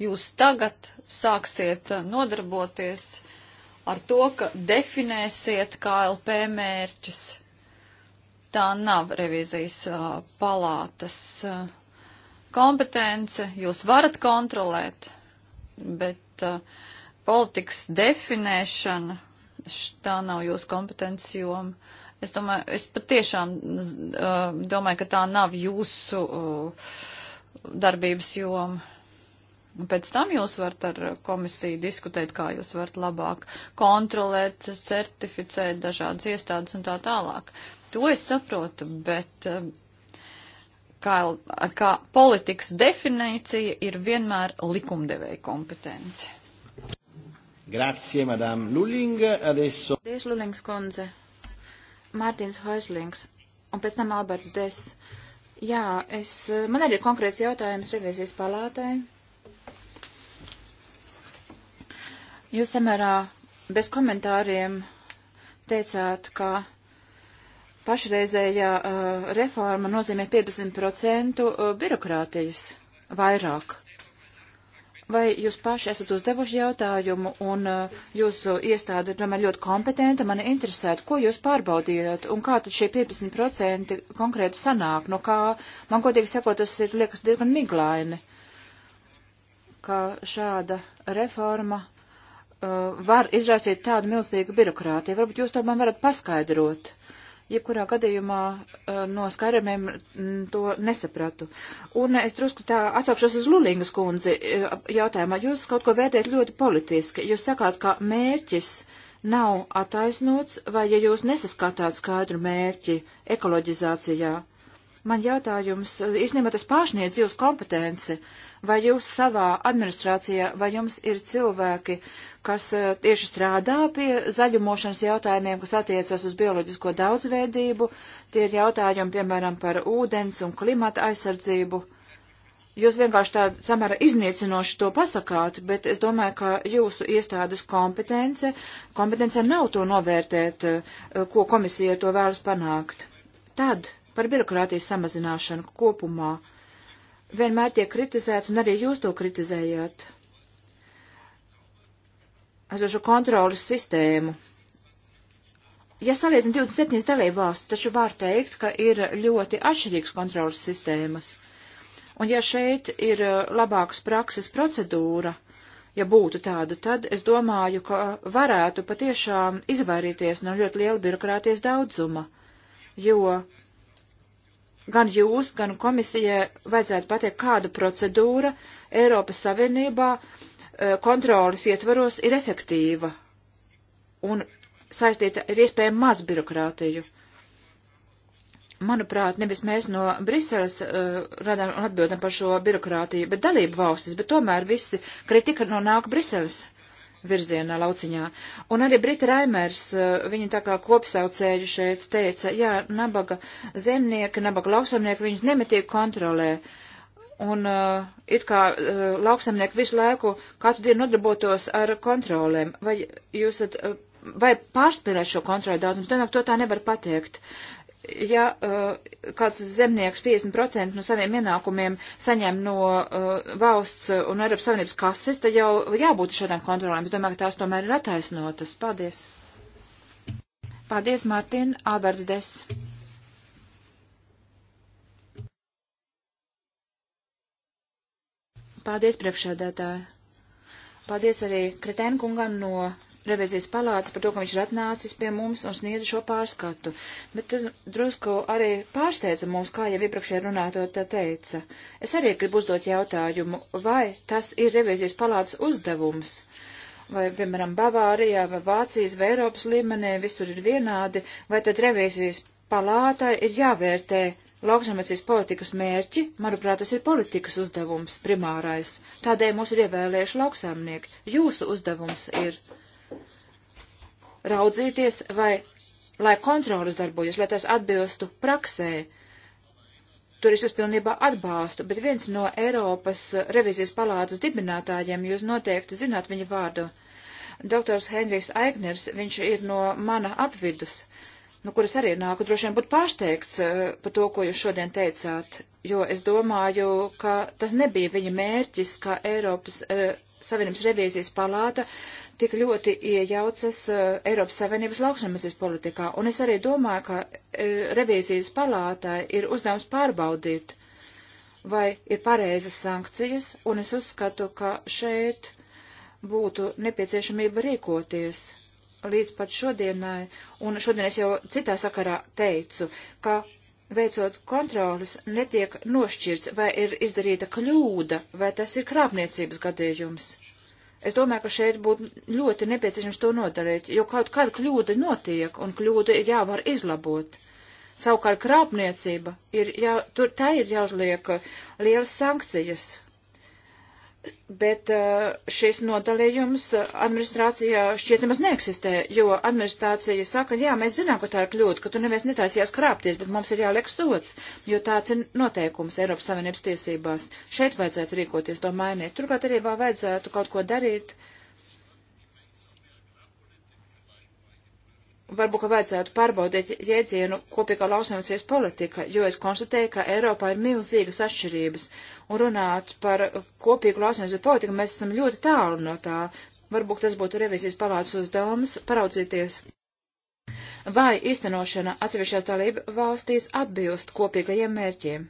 jūs tagad sāksiet eh, nodarboties ar to, ka definēsiet KLP mērķus. Tā nav revizijas uh, eh, palātas uh, kompetence, jūs varat kontrolēt, bet uh, politikas definēšana, tā nav jūsu kompetences joma. Es domāju, es patiešām domāju, ka tā nav jūsu darbības joma Un pēc tam jūs varat ar komisiju diskutēt, kā jūs varat labāk kontrolēt, certificēt dažādas iestādes un tā tālāk. To es saprotu, bet um, kā, kā politikas definīcija ir vienmēr likumdevēja kompetence. Grazie, madam Luling. Adesso. Paldies, Lulings kundze. Mārtiņš Hoislings un pēc tam Alberts Des. Jā, es, man arī ir konkrēts jautājums revizijas palātai Jūs samērā bez komentāriem teicāt, ka pašreizējā uh, reforma nozīmē 50% uh, birokrātijas vairāk. Vai jūs paši esat uzdevuši jautājumu un uh, jūsu iestāde, tomēr ļoti kompetenta, mani interesētu, ko jūs pārbaudījāt un kā tad šie 15% konkrēti sanāk, no kā, man godīgi sakot, tas ir, liekas, diezgan miglaini, ka šāda reforma uh, var izraisīt tādu milzīgu birokrātiju. Varbūt jūs to man varat paskaidrot. Jebkurā gadījumā uh, no skaidrojumiem mm, to nesapratu. Un es drusku tā atsaukšos uz Lulingas kundzi uh, jautājumā. Jūs kaut ko vērtējat ļoti politiski. Jūs sakāt, ka mērķis nav attaisnots, vai ja jūs nesaskatāt skaidru mērķi ekoloģizācijā, Man jautājums, eh, īstenībā tas pārsniedz jūsu kompetenci, vai jūs savā administrācijā, vai jums ir cilvēki, kas eh, tieši strādā pie zaļumošanas jautājumiem, kas attiecas uz bioloģisko daudzveidību, tie ir jautājumi, piemēram, par ūdens un klimata aizsardzību. Jūs vienkārši tā samērā iznīcinoši to pasakāt, bet es domāju, ka jūsu iestādes kompetence, kompetence nav to novērtēt, eh, ko komisija to vēlas panākt. Tad par birokrātijas samazināšanu kopumā. Vienmēr tiek kritizēts, un arī jūs to kritizējāt, esošo kontrolas sistēmu. Ja salīdzin 27 dalību valstu, taču var teikt, ka ir ļoti atšķirīgs kontrolas sistēmas. Un ja šeit ir uh, labākas prakses procedūra, ja būtu tāda, tad es domāju, ka varētu patiešām izvairīties no ļoti liela birokrātijas daudzuma, jo gan jūs, gan komisijai vajadzētu pateikt, kāda procedūra Eiropas Savienībā e, kontrolas ietvaros ir efektīva un saistīta ar iespējami maz birokrātiju. Manuprāt, nevis mēs no Briseles uh, radām un atbildam par šo birokrātiju, bet dalību valstis, bet tomēr visi kritika nonāk Briseles virzienā lauciņā. Un arī Brita Raimers, eh, viņa tā kā kopsaucēju šeit teica, jā, nabaga zemnieki, nabaga lauksamnieki, viņus nemetīgi kontrolē. Un uh, it kā uh, lauksamnieki visu laiku katru dienu nodarbotos ar kontrolēm. Vai jūs esat. Uh, Vai pārspīlēt šo kontroli daudzumu, tomēr to tā nevar pateikt. Uh, ja eh, kāds zemnieks 50% no saviem ienākumiem saņem no eh, valsts un Eiropas Savienības kases, tad jau jābūt šādām kontrolēm. Es domāju, ka tās tomēr ir attaisnotas. Paldies! Paldies, Mārtiņ, Alberts Des. Paldies, priekšsēdētāji! Paldies arī Kretēnkungam no revizijas palātas par to, ka viņš ir atnācis pie mums un sniedz šo pārskatu. Bet tas drusku arī pārsteidza mūs, kā jau iepriekšējā runātot teica. Es arī gribu uzdot jautājumu, vai tas ir revizijas palātas uzdevums? vai, piemēram, Bavārijā vai Vācijas vai Eiropas līmenī visur ir vienādi, vai tad revīzijas palātai ir jāvērtē lauksamniecības politikas mērķi, manuprāt, tas ir politikas uzdevums primārais. Tādēļ mūs ir ievēlējuši lauksamnieki. Jūsu uzdevums ir raudzīties, vai, lai kontrolas darbojas, lai tās atbilstu praksē. Tur es jūs pilnībā atbalstu, bet viens no Eiropas revizijas palātas dibinātājiem, jūs noteikti zināt viņa vārdu, doktors Henrijs Aigners, viņš ir no mana apvidus, no kuras arī nāku droši vien būt pārsteigts eh, par to, ko jūs šodien teicāt, jo es domāju, ka tas nebija viņa mērķis, ka Eiropas. Uh, Savienības revīzijas palāta tik ļoti iejaucas uh, Eiropas Savienības lauksaimniecības politikā. Un es arī domāju, ka uh, revīzijas palātai ir uzdevums pārbaudīt, vai ir pareizas sankcijas, un es uzskatu, ka šeit būtu nepieciešamība rīkoties līdz pat šodienai, un šodien es jau citā sakarā teicu, ka veicot kontrolas, netiek nošķirts, vai ir izdarīta kļūda, vai tas ir krāpniecības gadījums. Es domāju, ka šeit būtu ļoti nepieciešams to nodarīt, jo kaut kāda kļūda notiek, un kļūda ir jāvar izlabot. Savukārt krāpniecība, ir jā, tur, tā ir jāuzliek lielas sankcijas, Bet eh, šis nodalījums administrācijā šķiet nemaz neeksistē, jo administrācija saka, jā, mēs zinām, ka tā ir kļūda, ka tu neviens netaisījās krāpties, bet mums ir jāliek sots, jo tāds ir noteikums Eiropas Savienības tiesībās. Šeit vajadzētu rīkoties, to mainīt. Turklāt arī vēl vajadzētu kaut ko darīt. Uh, varbūt, ka vajadzētu pārbaudīt jēdzienu kopīgā lauksaimniecības politika, jo es konstatēju, ka Eiropā ir milzīgas atšķirības, un runāt par kopīgu lauksaimniecības politiku mēs esam ļoti tālu no tā. Varbūt tas būtu revizijas palātas uzdevums paraudzīties. Vai īstenošana atsevišķās dalība valstīs atbilst kopīgajiem mērķiem?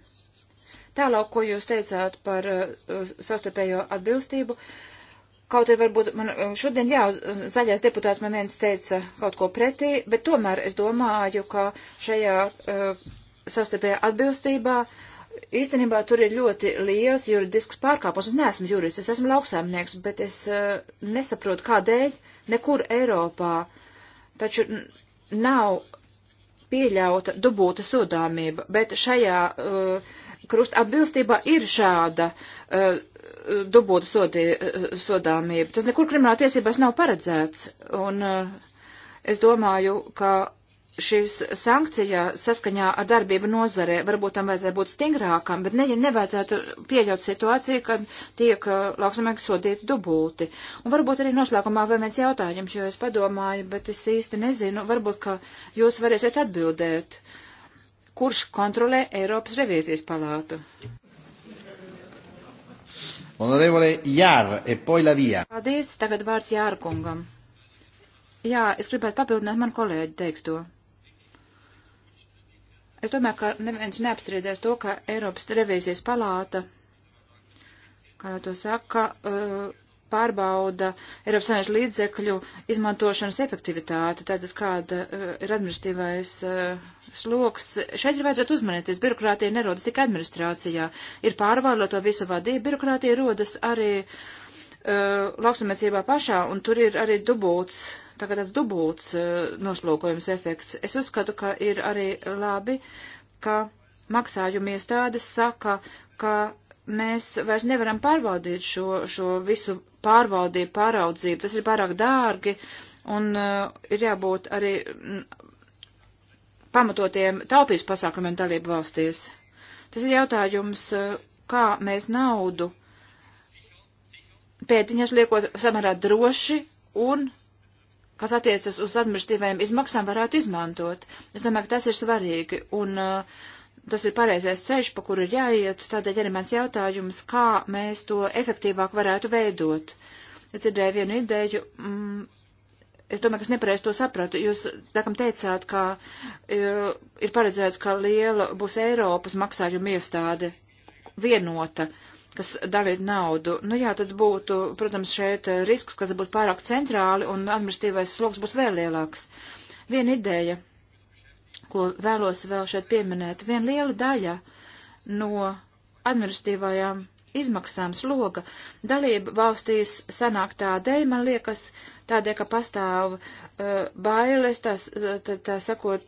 Tālāk, ko jūs teicāt par uh, sastarpējo atbilstību, uh, Kaut arī varbūt man eh, šodien jau zaļais deputāts man viens teica kaut ko pretī, bet tomēr es domāju, ka šajā uh, sastarpējā atbilstībā īstenībā tur ir ļoti liels juridisks pārkāpums. Es neesmu jurists, es esmu lauksēmnieks, bet es uh, nesaprotu, kādēļ nekur Eiropā taču nav pieļauta dubūta sodāmība, bet šajā uh, krusta atbilstībā ir šāda uh, dubulta sodī, sodāmība. Tas nekur krimināla tiesībās nav paredzēts. Un eh, es domāju, ka šīs sankcija saskaņā ar darbību nozarē varbūt tam vajadzētu būt stingrākam, bet ne, nevajadzētu pieļaut situāciju, kad tiek eh, lauksamnieki sodīti dubulti. Un varbūt arī noslēgumā vēl viens jautājums, jo es padomāju, bet es īsti nezinu, varbūt, ka jūs varēsiet atbildēt. Kurš kontrolē Eiropas revīzijas palātu? Onorevole Jār, e poi la via. Paldies, tagad vārds Jārkungam. Jā, es gribētu papildināt man kolēģi teikto. Es domāju, ka neviens neapstrīdēs to, ka Eiropas revīzijas palāta, kā jau to saka, eh, pārbauda Eiropas Savienības līdzekļu izmantošanas efektivitāti, tātad kāda eh, ir administratīvais eh, sloks. Šeit ir vajadzētu uzmanīties. Birokrātija nerodas tikai administrācijā. Ir pārvalda to visu vadību. Birokrātija rodas arī uh, lauksamniecībā pašā, un tur ir arī dubults, tagad tāds dubults uh, noslūkojums efekts. Es uzskatu, ka ir arī labi, ka maksājumi iestādes saka, ka mēs vairs nevaram pārvaldīt šo, šo visu pārvaldību, pāraudzību. Tas ir pārāk dārgi. Un uh, ir jābūt arī pamatotiem taupības pasākumiem dalību valstīs. Tas ir jautājums, eh, kā mēs naudu pēdiņas liekot samērā droši un, kas attiecas uz administratīvajiem izmaksām, varētu izmantot. Es domāju, ka tas ir svarīgi un uh, tas ir pareizais ceļš, pa kuru ir jāiet. Tādēļ arī mans jautājums, kā mēs to efektīvāk varētu veidot. Es dzirdēju vienu ideju, mm, Es domāju, ka es nepareiz to sapratu. Jūs, laikam, teicāt, ka uh, ir paredzēts, ka liela būs Eiropas maksājuma iestāde vienota, kas dalītu naudu. Nu jā, tad būtu, protams, šeit risks, ka tas būtu pārāk centrāli un administratīvais sloks būs vēl lielāks. Viena ideja, ko vēlos vēl šeit pieminēt, viena liela daļa no administratīvajām izmaksām sloga dalība valstīs sanāk tādēļ, man liekas, tādēļ, ka pastāv uh, bailes, tās, eh, tā, tā sakot,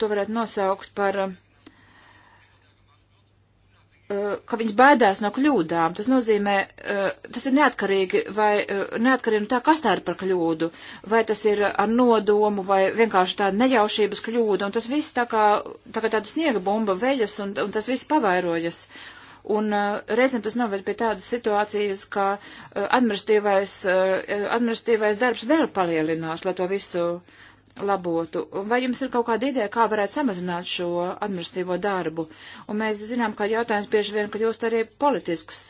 to varētu nosaukt par, uh, ka viņas baidās no kļūdām. Tas nozīmē, uh, tas ir neatkarīgi vai uh, neatkarīgi no tā, kas tā ir par kļūdu, vai tas ir ar nodomu, vai vienkārši tāda nejaušības kļūda, un tas viss tā kā, tā kā tāda sniega bumba veļas, un, un tas viss pavairojas. Uh, Un uh, reizēm tas noved pie tādas situācijas, ka uh, administratīvais, uh, administratīvais darbs vēl palielinās, lai to visu labotu. Vai jums ir kaut kāda ideja, kā varētu samazināt šo administratīvo darbu? Un mēs zinām, ka jautājums bieži vien kļūst arī politisks.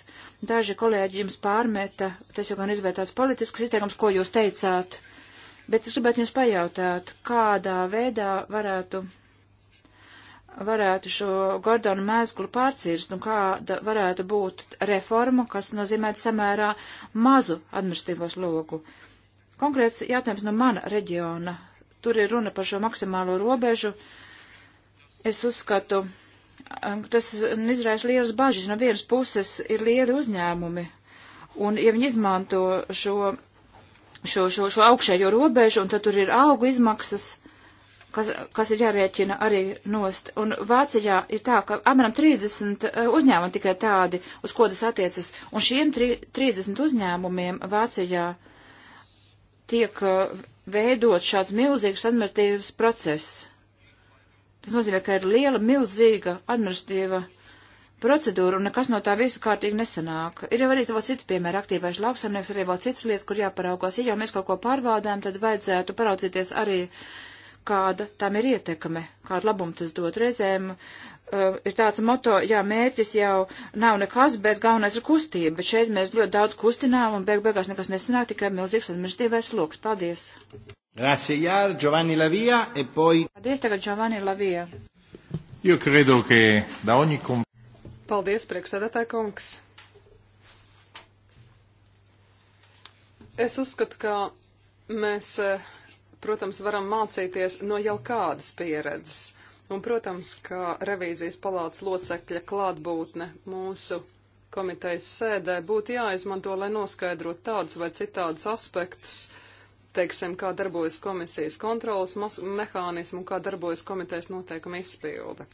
Daži kolēģi jums pārmeta, tas jau gan izvērtāts politisks izteikums, ko jūs teicāt. Bet es gribētu jums pajautāt, kādā veidā varētu varētu šo Gordonu mēzglu pārcirst un kāda varētu būt reforma, kas nozīmē samērā mazu administratīvo slogu. Konkrēts jautājums no mana reģiona. Tur ir runa par šo maksimālo robežu. Es uzskatu, um, tas izraisa lielas bažas. No vienas puses ir lieli uzņēmumi, un ja viņi izmanto šo, šo, šo, šo augšējo robežu, un tad tur ir augu izmaksas, kas, kas ir jārēķina arī nost. Un Vācijā ir tā, ka apmēram 30 eh, uzņēmumi tikai tādi, uz ko tas attiecas. Un šiem tri, 30 uzņēmumiem Vācijā tiek eh, veidot šāds milzīgs administratīvs process. Tas nozīmē, ka ir liela, milzīga administratīva procedūra un nekas no tā visu kārtīgi nesanāk. Ir jau arī vēl citi piemēri, aktīvais lauksaimnieks, arī vēl citas lietas, kur jāparaugās. Ja jau mēs kaut ko pārvaldām, tad vajadzētu paraudzīties arī uh, kāda tam ir ietekme, kādu labumu tas dod. Reizēm uh, ir tāds moto, jā, mērķis jau nav nekas, bet galvenais ir kustība. Bet šeit mēs ļoti daudz kustinām un beig beigās nekas nesanāk, tikai milzīgs administratīvais sloks. Paldies! Grazie, Jār, Giovanni Lavija, e poi... Paldies tagad Giovanni Lavija. Io credo che da ogni... Paldies, priekšsēdētāj kungs. Es uzskatu, ka mēs eh, protams, varam mācīties no jau kādas pieredzes. Un, protams, kā revīzijas palātas locekļa klātbūtne mūsu komitejas sēdē būtu jāizmanto, lai noskaidrot tādus vai citādus aspektus, teiksim, kā darbojas komisijas kontrolas mehānismu, kā darbojas komitejas noteikuma izpilde.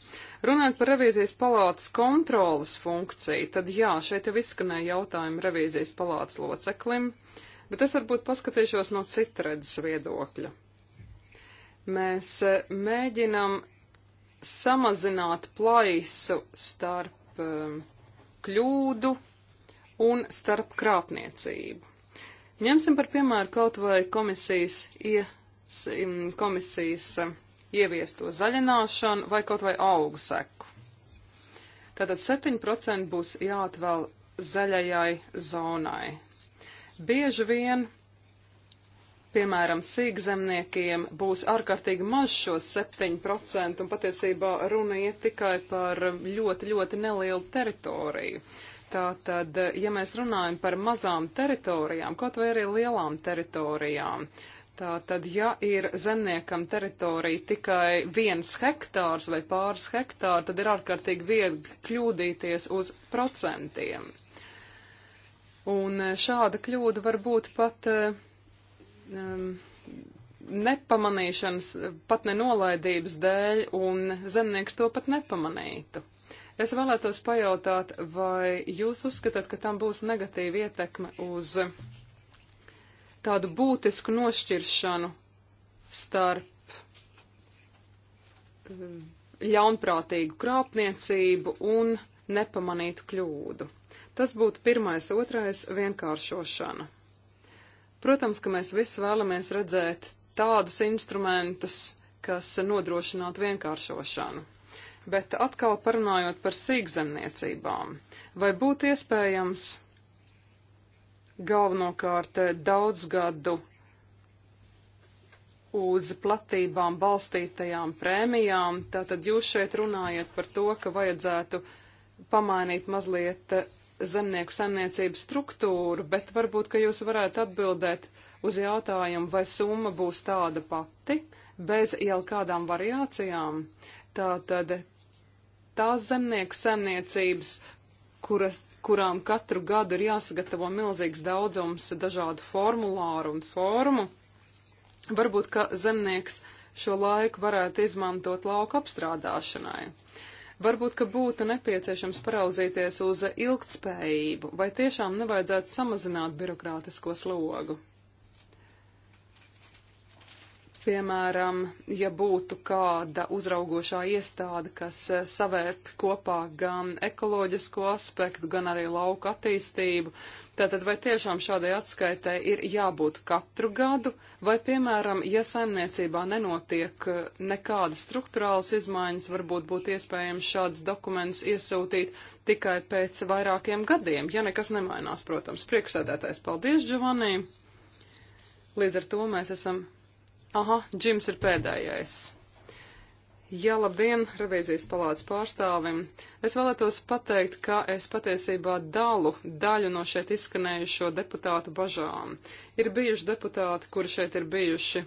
Runājot par revīzijas palātas kontrolas funkciju, tad jā, šeit jau izskanēja jautājumi revīzijas palātas loceklim. Uh, bet es varbūt paskatīšos no citredzes viedokļa. Mēs e, mēģinam samazināt plaisu starp e, kļūdu un starp krāpniecību. Ņemsim par piemēru kaut vai komisijas, ie, komisijas e, ieviesto zaļināšanu vai kaut vai augu seku. Tātad 7% būs jāatvēl zaļajai zonai bieži vien, piemēram, sīkzemniekiem būs ārkārtīgi maz šo 7%, un patiesībā runa iet tikai par ļoti, ļoti nelielu teritoriju. Tātad, ja mēs runājam par mazām teritorijām, kaut vai arī lielām teritorijām, tātad, ja ir zemniekam teritorija tikai viens hektārs vai pāris hektāri, tad ir ārkārtīgi viegli kļūdīties uz procentiem. Un eh, šāda kļūda var būt pat um, nepamanīšanas, pat nenolaidības dēļ, un zemnieks to pat nepamanītu. Es vēlētos pajautāt, vai jūs uzskatāt, ka tam būs negatīva ietekme uz tādu būtisku nošķiršanu starp eh, ļaunprātīgu krāpniecību un nepamanītu kļūdu. Tas būtu pirmais, otrais - vienkāršošana. Protams, ka mēs visi vēlamies redzēt tādus instrumentus, kas nodrošinātu vienkāršošanu. Bet atkal parunājot par sīkzemniecībām, vai būtu iespējams galvenokārt daudzgadu uz platībām balstītajām prēmijām, tātad jūs šeit runājat par to, ka vajadzētu pamainīt mazliet zemnieku saimniecības struktūru, bet varbūt, ka jūs varētu atbildēt uz jautājumu, vai summa būs tāda pati, bez jau kādām variācijām. Tātad tās zemnieku saimniecības, kuras, kurām katru gadu ir jāsagatavo milzīgs daudzums dažādu formulāru un formu, varbūt, ka zemnieks šo laiku varētu izmantot lauka apstrādāšanai. Uh, Varbūt, ka būtu nepieciešams paraudzīties uz ilgtspējību, vai tiešām nevajadzētu samazināt birokrātisko slogu. Piemēram, ja būtu kāda uzraugošā iestāde, kas eh, savērp kopā gan ekoloģisko aspektu, gan arī lauku attīstību, tātad vai tiešām šādai atskaitai ir jābūt katru gadu, vai, piemēram, ja saimniecībā nenotiek eh, nekādas struktūrālas izmaiņas, varbūt būtu iespējams šādus dokumentus iesūtīt tikai pēc vairākiem gadiem, ja nekas nemainās, protams. Priekšsēdētājs, paldies, Giovanni! Līdz ar to mēs esam Aha, Džims ir pēdējais. Jā, labdien, revīzijas palātas pārstāvim. Es vēlētos pateikt, ka es patiesībā dalu daļu no šeit izskanējušo deputātu bažām. Ir bijuši deputāti, kuri šeit ir bijuši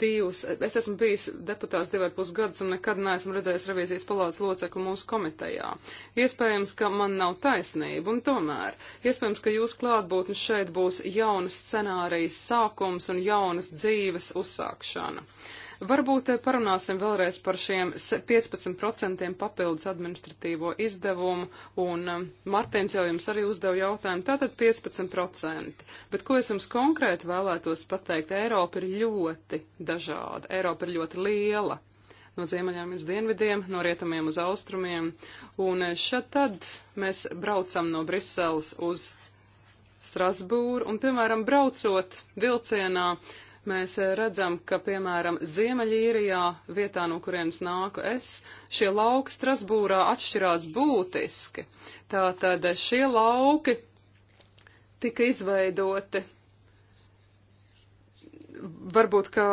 divus, es esmu bijis deputāts divi ar pus gadus un nekad neesmu redzējis revīzijas palādes locekli mūsu komitejā. Iespējams, ka man nav taisnība, un tomēr, iespējams, ka jūs klātbūtni šeit būs jaunas scenārijas sākums un jaunas dzīves uzsākšana. Uh, Varbūt eh, parunāsim vēlreiz par šiem 15% papildus administratīvo izdevumu, un eh, Martins jau jums arī uzdeva jautājumu, tātad 15%. Bet ko es jums konkrēti vēlētos pateikt? Eiropa ir ļoti dažāda, Eiropa ir ļoti liela no ziemeļiem uz dienvidiem, no rietumiem uz austrumiem. Un eh, šad tad mēs braucam no Briseles uz Strasbūru, un, piemēram, braucot vilcienā, mēs eh, redzam, ka, piemēram, Ziemeļīrijā, vietā, no kurienes nāku es, šie lauki Strasbūrā atšķirās būtiski. Tātad šie lauki tika izveidoti. Varbūt, ka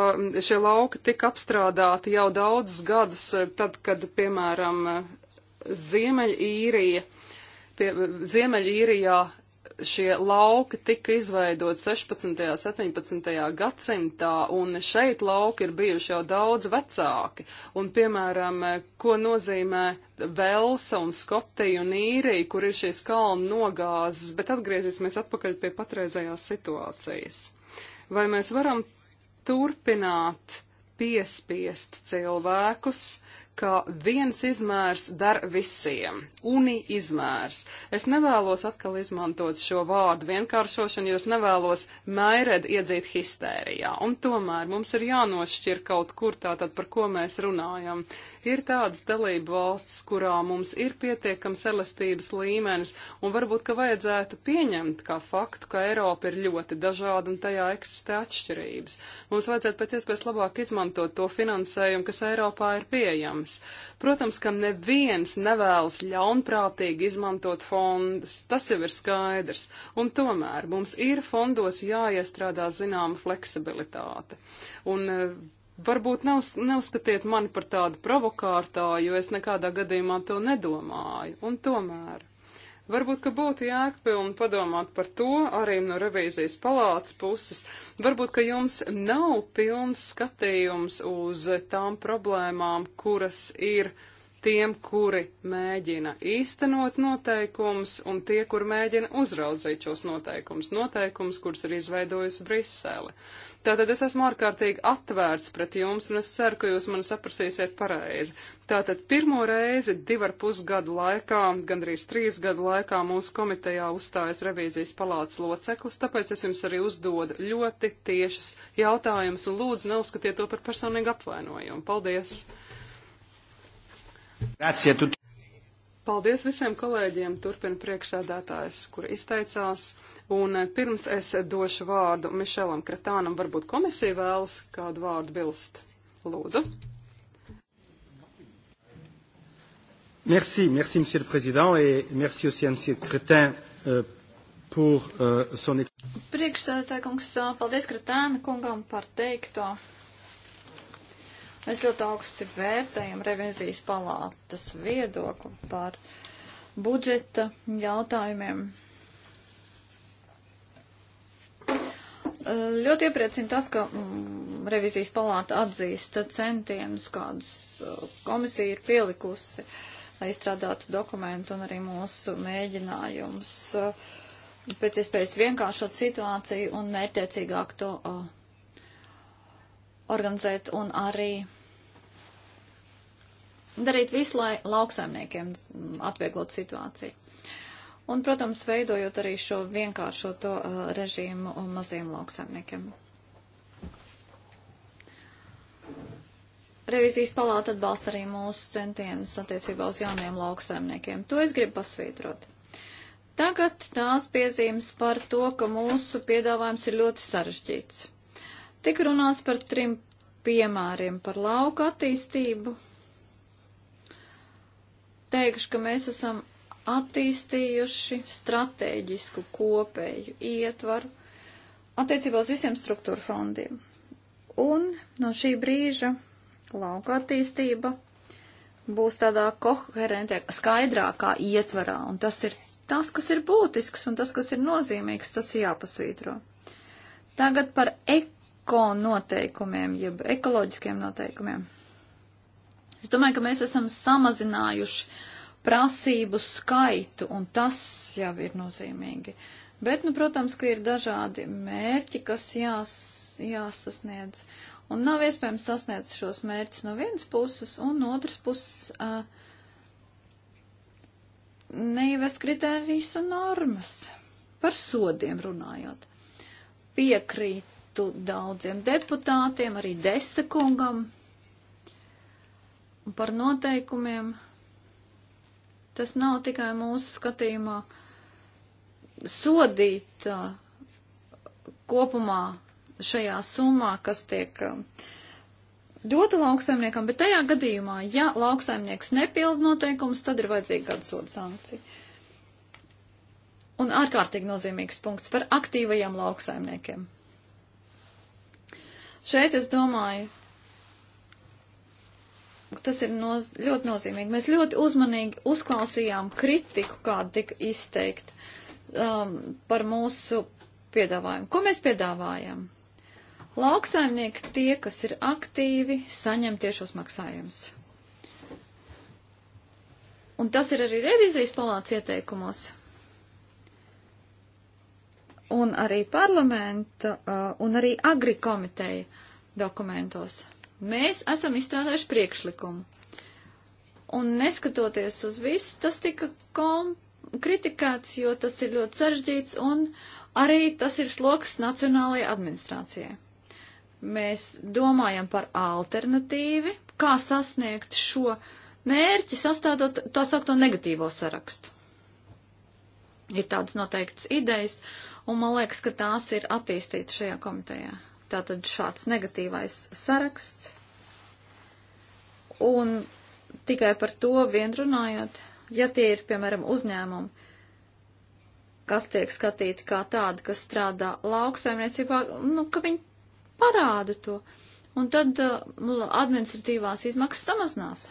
šie lauki tika apstrādāti jau daudzus gadus, eh, tad, kad, piemēram, Ziemeļīrija, pie, Ziemeļīrijā šie lauki tika izveidot 16. un 17. gadsimtā, un šeit lauki ir bijuši jau daudz vecāki. Un, piemēram, ko nozīmē Velsa un Skotija un Īrija, kur ir šīs kalnu nogāzes, bet atgriezīsimies atpakaļ pie patreizējās situācijas. Vai mēs varam turpināt piespiest cilvēkus, uh, ka viens izmērs der visiem, uni izmērs. Es nevēlos atkal izmantot šo vārdu vienkāršošanu, jo es nevēlos maired iedzīt histērijā. Un tomēr mums ir jānošķir kaut kur tātad, par ko mēs runājam. Ir tādas dalība valsts, kurā mums ir pietiekams elastības līmenis, un varbūt, ka vajadzētu pieņemt kā faktu, ka Eiropa ir ļoti dažāda un tajā eksistē atšķirības. Mums vajadzētu pēc iespējas labāk izmantot to finansējumu, kas Eiropā ir pieejams pieejams. Protams, ka neviens nevēlas ļaunprātīgi izmantot fondus, tas jau ir skaidrs, un tomēr mums ir fondos jāiestrādā zināma fleksibilitāte. Un, eh, Varbūt neuz, neuzskatiet mani par tādu provokātāju, jo es nekādā gadījumā to nedomāju, un tomēr. Varbūt, ka būtu jēgpilni padomāt par to arī no revīzijas palātas puses. Varbūt, ka jums nav pilns skatījums uz tām problēmām, kuras ir tiem, kuri mēģina īstenot noteikumus un tie, kur mēģina uzraudzīt šos noteikumus, noteikumus, kurus ir izveidojusi Brisele. Tātad es esmu ārkārtīgi atvērts pret jums, un es ceru, ka jūs mani saprasīsiet pareizi. Tātad pirmo reizi divu ar pus gadu laikā, gandrīz trīs gadu laikā mūsu komitejā uzstājas revīzijas palātas loceklis, tāpēc es jums arī uzdodu ļoti tiešas jautājumus, un lūdzu neuzskatiet to par personīgu apvainojumu. Paldies! Paldies visiem kolēģiem, turpina priekšsēdētājs, kur izteicās. Un eh, pirms es došu vārdu Mišelam Kratānam, varbūt komisija vēlas kādu vārdu bilst. Lūdzu. Merci, merci, Monsieur le Président, et merci aussi à Monsieur Cretin euh, pour euh, son Priekšsēdētājkungs, paldies Kretāna kungam par teikto. Mēs ļoti augsti vērtējam revizijas palātas viedokli par budžeta jautājumiem. Ļoti iepriecina tas, ka mm, revizijas palāta atzīst centienus, kādus uh, komisija ir pielikusi, lai izstrādātu dokumentu un arī mūsu mēģinājums uh, pēc iespējas vienkāršot situāciju un mērķiecīgāk to uh, organizēt un arī darīt visu, lai lauksaimniekiem mm, atvieglot situāciju. Un, protams, veidojot arī šo vienkāršoto uh, režīmu maziem lauksaimniekiem. Revizijas palāta atbalsta arī mūsu centienus attiecībā uz jauniem lauksaimniekiem. To es gribu pasvītrot. Tagad tās piezīmes par to, ka mūsu piedāvājums ir ļoti sarežģīts. Tik runāts par trim piemēriem par lauka attīstību. Teikšu, ka mēs esam attīstījuši stratēģisku kopēju ietvaru attiecībā uz visiem struktūra fondiem. Un no šī brīža lauka attīstība būs tādā koherentākā, skaidrākā ietvarā, un tas ir tas, kas ir būtisks un tas, kas ir nozīmīgs, tas ir jāpasvītro. Tagad par eko noteikumiem, jeb ekoloģiskiem noteikumiem. Es domāju, ka mēs esam samazinājuši uh, prasību skaitu, un tas jau ir nozīmīgi. Bet, nu, protams, ka ir dažādi mērķi, kas jās, jāsasniedz. Un nav iespējams sasniegt šos mērķus no vienas puses, un no otras puses uh, neievest kritērijas un normas. Par sodiem runājot. Piekrītu daudziem deputātiem, arī Desa kungam, par noteikumiem, Tas nav tikai mūsu skatījumā sodīt uh, kopumā šajā summā, kas tiek um, dota lauksaimniekam, bet tajā gadījumā, ja lauksaimnieks nepilda noteikumus, tad ir vajadzīga kāda soda sankcija. Un ārkārtīgi nozīmīgs punkts par aktīvajiem lauksaimniekiem. Šeit es domāju, tas ir noz ļoti nozīmīgi. Mēs ļoti uzmanīgi uzklausījām kritiku, kāda tika izteikta um, par mūsu piedāvājumu. Ko mēs piedāvājam? Lauksaimnieki tie, kas ir aktīvi, saņem tiešos maksājumus. Un tas ir arī revizijas palāca ieteikumos. Un arī parlamenta, uh, un arī agri komiteja dokumentos. Mēs esam izstrādājuši priekšlikumu. Un neskatoties uz visu, tas tika kom kritikēts, jo tas ir ļoti sarežģīts un arī tas ir sloks Nacionālajai administrācijai. Mēs domājam par alternatīvi, kā sasniegt šo mērķi, sastādot tā saukto negatīvo sarakstu. Ir tādas noteiktas idejas, un man liekas, ka tās ir attīstītas šajā komitejā. Tātad šāds negatīvais saraksts. Un tikai par to vien runājot, ja tie ir, piemēram, uzņēmumi, kas tiek skatīti kā tādi, kas strādā lauksaimniecībā, nu, ka viņi parāda to. Un tad uh, administratīvās izmaksas samazinās.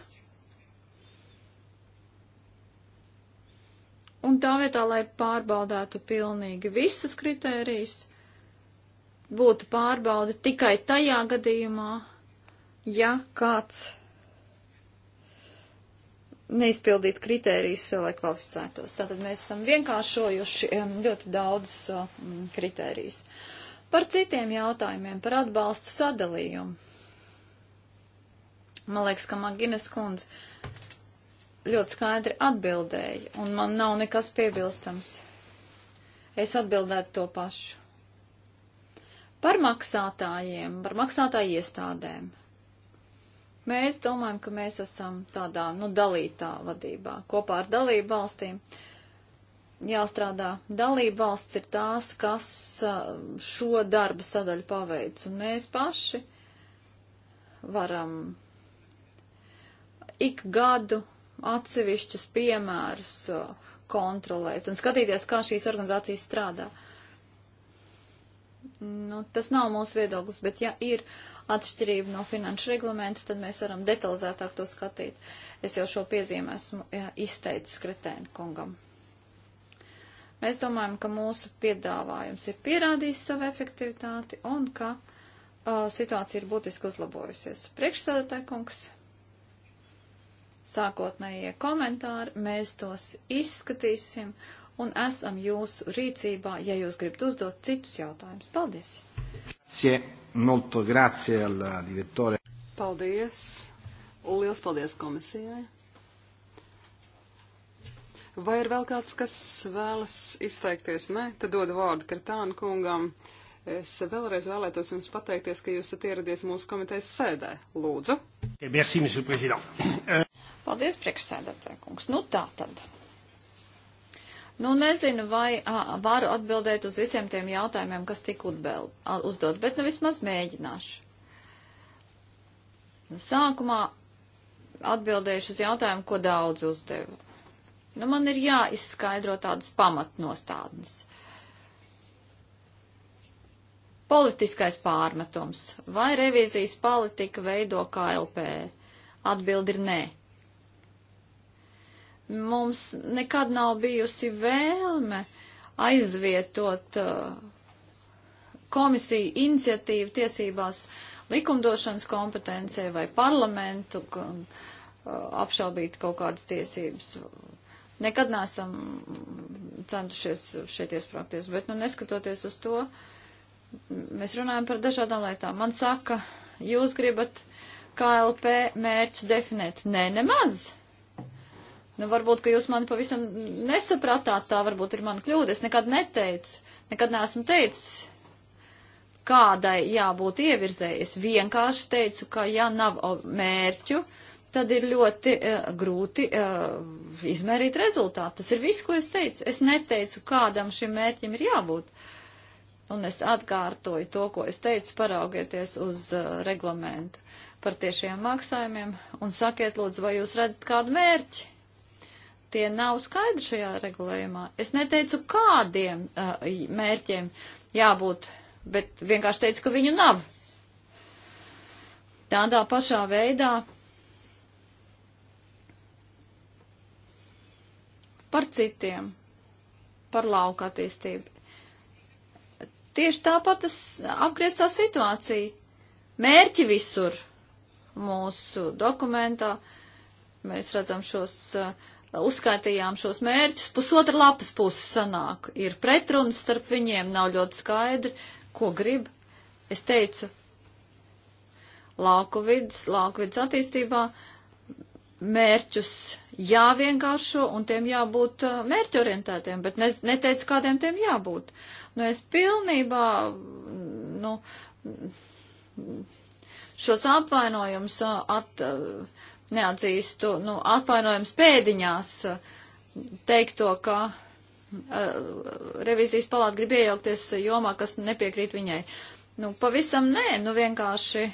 Un tā vietā, lai pārbaudētu pilnīgi visus kritērijus, būtu pārbauda tikai tajā gadījumā, ja kāds neizpildīt kritērijus, lai kvalificētos. Tātad mēs esam vienkāršojuši ļoti daudz kritērijus. Par citiem jautājumiem, par atbalsta sadalījumu. Man liekas, ka Magines kundze ļoti skaidri atbildēja, un man nav nekas piebilstams. Es atbildētu to pašu. Par maksātājiem, par maksātāju iestādēm. Mēs domājam, ka mēs esam tādā, nu, dalītā vadībā kopā ar dalību valstīm. Jāstrādā. Dalība valsts ir tās, kas šo darba sadaļu paveic, un mēs paši varam ik gadu atsevišķus piemērus kontrolēt un skatīties, kā šīs organizācijas strādā. Nu, tas nav mūsu viedoklis, bet ja ir atšķirība no finanšu reglamenta, tad mēs varam detalizētāk to skatīt. Es jau šo piezīmē esmu jā, izteicis Kretēna kungam. Mēs domājam, ka mūsu piedāvājums ir pierādījis savu efektivitāti un ka uh, situācija ir būtiski uzlabojusies. Priekšsēdētāj kungs, sākotnējie komentāri, mēs tos izskatīsim un esam jūsu rīcībā, ja jūs gribat uzdot citus jautājumus. Paldies! Sie, molto grazie al direttore. Paldies! Un liels paldies komisijai! Vai ir vēl kāds, kas vēlas izteikties? Nē, tad dodu vārdu Kartāna kungam. Es vēlreiz vēlētos jums pateikties, ka jūs esat ieradies mūsu komitejas sēdē. Lūdzu. Merci, monsieur président. Paldies, priekšsēdētāji kungs. Nu tā tad. Nu, nezinu, vai a, varu atbildēt uz visiem tiem jautājumiem, kas tik utbēl, uzdot, bet nu vismaz mēģināšu. Sākumā atbildēšu uz jautājumu, ko daudz uzdeva. Nu, man ir jāizskaidro tādas pamatnostādnes. Politiskais pārmetums. Vai revīzijas politika veido KLP? Atbildi ir nē. Mums nekad nav bijusi vēlme aizvietot uh, komisiju iniciatīvu tiesībās likumdošanas kompetencē vai parlamentu uh, apšaubīt kaut kādas tiesības. Nekad neesam centušies šeit iesprākties, bet, nu, neskatoties uz to, mēs runājam par dažādām lietām. Man saka, jūs gribat KLP mērķus definēt. Nē, ne, nemaz. Nu, varbūt, ka jūs mani pavisam nesapratāt, tā varbūt ir mana kļūda. Es nekad neteicu, nekad neesmu teicis, kādai jābūt ievirzēji. Es vienkārši teicu, ka ja nav mērķu, tad ir ļoti uh, grūti uh, izmērīt rezultātu. Tas ir viss, ko es teicu. Es neteicu, kādam šim mērķim ir jābūt. Un es atkārtoju to, ko es teicu, paraugieties uz uh, reglamentu par tiešiem maksājumiem un sakiet, lūdzu, vai jūs redzat kādu mērķi Tie nav skaidri šajā regulējumā. Es neteicu, kādiem uh, mērķiem jābūt, bet vienkārši teicu, ka viņu nav. Tādā pašā veidā par citiem, par lauka attīstību. Tieši tāpat tas apgrieztā situācija. Mērķi visur mūsu dokumentā. Mēs redzam šos uh, uzskaitījām šos mērķus, pusotra lapas puses sanāk. Ir pretrunas starp viņiem, nav ļoti skaidri, ko grib. Es teicu, lauku vidas, lauku vidas attīstībā mērķus jāvienkāršo un tiem jābūt uh, mērķorientētiem, bet ne, neteicu, kādiem tiem jābūt. Nu, es pilnībā, nu, šos apvainojumus uh, at. Uh, neatzīstu, nu, atvainojums pēdiņās teikt to, ka uh, revizijas palāta grib iejaukties jomā, kas nepiekrīt viņai. Nu, pavisam nē, nu vienkārši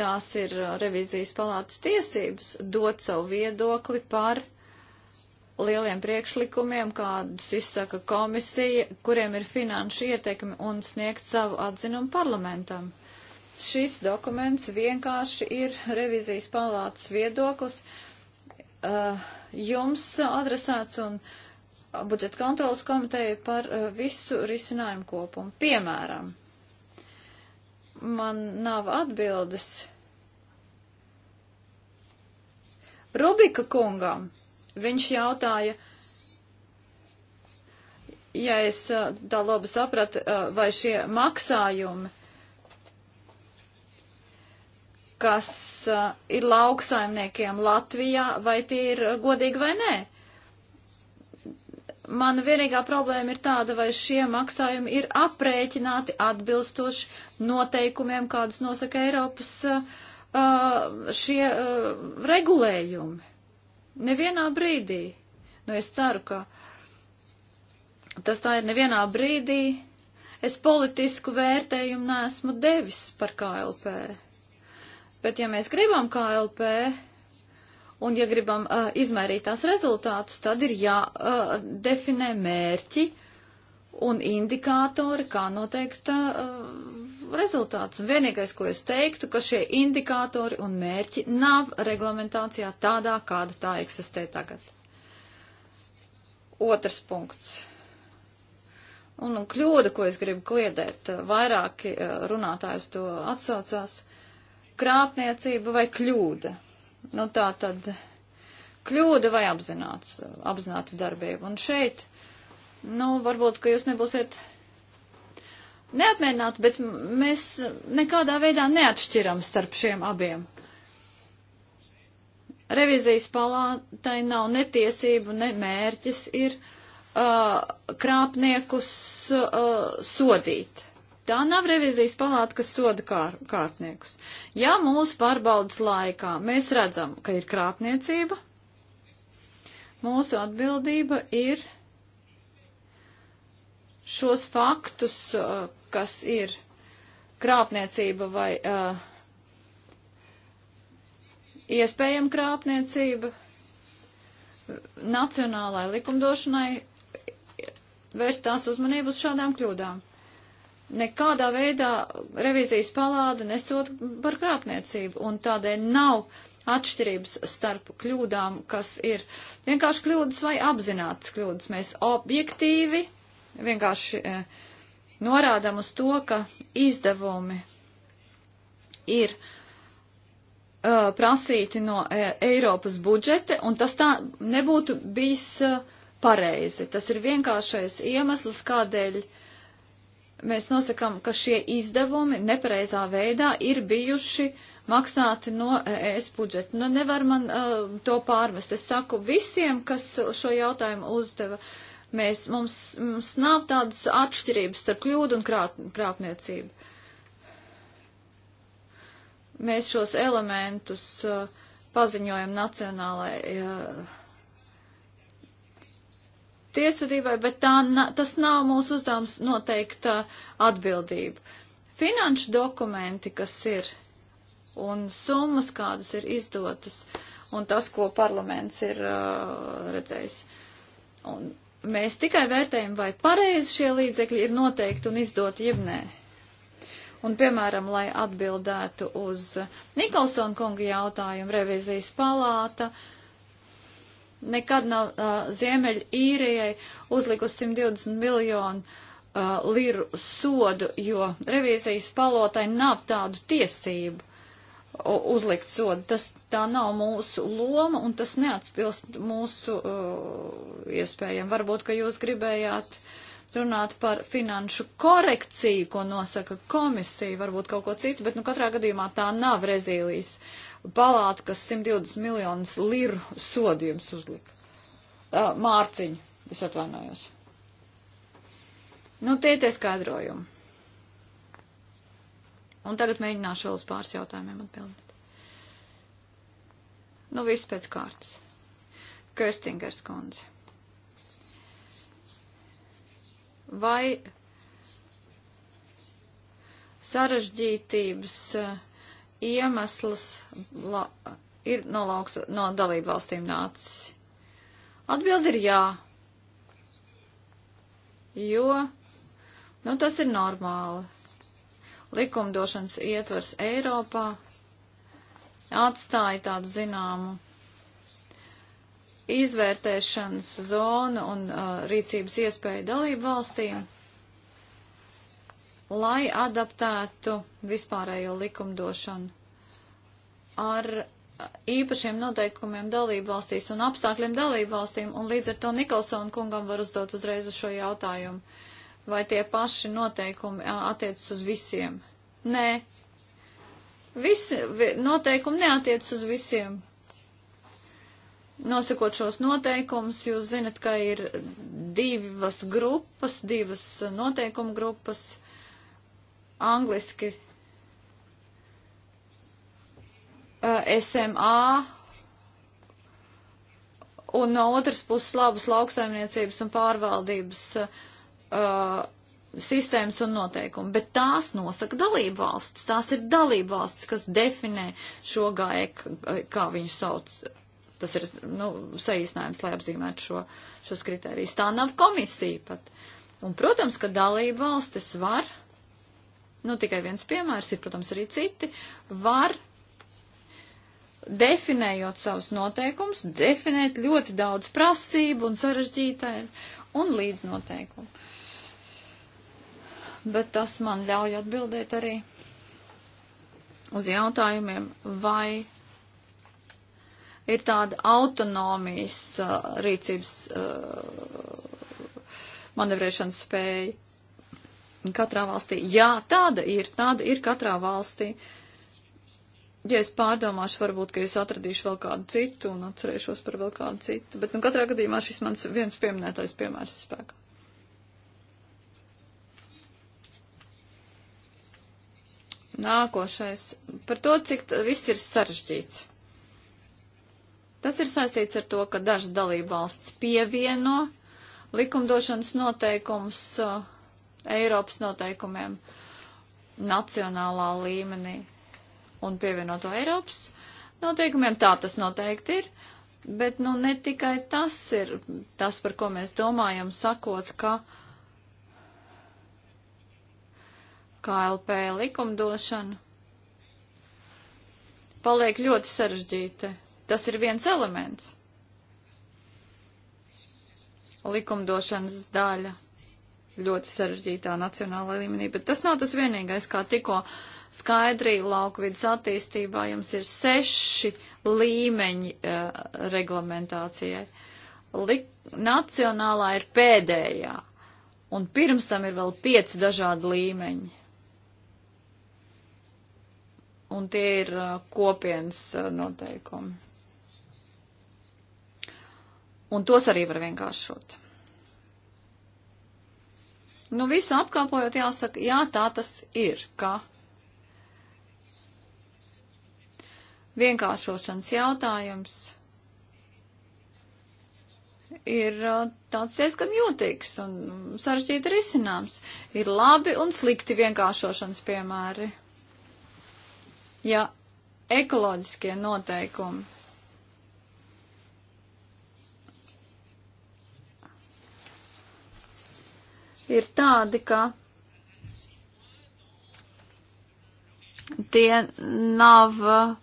tās ir eh, revizijas palātas tiesības dot savu viedokli par lieliem priekšlikumiem, kādus izsaka komisija, kuriem ir finanšu ietekmi un sniegt savu atzinumu parlamentam. Šis dokuments vienkārši ir revizijas palātas viedoklis uh, jums adresēts un budžeta kontrolas komiteja par uh, visu risinājumu kopumu. Piemēram, man nav atbildes. Rubika kungam viņš jautāja, ja es eh, tā labi sapratu, vai šie maksājumi kas uh, ir lauksaimniekiem Latvijā, vai tie ir uh, godīgi vai nē. Mana vienīgā problēma ir tāda, vai šie maksājumi ir aprēķināti atbilstoši noteikumiem, kādas nosaka Eiropas uh, uh, šie uh, regulējumi. Nevienā brīdī. Nu, es ceru, ka tas tā ir nevienā brīdī. Es politisku vērtējumu neesmu devis par KLP. Bet ja mēs gribam KLP un ja gribam uh, izmērīt tās rezultātus, tad ir jādefinē uh, mērķi un indikātori, kā noteikt uh, rezultātus. Un vienīgais, ko es teiktu, ka šie indikātori un mērķi nav reglamentācijā tādā, kāda tā eksistē tagad. Otrs punkts. Un, un kļūda, ko es gribu kliedēt, vairāki runātājus to atsaucās, krāpniecība vai kļūda. Nu, tā tad kļūda vai apzināts, apzināta darbība. Un šeit, nu, varbūt, ka jūs nebūsiet neapmierināti, bet mēs nekādā veidā neatšķiram starp šiem abiem. Revizijas palātai nav ne tiesību, ne mērķis ir uh, krāpniekus uh, sodīt. Tā nav revizijas palāta, kas soda kār, kārtniekus. Ja mūsu pārbaudas laikā mēs redzam, ka ir krāpniecība, mūsu atbildība ir šos faktus, uh, kas ir krāpniecība vai uh, iespējama krāpniecība, nacionālai likumdošanai vērst tās uzmanību uz šādām kļūdām nekādā veidā revizijas palāda nesot par krāpniecību, un tādēļ nav atšķirības starp kļūdām, kas ir vienkārši kļūdas vai apzinātas kļūdas. Mēs objektīvi vienkārši e, norādam uz to, ka izdevumi ir e, prasīti no e, Eiropas budžete, un tas tā nebūtu bijis e, pareizi. Tas ir vienkāršais iemesls, kādēļ uh, mēs nosakām, ka šie izdevumi nepareizā veidā ir bijuši maksāti no e, ES budžeta. Nu, nevar man uh, to pārmest. Es saku visiem, kas šo jautājumu uzdeva. Mēs, mums, mums nav tādas atšķirības starp kļūdu un krāt, krāpniecību. Mēs šos elementus uh, paziņojam nacionālajai. Uh, tiesvedībai, bet tā, na, tas nav mūsu uzdevums noteikt uh, atbildību. Finanšu dokumenti, kas ir, un summas, kādas ir izdotas, un tas, ko parlaments ir uh, redzējis. Un mēs tikai vērtējam, vai pareizi šie līdzekļi ir noteikti un izdoti, jeb nē. Un, piemēram, lai atbildētu uz Nikolsona kunga jautājumu, revizijas palāta uh, nekad nav uh, Ziemeļa īrijai uzlikusi 120 miljonu uh, liru sodu, jo revīzijas palotai nav tādu tiesību uzlikt sodu. Tas tā nav mūsu loma un tas neatspilst mūsu uh, iespējām. Varbūt, ka jūs gribējāt runāt par finanšu korekciju, ko nosaka komisija, varbūt kaut ko citu, bet nu katrā gadījumā tā nav Brazīlijas uh, palāta, kas 120 miljonus liru sodījums uzlika. Uh, mārciņu, es atvainojos. Nu, tie tie skaidrojumi. Un tagad mēģināšu vēl uz pāris jautājumiem atbildēt. Nu, viss pēc kārtas. Köstingers kundze. Vai sarežģītības. Uh, iemesls la, ir no, lauks, no dalību valstīm nācis? Atbildi ir jā. Jo, nu tas ir normāli. Likumdošanas ietvers Eiropā atstāja tādu zināmu izvērtēšanas zonu un uh, rīcības iespēju dalību valstīm lai adaptētu vispārējo likumdošanu ar īpašiem noteikumiem dalību valstīs un apstākļiem dalību valstīm, un līdz ar to Nikolsona kungam var uzdot uzreiz uz šo jautājumu, vai tie paši noteikumi attiecas uz visiem. Nē, visi noteikumi neatiecas uz visiem. Nosakot šos noteikumus, jūs zinat, ka ir divas grupas, divas noteikumu grupas. Uh, angliski uh, eh, SMA un no otras puses labas lauksaimniecības un pārvaldības uh, sistēmas un noteikumi. Bet tās nosaka dalību valsts. Tās ir dalību valsts, kas definē šo GAEK, eh, kā viņu sauc. Tas ir nu, saīsinājums, lai apzīmētu šo, šos kriterijus. Tā nav komisija pat. Un, protams, ka dalību valstis var nu tikai viens piemērs ir, protams, arī citi, var definējot savus noteikumus, definēt ļoti daudz prasību un sarežģītāju un līdznoteikumu. Bet tas man ļauj atbildēt arī uz jautājumiem, vai ir tāda autonomijas uh, rīcības uh, manevrēšanas spēja Katrā valstī. Jā, tāda ir, tāda ir katrā valstī. Ja es pārdomāšu, varbūt, ka es atradīšu vēl kādu citu un atcerēšos par vēl kādu citu, bet, nu, katrā gadījumā šis mans viens pieminētais piemērs spēkā. Nākošais. Par to, cik viss ir sarežģīts. Tas ir saistīts ar to, ka dažas dalībvalsts pievieno likumdošanas noteikums uh, Eiropas noteikumiem nacionālā līmenī un pievienoto Eiropas noteikumiem. Tā tas noteikti ir. Bet nu, ne tikai tas ir tas, par ko mēs domājam, sakot, ka KLP likumdošana paliek ļoti sarežģīta. Tas ir viens elements likumdošanas daļa ļoti sarežģītā nacionālā līmenī, bet tas nav tas vienīgais, kā tikko skaidrī lauku vidas attīstībā jums ir seši līmeņi uh, reglamentācijai. Lik nacionālā ir pēdējā, un pirms tam ir vēl pieci dažādi līmeņi. Un tie ir uh, kopienas uh, noteikumi. Un tos arī var vienkāršot. Nu, visu apkalpojot jāsaka, jā, tā tas ir, ka vienkāršošanas jautājums ir uh, tāds diezgan jūtīgs un sarežģīti risināms. Ir labi un slikti vienkāršošanas piemēri. Ja ekoloģiskie noteikumi ir tādi, ka tie nav uh,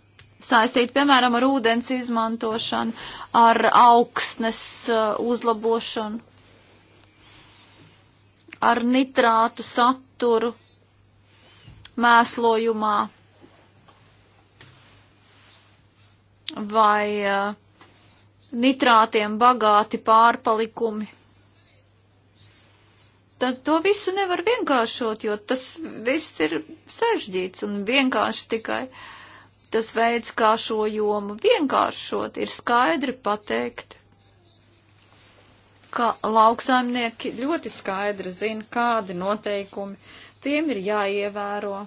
saistīti, piemēram, ar ūdens izmantošanu, ar augsnes uh, uzlabošanu, ar nitrātu saturu mēslojumā vai uh, nitrātiem bagāti pārpalikumi tad to visu nevar vienkāršot, jo tas viss ir sažģīts un vienkārši tikai tas veids, kā šo jomu vienkāršot, ir skaidri pateikt, ka lauksaimnieki ļoti skaidri zina, kādi noteikumi tiem ir jāievēro.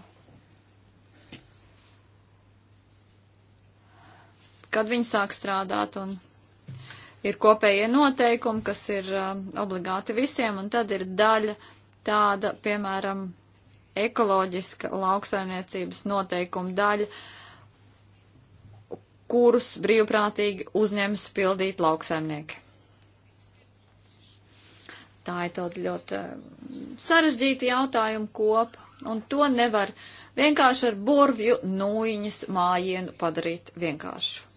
Kad viņi sāk strādāt un ir kopējie noteikumi, kas ir uh, obligāti visiem, un tad ir daļa tāda, piemēram, ekoloģiska lauksaimniecības noteikuma daļa, kurus brīvprātīgi uzņems pildīt lauksaimnieki. Tā ir tāda ļoti um, sarežģīta jautājuma kopa, un to nevar vienkārši ar burvju nūjiņas mājienu padarīt vienkāršu.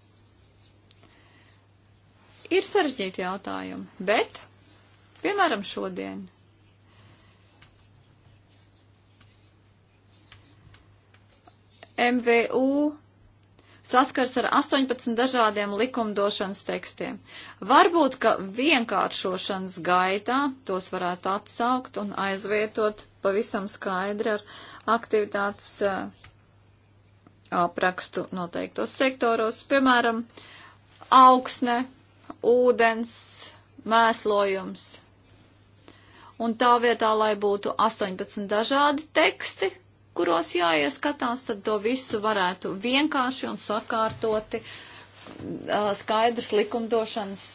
Ir sarežģīti jautājumi, bet, piemēram, šodien. MVU saskars ar 18 dažādiem likumdošanas tekstiem. Varbūt, ka vienkāršošanas gaitā tos varētu atsaukt un aizvietot pavisam skaidri ar aktivitātes eh, aprakstu noteiktos sektoros, piemēram, augsne, ūdens mēslojums. Un tā vietā, lai būtu 18 dažādi teksti, kuros jāieskatās, tad to visu varētu vienkārši un sakārtoti skaidrs likumdošanas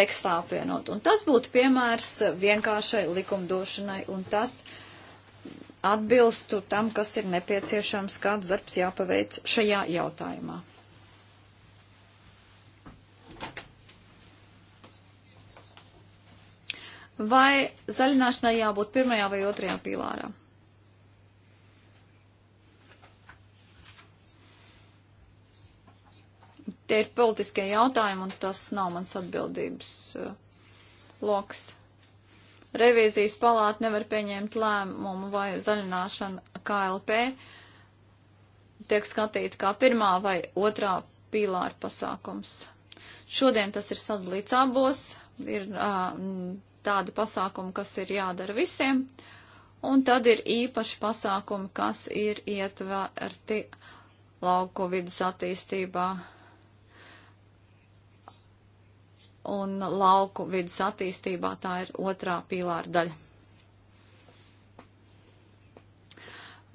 tekstā apvienot. Un tas būtu piemērs vienkāršai likumdošanai, un tas atbilstu tam, kas ir nepieciešams, kāds darbs jāpaveic šajā jautājumā. vai zaļināšanai jābūt pirmajā vai otrajā pīlārā? Tie ir politiskie jautājumi, un tas nav mans atbildības uh, eh, loks. Revīzijas palāta nevar pieņemt lēmumu vai zaļināšana KLP tiek skatīta kā pirmā vai otrā pīlāra pasākums. Šodien tas ir sadalīts abos, ir uh, tādi pasākumi, kas ir jādara visiem, un tad ir īpaši pasākumi, kas ir ietverti lauku vidas attīstībā un lauku vidas attīstībā tā ir otrā pīlāra daļa.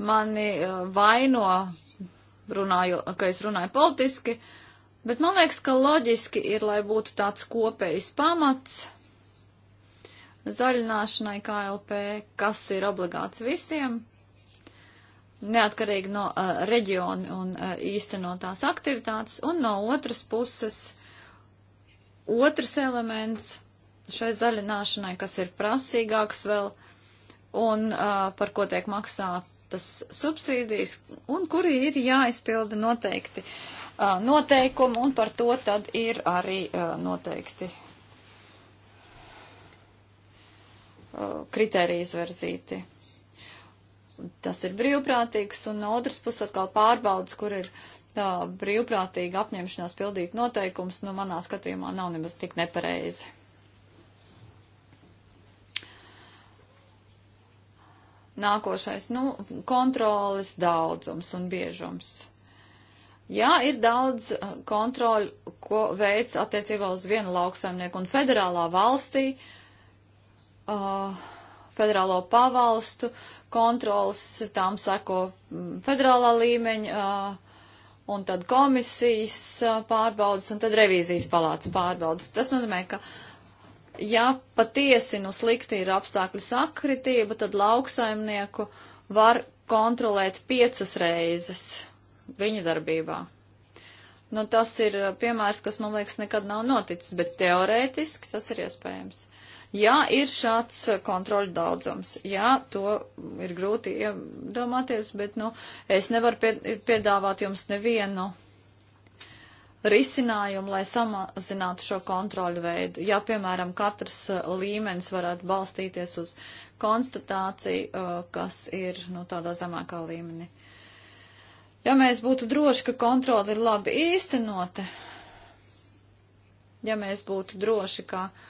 Mani uh, vaino, runāju, ka es runāju politiski, bet man liekas, ka loģiski ir, lai būtu tāds kopējs pamats zaļināšanai KLP, kas ir obligāts visiem, neatkarīgi no uh, reģiona un uh, īstenotās aktivitātes, un no otras puses otrs elements šai zaļināšanai, kas ir prasīgāks vēl, un uh, par ko tiek maksātas subsīdijas, un kuri ir jāizpilda noteikti uh, noteikumi, un par to tad ir arī uh, noteikti Uh, kritēriji izverzīti. Tas ir brīvprātīgs, un no otras puses atkal pārbaudas, kur ir tā uh, brīvprātīga apņemšanās pildīt noteikums, nu manā skatījumā nav nemaz tik nepareizi. Nākošais, nu, kontrolas daudzums un biežums. Jā, ir daudz uh, kontroļu, ko veids attiecībā uz vienu lauksaimnieku un federālā valstī. Uh, uh, federālo pavalstu kontrols, tām seko mm, federālā līmeņa uh, un tad komisijas uh, pārbaudas un tad revīzijas palātas pārbaudas. Tas nozīmē, ka ja patiesi nu slikti ir apstākļu sakritība, tad lauksaimnieku var kontrolēt piecas reizes viņa darbībā. Nu, tas ir piemērs, kas man liekas nekad nav noticis, bet teorētiski tas ir iespējams. Jā, ir šāds kontroļu daudzums. Jā, to ir grūti iedomāties, bet, nu, es nevaru piedāvāt jums nevienu risinājumu, lai samazinātu šo kontroļu veidu. Ja, piemēram, katrs uh, līmenis varētu balstīties uz konstatāciju, uh, kas ir nu, tādā zemākā līmenī. Ja mēs būtu droši, ka kontroli ir labi īstenota, ja mēs būtu droši, ka uh,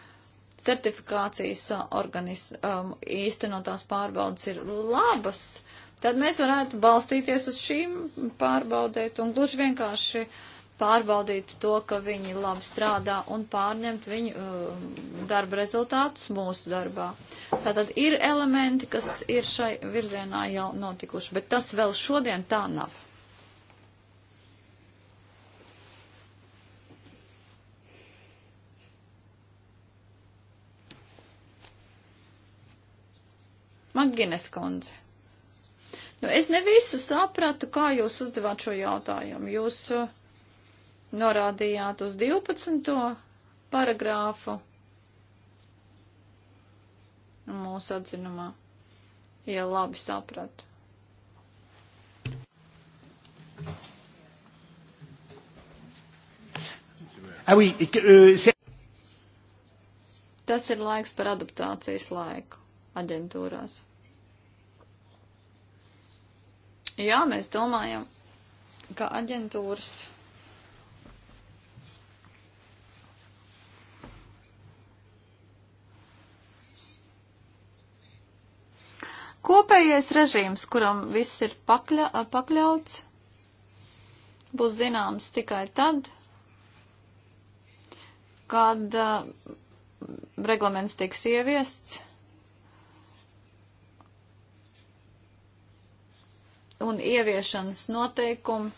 certifikācijas uh, organiz, um, īstenotās pārbaudas ir labas, tad mēs varētu balstīties uz šīm pārbaudēt un gluži vienkārši pārbaudīt to, ka viņi labi strādā un pārņemt viņu um, darba rezultātus mūsu darbā. Tātad ir elementi, kas ir šai virzienā jau notikuši, bet tas vēl šodien tā nav. Magines kundze. Nu, es ne visu sapratu, kā jūs uzdevāt šo jautājumu. Jūs uh, norādījāt uz 12. paragrāfu mūsu atzinumā, ja labi sapratu. Ah, oui, euh, Tas ir laiks par adaptācijas laiku aģentūrās. Jā, mēs domājam, ka aģentūras Kopējais režīms, kuram viss ir pakļa, pakļauts, būs zināms tikai tad, kad uh, reglaments tiks ieviests un ieviešanas noteikumi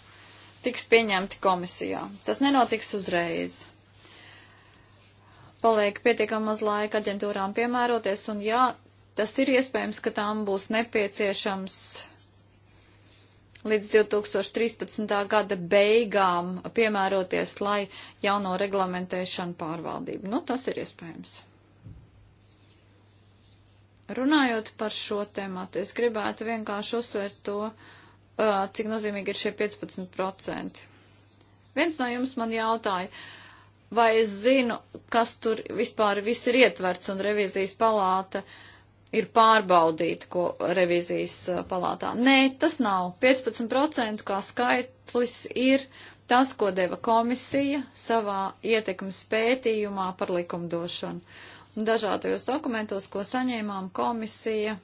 tiks pieņemti komisijā. Tas nenotiks uzreiz. Paliek pietiekam maz laika aģentūrām piemēroties, un jā, tas ir iespējams, ka tām būs nepieciešams līdz 2013. gada beigām piemēroties, lai jauno reglamentēšanu pārvaldību. Nu, tas ir iespējams. Runājot par šo tematu, es gribētu vienkārši uzsvērt to, cik nozīmīgi ir šie 15%. Viens no jums man jautāja, vai es zinu, kas tur vispār viss ir ietverts un revizijas palāta ir pārbaudīta, ko revizijas palātā. Nē, tas nav. 15% kā skaitlis ir tas, ko deva komisija savā ietekmes pētījumā par likumdošanu dažādajos dokumentos, ko saņēmām komisija,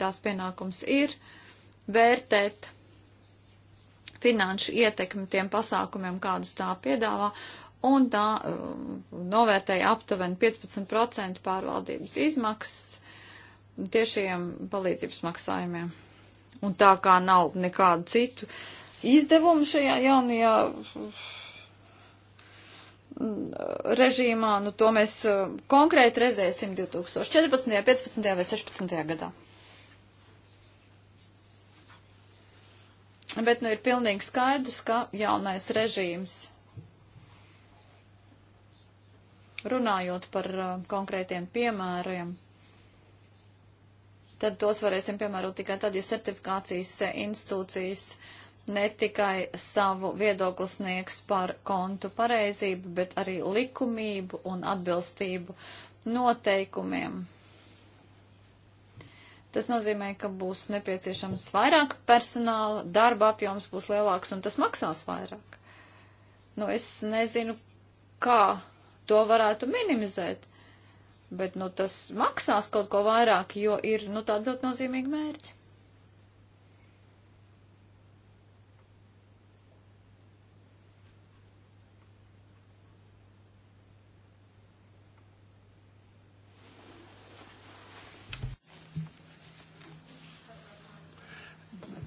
tās pienākums ir vērtēt finanšu ietekmi tiem pasākumiem, kādus tā piedāvā, un tā um, novērtēja aptuveni 15% pārvaldības izmaksas tiešiem palīdzības maksājumiem. Un tā kā nav nekādu citu izdevumu šajā jaunajā režīmā, nu to mēs e, konkrēti redzēsim 2014., 15. vai 16. gadā. Bet nu ir pilnīgi skaidrs, ka jaunais režīms, runājot par uh, konkrētiem piemēriem, tad tos varēsim piemērot tikai tad, ja certifikācijas e, institūcijas uh, ne tikai savu viedokli sniegs par kontu pareizību, bet arī likumību un atbilstību noteikumiem. Tas nozīmē, ka būs nepieciešams vairāk personāla, darba apjoms būs lielāks un tas maksās vairāk. Nu, es nezinu, kā to varētu minimizēt, bet, nu, tas maksās kaut ko vairāk, jo ir, nu, tāda ļoti nozīmīga mērķa.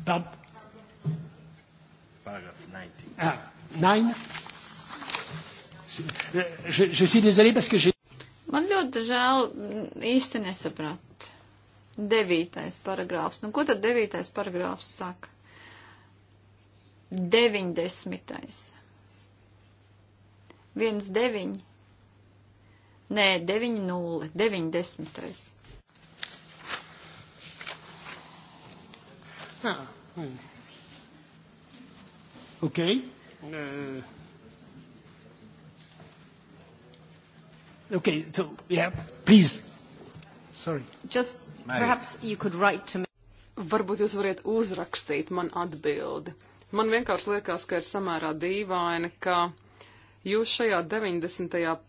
Pardon Paragraphe 19. Ah, 9. Je, je suis désolé parce que j'ai. Man ļoti žēl, īsti nesapratu. Devītais paragrāfs. Nu, ko tad devītais paragrāfs saka? Deviņdesmitais. Viens deviņi. Nē, deviņi nulle. Deviņdesmitais. Ah. Okay. Uh, okay, so, yeah, please. Sorry. Just Mary. perhaps you could write to me. Varbūt jūs varat uzrakstīt man atbildi. Man vienkārši liekas, ka ir samērā dīvaini, ka jūs šajā 90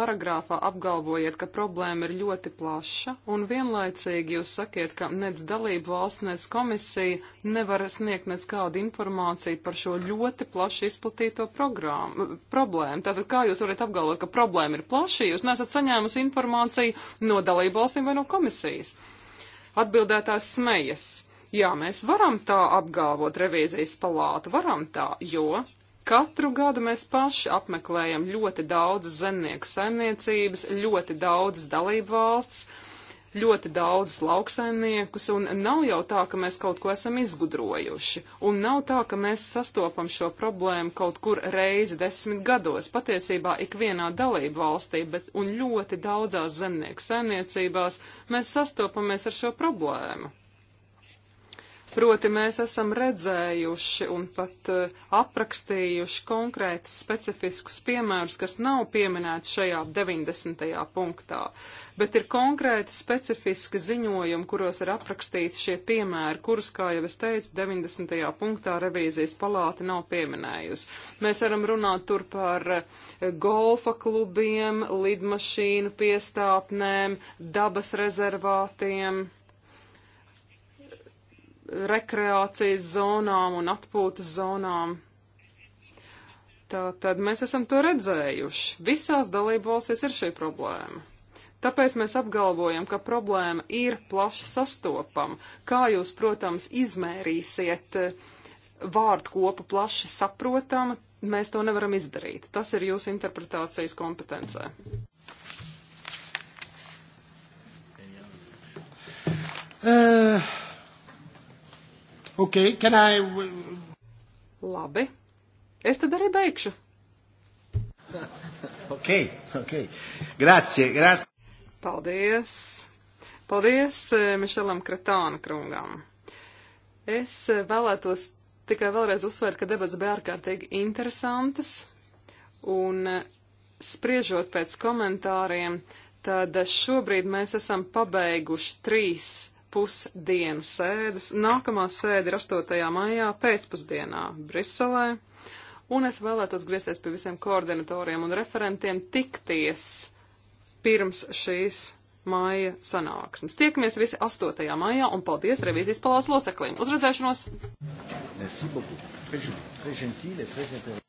paragrāfā apgalvojiet, ka problēma ir ļoti plaša, un vienlaicīgi jūs sakiet, ka nec dalību valsts, nec komisija nevar sniegt nec kādu informāciju par šo ļoti plaši izplatīto programmu, problēmu. Tātad kā jūs varat apgalvot, ka problēma ir plaša, jūs nesat saņēmusi informāciju no dalību valstīm vai no komisijas? Atbildētājs smejas. Jā, mēs varam tā apgalvot revīzijas palātu, varam tā, jo Katru gadu mēs paši apmeklējam ļoti daudz zemnieku saimniecības, ļoti daudz dalību valsts, ļoti daudz lauksaimniekus, un nav jau tā, ka mēs kaut ko esam izgudrojuši, un nav tā, ka mēs sastopam šo problēmu kaut kur reizi desmit gados, patiesībā ikvienā dalību valstī, bet un ļoti daudzās zemnieku saimniecībās mēs sastopamies ar šo problēmu. Proti mēs esam redzējuši un pat uh, aprakstījuši konkrētus specifiskus piemērus, kas nav pieminēti šajā 90. punktā, bet ir konkrēti specifiski ziņojumi, kuros ir aprakstīti šie piemēri, kurus, kā jau es teicu, 90. punktā revīzijas palāta nav pieminējusi. Mēs varam runāt tur par eh, golfa klubiem, lidmašīnu piestāpnēm, dabas rezervātiem rekreācijas zonām un atpūtas zonām. Tā tad mēs esam to redzējuši. Visās dalību valstīs ir šī problēma. Tāpēc mēs apgalvojam, ka problēma ir plaši sastopama. Kā jūs, protams, izmērīsiet eh, vārdu kopu plaši saprotama, mēs to nevaram izdarīt. Tas ir jūsu interpretācijas kompetencē. Uh. Okay, can I... Labi. Es tad arī beigšu. *laughs* ok, ok. Grazie, grazie. Paldies. Paldies eh, Mišelam Kretāna krungam. Es eh, vēlētos tikai vēlreiz uzsvērt, ka debats bija ārkārtīgi interesantas. Un eh, spriežot pēc komentāriem, tad šobrīd mēs esam pabeiguši trīs pusdienu sēdes. Nākamā sēde ir 8. maijā pēcpusdienā Briselē. Un es vēlētos griezties pie visiem koordinatoriem un referentiem tikties pirms šīs maija sanāksmes. Tiekamies visi 8. maijā un paldies revīzijas palās loceklim. Uzredzēšanos! Merci beaucoup. Très, très gentil et très intéressant.